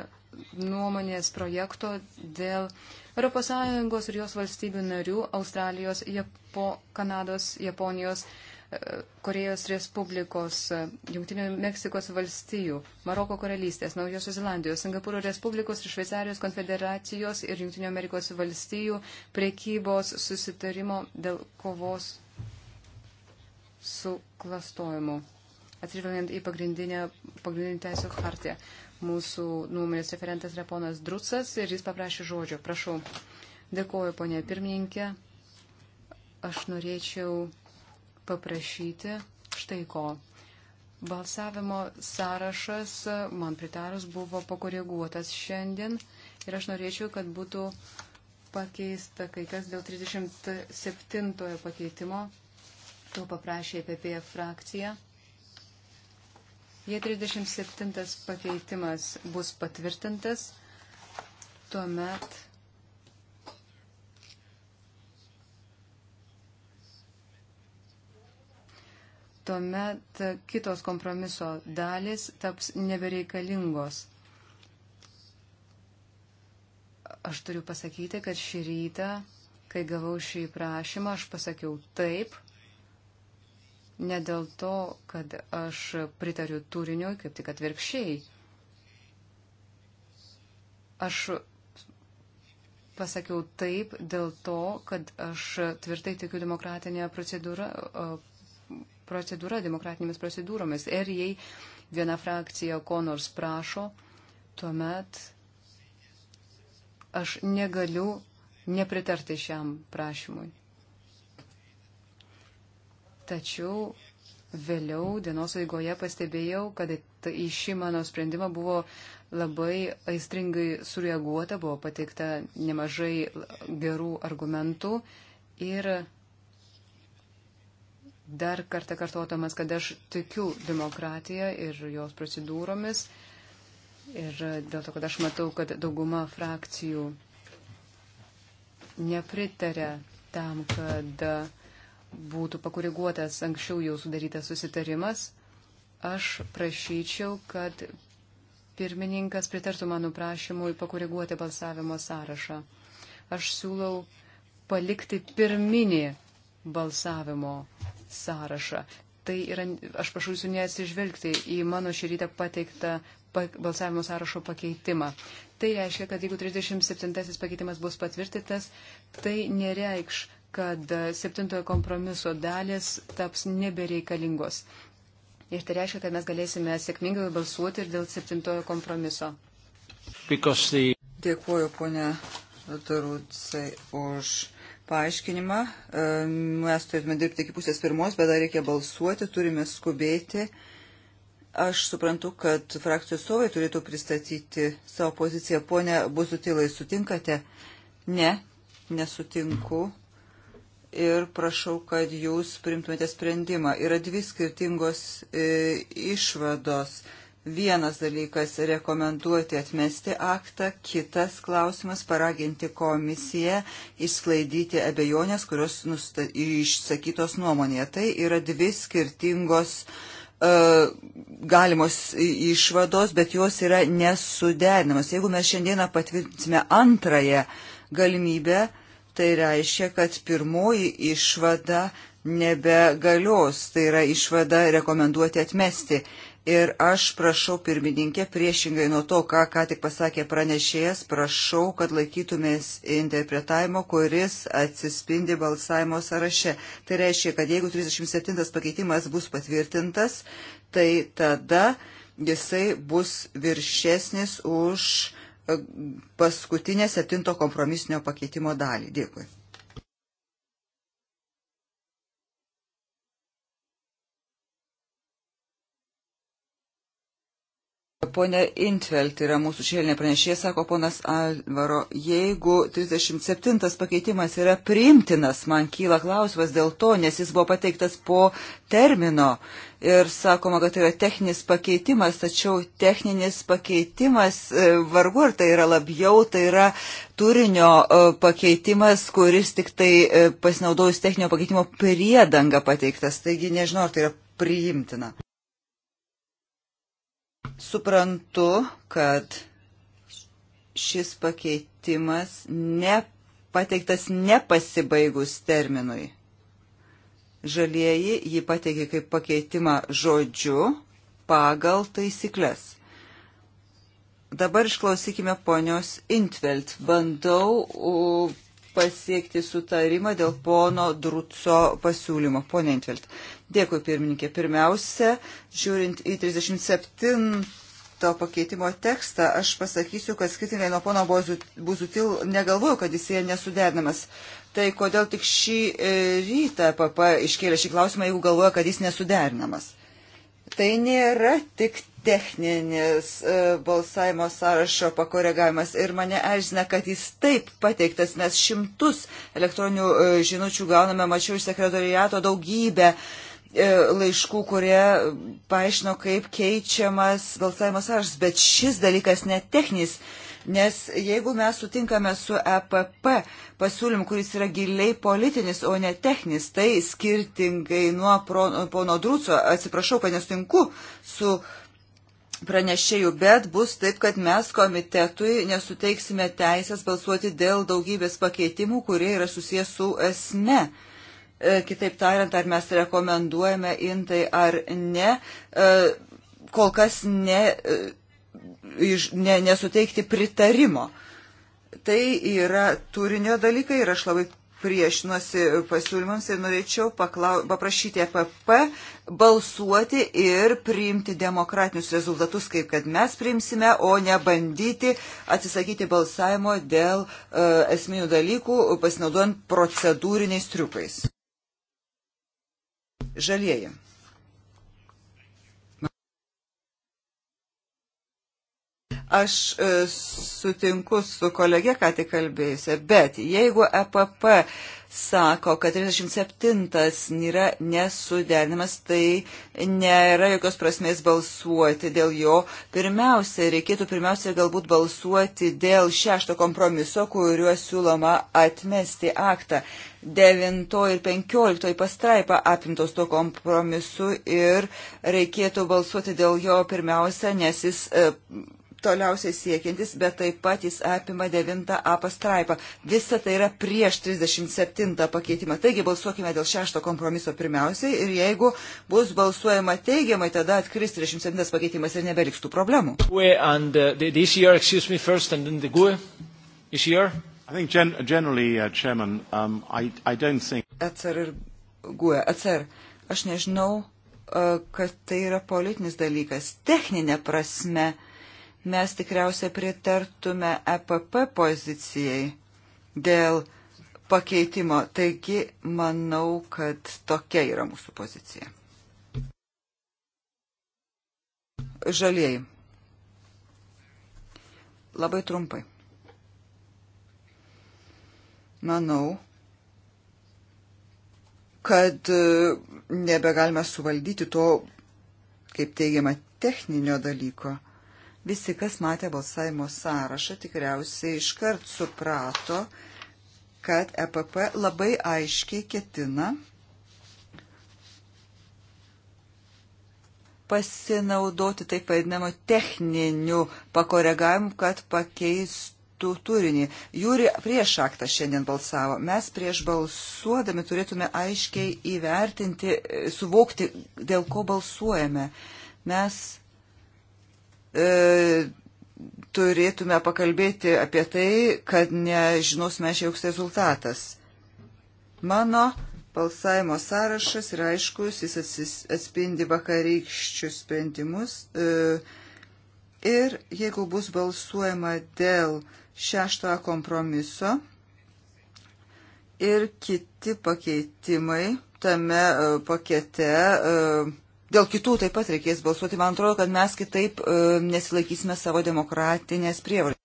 Speaker 1: nuomonės projekto dėl ES ir jos valstybių narių Australijos, Japo, Kanados, Japonijos Korejos Respublikos, Junktinio Meksikos valstijų, Maroko karalystės, Naujosios Zelandijos, Singapūro Respublikos ir Šveicarijos konfederacijos ir Junktinio Amerikos valstijų priekybos susitarimo dėl kovos su klastojimu. Atsižvelgiant į pagrindinę, pagrindinį teisų hartiją. Mūsų nuomonės referentas yra ponas Drucas ir jis paprašė žodžio. Prašau. Dėkuoju, ponė pirmininkė. Aš norėčiau paprašyti štai ko. Balsavimo sąrašas man pritarus buvo pakoreguotas šiandien ir aš norėčiau, kad būtų pakeista kai kas dėl 37 pakeitimo. To paprašė PP e frakcija. Jei 37 pakeitimas bus patvirtintas, tuomet tuomet kitos kompromiso dalis taps nebereikalingos. Aš turiu pasakyti, kad šį rytą, kai gavau šį prašymą, aš pasakiau taip, ne dėl to, kad aš pritariu turiniui, kaip tik atvirkščiai. Aš pasakiau taip dėl to, kad aš tvirtai tikiu demokratinę procedūrą, procedūra, demokratinėmis procedūromis. Ir jei viena frakcija ko nors prašo, tuomet aš negaliu nepritarti šiam prašymui. Tačiau vėliau dienos eigoje pastebėjau, kad į šį mano sprendimą buvo labai aistringai sureaguota, buvo pateikta nemažai gerų argumentų ir dar kartą kartuodamas, kad aš tikiu demokratiją ir jos procedūromis. Ir dėl to, kad aš matau, kad dauguma frakcijų nepritarė tam, kad būtų pakoreguotas anksčiau jau sudarytas susitarimas, aš prašyčiau, kad pirmininkas pritartų mano prašymui pakoreguoti balsavimo sąrašą. Aš siūlau palikti pirminį balsavimo sąrašą. Tai yra, aš prašau jūsų neatsižvelgti į mano šį rytą pateiktą balsavimo sąrašo pakeitimą. Tai reiškia, kad jeigu 37 pakeitimas bus patvirtintas, tai nereikš, kad 7 kompromiso dalis taps nebereikalingos. Ir tai reiškia, kad mes galėsime sėkmingai balsuoti ir dėl 7
Speaker 2: kompromiso. The... Dėkuoju, ponia Darucai, už paaiškinimą. Mes turėtume dirbti iki pusės pirmos, bet dar reikia balsuoti, turime skubėti. Aš suprantu, kad frakcijų sovai turėtų pristatyti savo poziciją. Pone Buzutilai, sutinkate? Ne, nesutinku. Ir prašau, kad jūs primtumėte sprendimą. Yra dvi skirtingos e, išvados. E, Vienas dalykas - rekomenduoti atmesti aktą, kitas klausimas - paraginti komisiją išsklaidyti abejonės, kurios nusta, išsakytos nuomonėje. Tai yra dvi skirtingos uh, galimos išvados, bet jos yra nesuderinamas. Jeigu mes šiandieną patvirtinsime antrąją galimybę, tai reiškia, kad pirmoji išvada nebegalios, tai yra išvada rekomenduoti atmesti. Ir aš prašau pirmininkė, priešingai nuo to, ką ką tik pasakė pranešėjas, prašau, kad laikytumės interpretavimo, kuris atsispindi balsavimo sąraše. Tai reiškia, kad jeigu 37 pakeitimas bus patvirtintas, tai tada jisai bus viršesnis už paskutinę septinto kompromisinio pakeitimo dalį. Dėkui. Pone Intvelt yra mūsų šėlinė pranešėja, sako ponas Alvaro, jeigu 37 pakeitimas yra priimtinas, man kyla klausimas dėl to, nes jis buvo pateiktas po termino ir sakoma, kad tai yra techninis pakeitimas, tačiau techninis pakeitimas e, vargu ar tai yra labiau, tai yra turinio e, pakeitimas, kuris tik tai e, pasinaudojus techninio pakeitimo priedanga pateiktas, taigi nežinau, ar tai yra priimtina. Suprantu, kad šis pakeitimas nepateiktas nepasibaigus terminui. Žalieji jį pateikė kaip pakeitimą žodžiu pagal taisyklės. Dabar išklausykime ponios Intvelt. Bandau pasiekti sutarimą dėl pono Druco pasiūlymo. Pone Entvelt, dėkui pirmininkė. Pirmiausia, žiūrint į 37 pakeitimo tekstą, aš pasakysiu, kad skirtingai nuo pono Buzutil negalvoju, kad jis jie nesuderinamas. Tai kodėl tik šį e, rytą papa iškėlė šį klausimą, jeigu galvoja, kad jis nesuderinamas. Tai nėra tik techninis e, balsavimo sąrašo pakoregavimas ir mane erzina, kad jis taip pateiktas. Mes šimtus elektroninių e, žinučių gauname, mačiau iš sekretoriato daugybę e, laiškų, kurie paaiškino, kaip keičiamas balsavimo sąrašas, bet šis dalykas net techninis. Nes jeigu mes sutinkame su EPP pasiūlymu, kuris yra giliai politinis, o ne techninis, tai skirtingai nuo pono Drūco, atsiprašau, kad nesutinku su uh, pranešėjų, bet bus taip, kad mes komitetui nesuteiksime teisės balsuoti dėl daugybės pakeitimų, kurie yra susijęs su esme. E, kitaip tariant, ar mes rekomenduojame intai ar ne, e, kol kas ne, e, ne, nesuteikti pritarimo. Tai yra turinio dalykai ir aš labai priešinosi pasiūlymams ir norėčiau paklau, paprašyti EPP balsuoti ir priimti demokratinius rezultatus, kaip kad mes priimsime, o ne bandyti atsisakyti balsavimo dėl uh, esminių dalykų, pasinaudojant procedūriniais triukais. Žalieji. Aš e, sutinku su kolegė, ką tik kalbėjusi, bet jeigu EPP sako, kad 37 nėra nesuderinimas, tai nėra jokios prasmės balsuoti dėl jo. Pirmiausia, reikėtų pirmiausia galbūt balsuoti dėl šešto kompromiso, kuriuo siūloma atmesti aktą. 9 ir 15 pastraipa apimtos to kompromisu ir reikėtų balsuoti dėl jo pirmiausia, nes jis. E, toliausiai siekiantis, bet taip pat jis apima 9a pastraipą. Visa tai yra prieš 37 pakeitimą. Taigi balsuokime dėl 6 kompromiso pirmiausiai ir jeigu bus balsuojama teigiamai, tada atkris 37 pakeitimas ir nebeliks tų problemų.
Speaker 1: And, uh, the, the ECR, excuse me, first and then the GUE. ECR? I think gen generally, uh, Chairman, um, I, I don't think...
Speaker 2: Atsar ir GUE. Atsar, aš nežinau, uh, kad tai yra politinis dalykas. Techninė prasme. Uh, mes tikriausiai pritartume EPP pozicijai dėl pakeitimo. Taigi, manau, kad tokia yra mūsų pozicija. Žalieji. Labai trumpai. Manau, kad e, nebegalime suvaldyti to, kaip teigiama, techninio dalyko. Visi, kas matė balsavimo sąrašą, tikriausiai iškart suprato, kad EPP labai aiškiai ketina pasinaudoti taip vadinamo techniniu pakoregavimu, kad pakeistų turinį. Jūri prieš aktą šiandien balsavo. Mes prieš balsuodami turėtume aiškiai įvertinti, suvokti, dėl ko balsuojame. Mes e, turėtume pakalbėti apie tai, kad nežinosime šioks rezultatas. Mano balsavimo sąrašas yra aiškus, jis atspindi vakarykščius sprendimus. E, ir jeigu bus balsuojama dėl šeštojo kompromiso ir kiti pakeitimai tame e, pakete, e, Dėl kitų taip pat reikės balsuoti. Man atrodo, kad mes kitaip e, nesilaikysime savo demokratinės prievalės.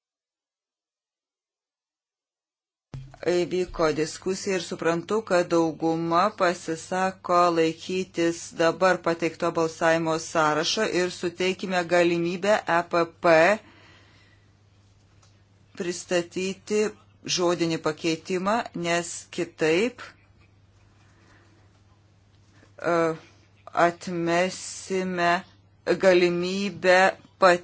Speaker 2: E, vyko diskusija ir suprantu, kad dauguma pasisako laikytis dabar pateikto balsavimo sąrašo ir suteikime galimybę EPP pristatyti žodinį pakeitimą, nes kitaip. Uh, e, atmesime galimybę pat,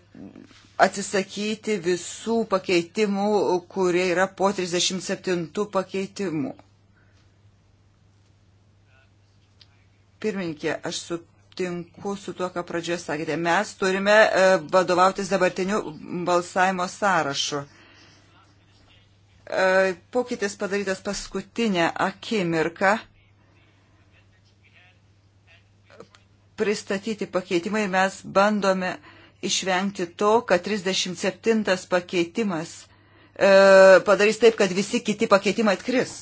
Speaker 2: atsisakyti visų pakeitimų, kurie yra po 37 pakeitimų. Pirminkė, aš sutinku su tuo, ką pradžioje sakėte. Mes turime e, vadovautis dabartiniu balsavimo sąrašu. E, pokytis padarytas paskutinę akimirką pristatyti pakeitimai, mes bandome išvengti to, kad 37 pakeitimas e, padarys taip, kad visi kiti pakeitimai atkris.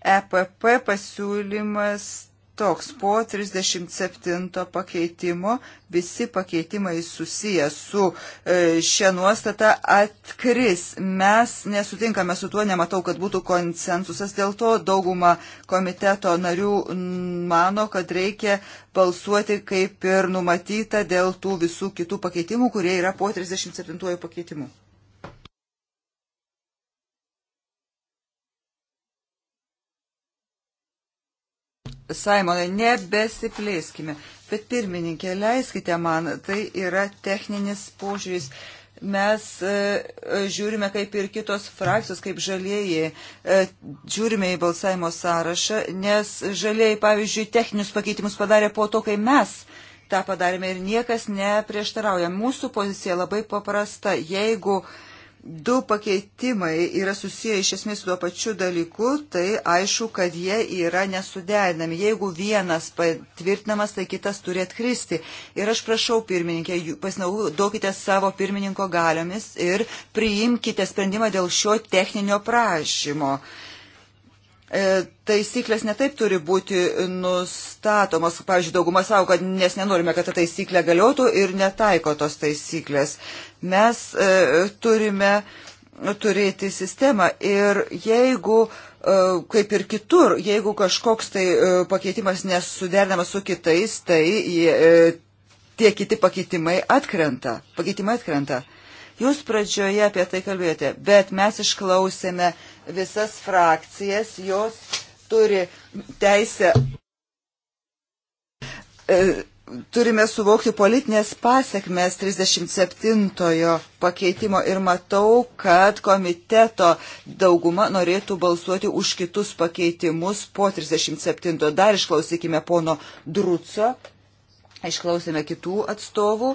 Speaker 2: EPP pasiūlymas toks. Po 37 pakeitimo visi pakeitimai susiję su e, šia nuostata atkris. Mes nesutinkame su tuo, nematau, kad būtų konsensusas. Dėl to dauguma komiteto narių mano, kad reikia balsuoti kaip ir numatyta dėl tų visų kitų pakeitimų, kurie yra po 37 pakeitimu. Simonai, nebesiplėskime. Bet pirmininkė, leiskite man, tai yra techninis požiūris. Mes e, žiūrime, kaip ir kitos frakcijos, kaip žalieji, e, žiūrime į balsavimo sąrašą, nes žalieji, pavyzdžiui, techninius pakeitimus padarė po to, kai mes tą padarėme ir niekas neprieštarauja. Mūsų pozicija labai paprasta. Jeigu e, du pakeitimai yra susiję iš esmės su tuo pačiu dalyku, tai aišku, kad jie yra nesuderinami. Jeigu vienas patvirtinamas, tai kitas turi atkristi. Ir aš prašau, pirmininkė, pasinaudokite savo pirmininko galiomis ir priimkite sprendimą dėl šio techninio prašymo. Uh, E, taisyklės netaip turi būti nustatomos. Pavyzdžiui, dauguma savo, kad nes nenorime, kad ta taisyklė galiotų ir netaiko tos taisyklės. Mes e, turime turėti sistemą ir jeigu, e, kaip ir kitur, jeigu kažkoks tai e, pakeitimas nesuderinamas su kitais, tai e, tie kiti pakeitimai atkrenta. Pakeitimai atkrenta. E, Jūs pradžioje apie tai kalbėjote, bet mes išklausėme visas frakcijas, jos turi teisę. E, turime suvokti politinės pasiekmes 37-ojo pakeitimo ir matau, kad komiteto dauguma norėtų balsuoti už kitus pakeitimus po 37-ojo. Dar išklausykime pono Druco Išklausėme kitų atstovų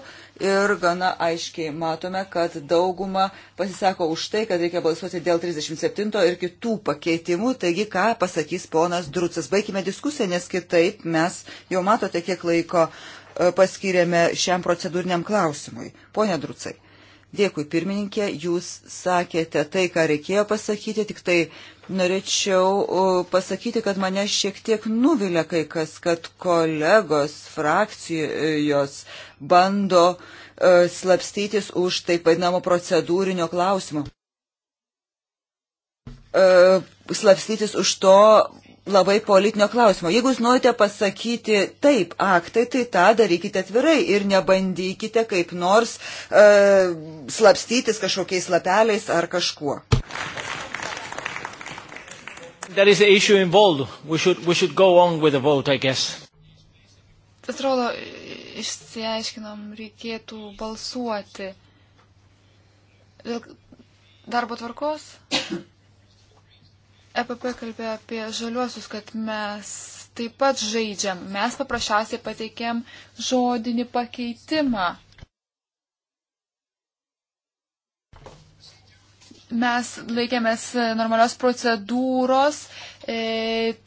Speaker 2: ir gana aiškiai matome, kad dauguma pasisako už tai, kad reikia balsuoti dėl 37 ir kitų pakeitimų. Taigi, ką pasakys ponas Drucas. Baigime diskusiją, nes kitaip mes jau matote, kiek laiko e, paskiriame šiam procedūriniam klausimui. Pone Drucai. Dėkui, pirmininkė, jūs sakėte tai, ką reikėjo pasakyti, tik tai norėčiau pasakyti, kad mane šiek tiek nuvilia kai kas, kad kolegos frakcijos bando e, slapstytis už taip vadinamo procedūrinio klausimo e, slapstytis už to labai politinio klausimo. Jeigu jūs norite pasakyti taip aktai, tai tą darykite atvirai ir nebandykite kaip nors e, slapstytis kažkokiais lapeliais ar kažkuo. We should, we should
Speaker 3: vote, Atrodo, išsiaiškinam, reikėtų balsuoti. Dėl darbo tvarkos? EPP kalbėjo apie žaliuosius, kad mes taip pat žaidžiam. Mes paprasčiausiai pateikėm žodinį pakeitimą. Mes laikėmės normalios procedūros, e,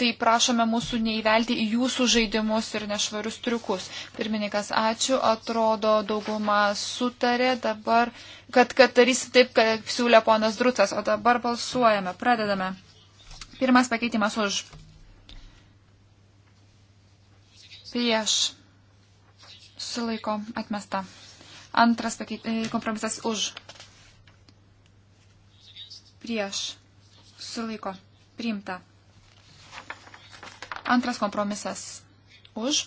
Speaker 3: tai prašome mūsų neįvelti į jūsų žaidimus ir nešvarius triukus. Pirmininkas, ačiū, atrodo dauguma sutarė dabar, kad, kad tarysi taip, kaip siūlė ponas Drutas, o dabar balsuojame, pradedame. Pirmas pakeitimas už. Prieš. Sulaiko atmesta. Antras pakeit... E, kompromisas už. Prieš. Sulaiko. Priimta. Antras kompromisas už.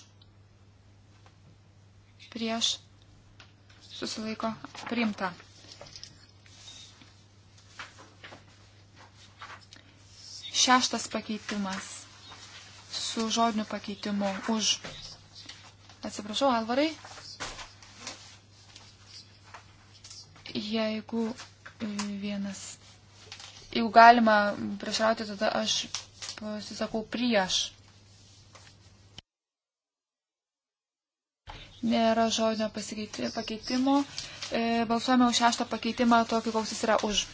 Speaker 3: Prieš. Susilaiko. Priimta. Šeštas pakeitimas su žodiniu pakeitimu už. Atsiprašau, Alvarai. Jeigu vienas. Jeigu galima priešrauti, tada aš pasisakau prieš. Nėra žodinio pakeitimo. E, balsuojame už šeštą pakeitimą, tokį koks jis yra už.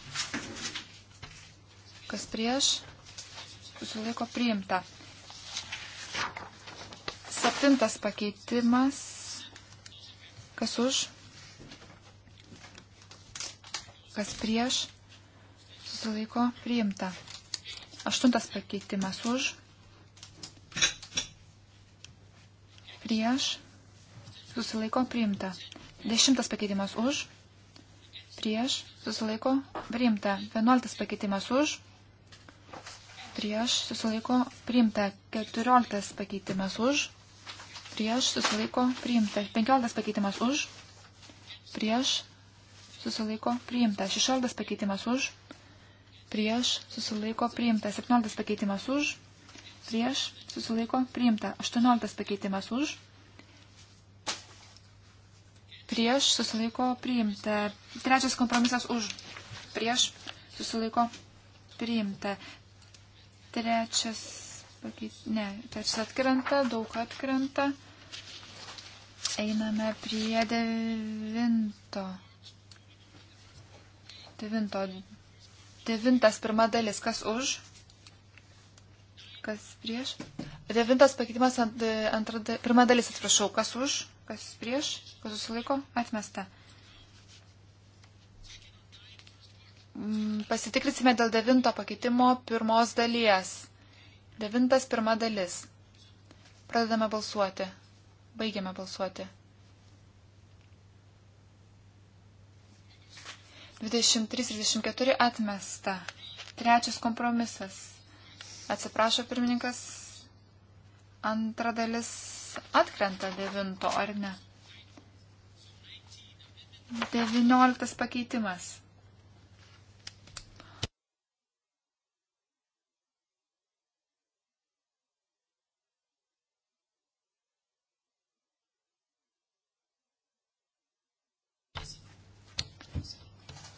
Speaker 3: Kas prieš? susilaiko priimta. Septintas pakeitimas. Kas už? Kas prieš? Susilaiko priimta. Aštuntas pakeitimas už. Prieš. Susilaiko priimta. Dešimtas pakeitimas už. Prieš. Susilaiko priimta. Vienuoliktas pakeitimas už prieš susilaiko priimta. 14 pakeitimas už, prieš susilaiko priimta. 15 pakeitimas už, prieš susilaiko priimta. 16 pakeitimas už, prieš susilaiko priimta. 17 pakeitimas už, prieš susilaiko priimta. 18 pakeitimas už, prieš susilaiko priimta. Trečias kompromisas už, prieš susilaiko priimta. Trečias, pakeit, ne, trečias atkrenta, daug atkrenta. Einame prie devinto. Devinto. Devintas pirma dalis. Kas už? Kas prieš? Devintas pakeitimas ant, antra, pirma dalis, atsiprašau. Kas už? Kas prieš? Kas susilaiko? Atmesta. Mm, pasitikrinsime dėl devinto pakeitimo pirmos dalies. Devintas pirma dalis. Pradedame balsuoti. Baigiame balsuoti. 23-34 atmesta. Trečias kompromisas. Atsiprašo pirmininkas. Antra dalis atkrenta devinto, ar ne? 19 pakeitimas.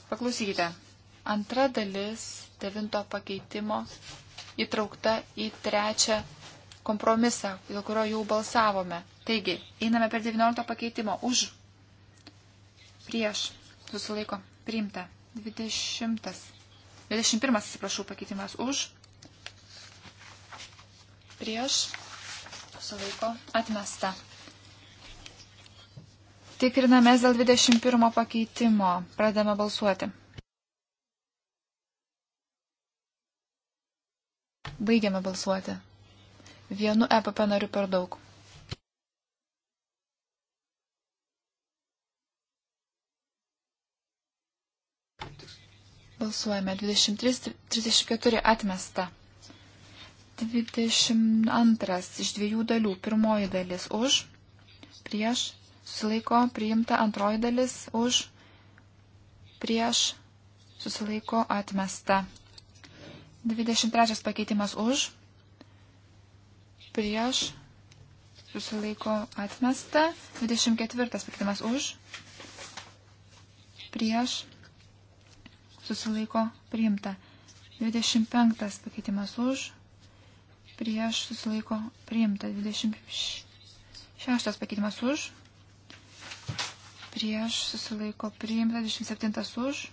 Speaker 3: Paklausykite. Antra dalis devinto pakeitimo įtraukta į trečią kompromisą, dėl kurio jau balsavome. Taigi, einame per 19 pakeitimo. Už. Prieš. Susilaiko. Priimta. 20. 21, atsiprašau, pakeitimas. Už. Prieš. Susilaiko. Atmesta. Tikrinamės dėl 21 pakeitimo. Pradame balsuoti. Baigiame balsuoti. Vienu EPP nariu per daug. Balsuojame 23, 34 atmesta. 22 iš dviejų dalių. Pirmoji dalis už, prieš, susilaiko priimta antroji dalis už prieš susilaiko atmesta. 23 pakeitimas už prieš susilaiko atmesta. 24 pakeitimas už prieš susilaiko priimta. 25 pakeitimas už prieš susilaiko priimta. 26 pakeitimas už prieš susilaiko priimta, 27 už,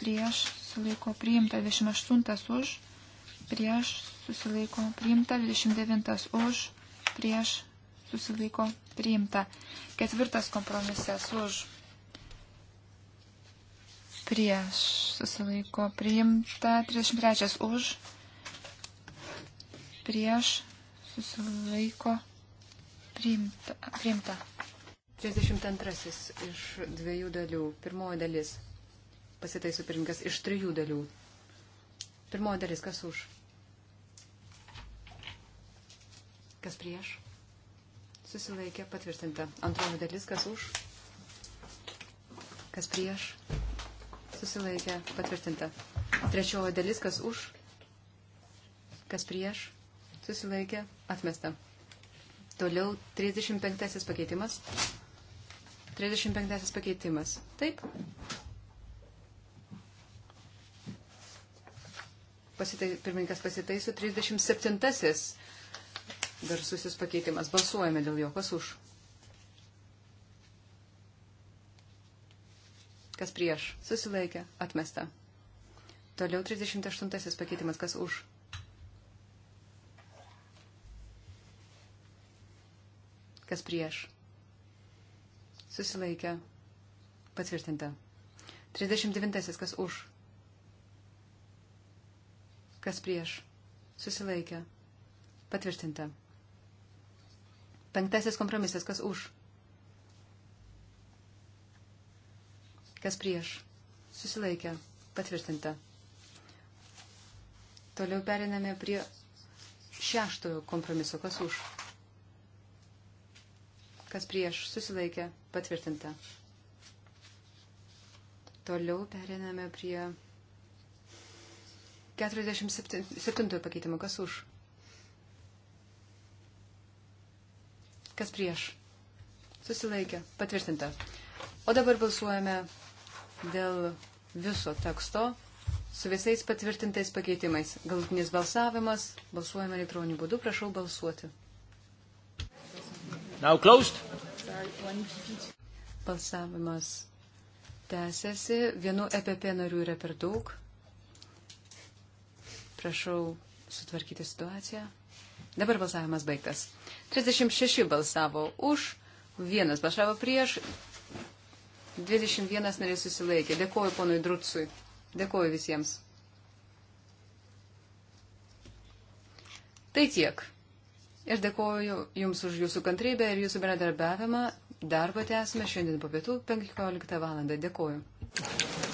Speaker 3: prieš susilaiko priimta, 28 už, prieš susilaiko priimta, 29 už, prieš susilaiko priimta. Ketvirtas kompromisas už, prieš susilaiko priimta, 33 už, prieš susilaiko priimta. priimta.
Speaker 1: 32 iš dviejų dalių. Pirmoji dalis. Pasitaiso pirmininkas iš trijų dalių. Pirmoji dalis, kas už? Kas prieš? Susilaikė patvirtinta. Antroji dalis, kas už? Kas prieš? Susilaikė patvirtinta. Trečioji dalis, kas už? Kas prieš? Susilaikė atmesta. Toliau 35 pakeitimas. 35 pakeitimas. Taip. Pasitai, pirmininkas pasitaiso 37 garsusis pakeitimas. Balsuojame dėl jo. Kas už? Kas prieš? Susilaikė. Atmesta. Toliau 38 pakeitimas. Kas už? Kas prieš? susilaikė, patvirtinta. 39. Kas už, kas prieš, susilaikė, patvirtinta. Penktasis kompromisas, kas už, kas prieš, susilaikė, patvirtinta. Toliau periname prie šeštojo kompromiso, kas už. Kas prieš susilaikė patvirtinta. Toliau periname prie 47 pakeitimo. Kas už? Kas prieš? Susilaikė. Patvirtinta. O dabar balsuojame dėl viso teksto su visais patvirtintais pakeitimais. Galutinis balsavimas. Balsuojame elektroniniu būdu. Prašau balsuoti. Now closed. Balsavimas tęsiasi. Vienu EPP narių yra per daug. Prašau sutvarkyti situaciją. Dabar balsavimas baigtas. 36 balsavo už, vienas balsavo prieš, 21 narys susilaikė. Dėkoju ponui Drutsui. Dėkoju visiems. Tai tiek ir dėkoju Jums už Jūsų kantrybę ir Jūsų bendradarbiavimą. Darbą tęsime šiandien po pietų 15 val. Dėkoju.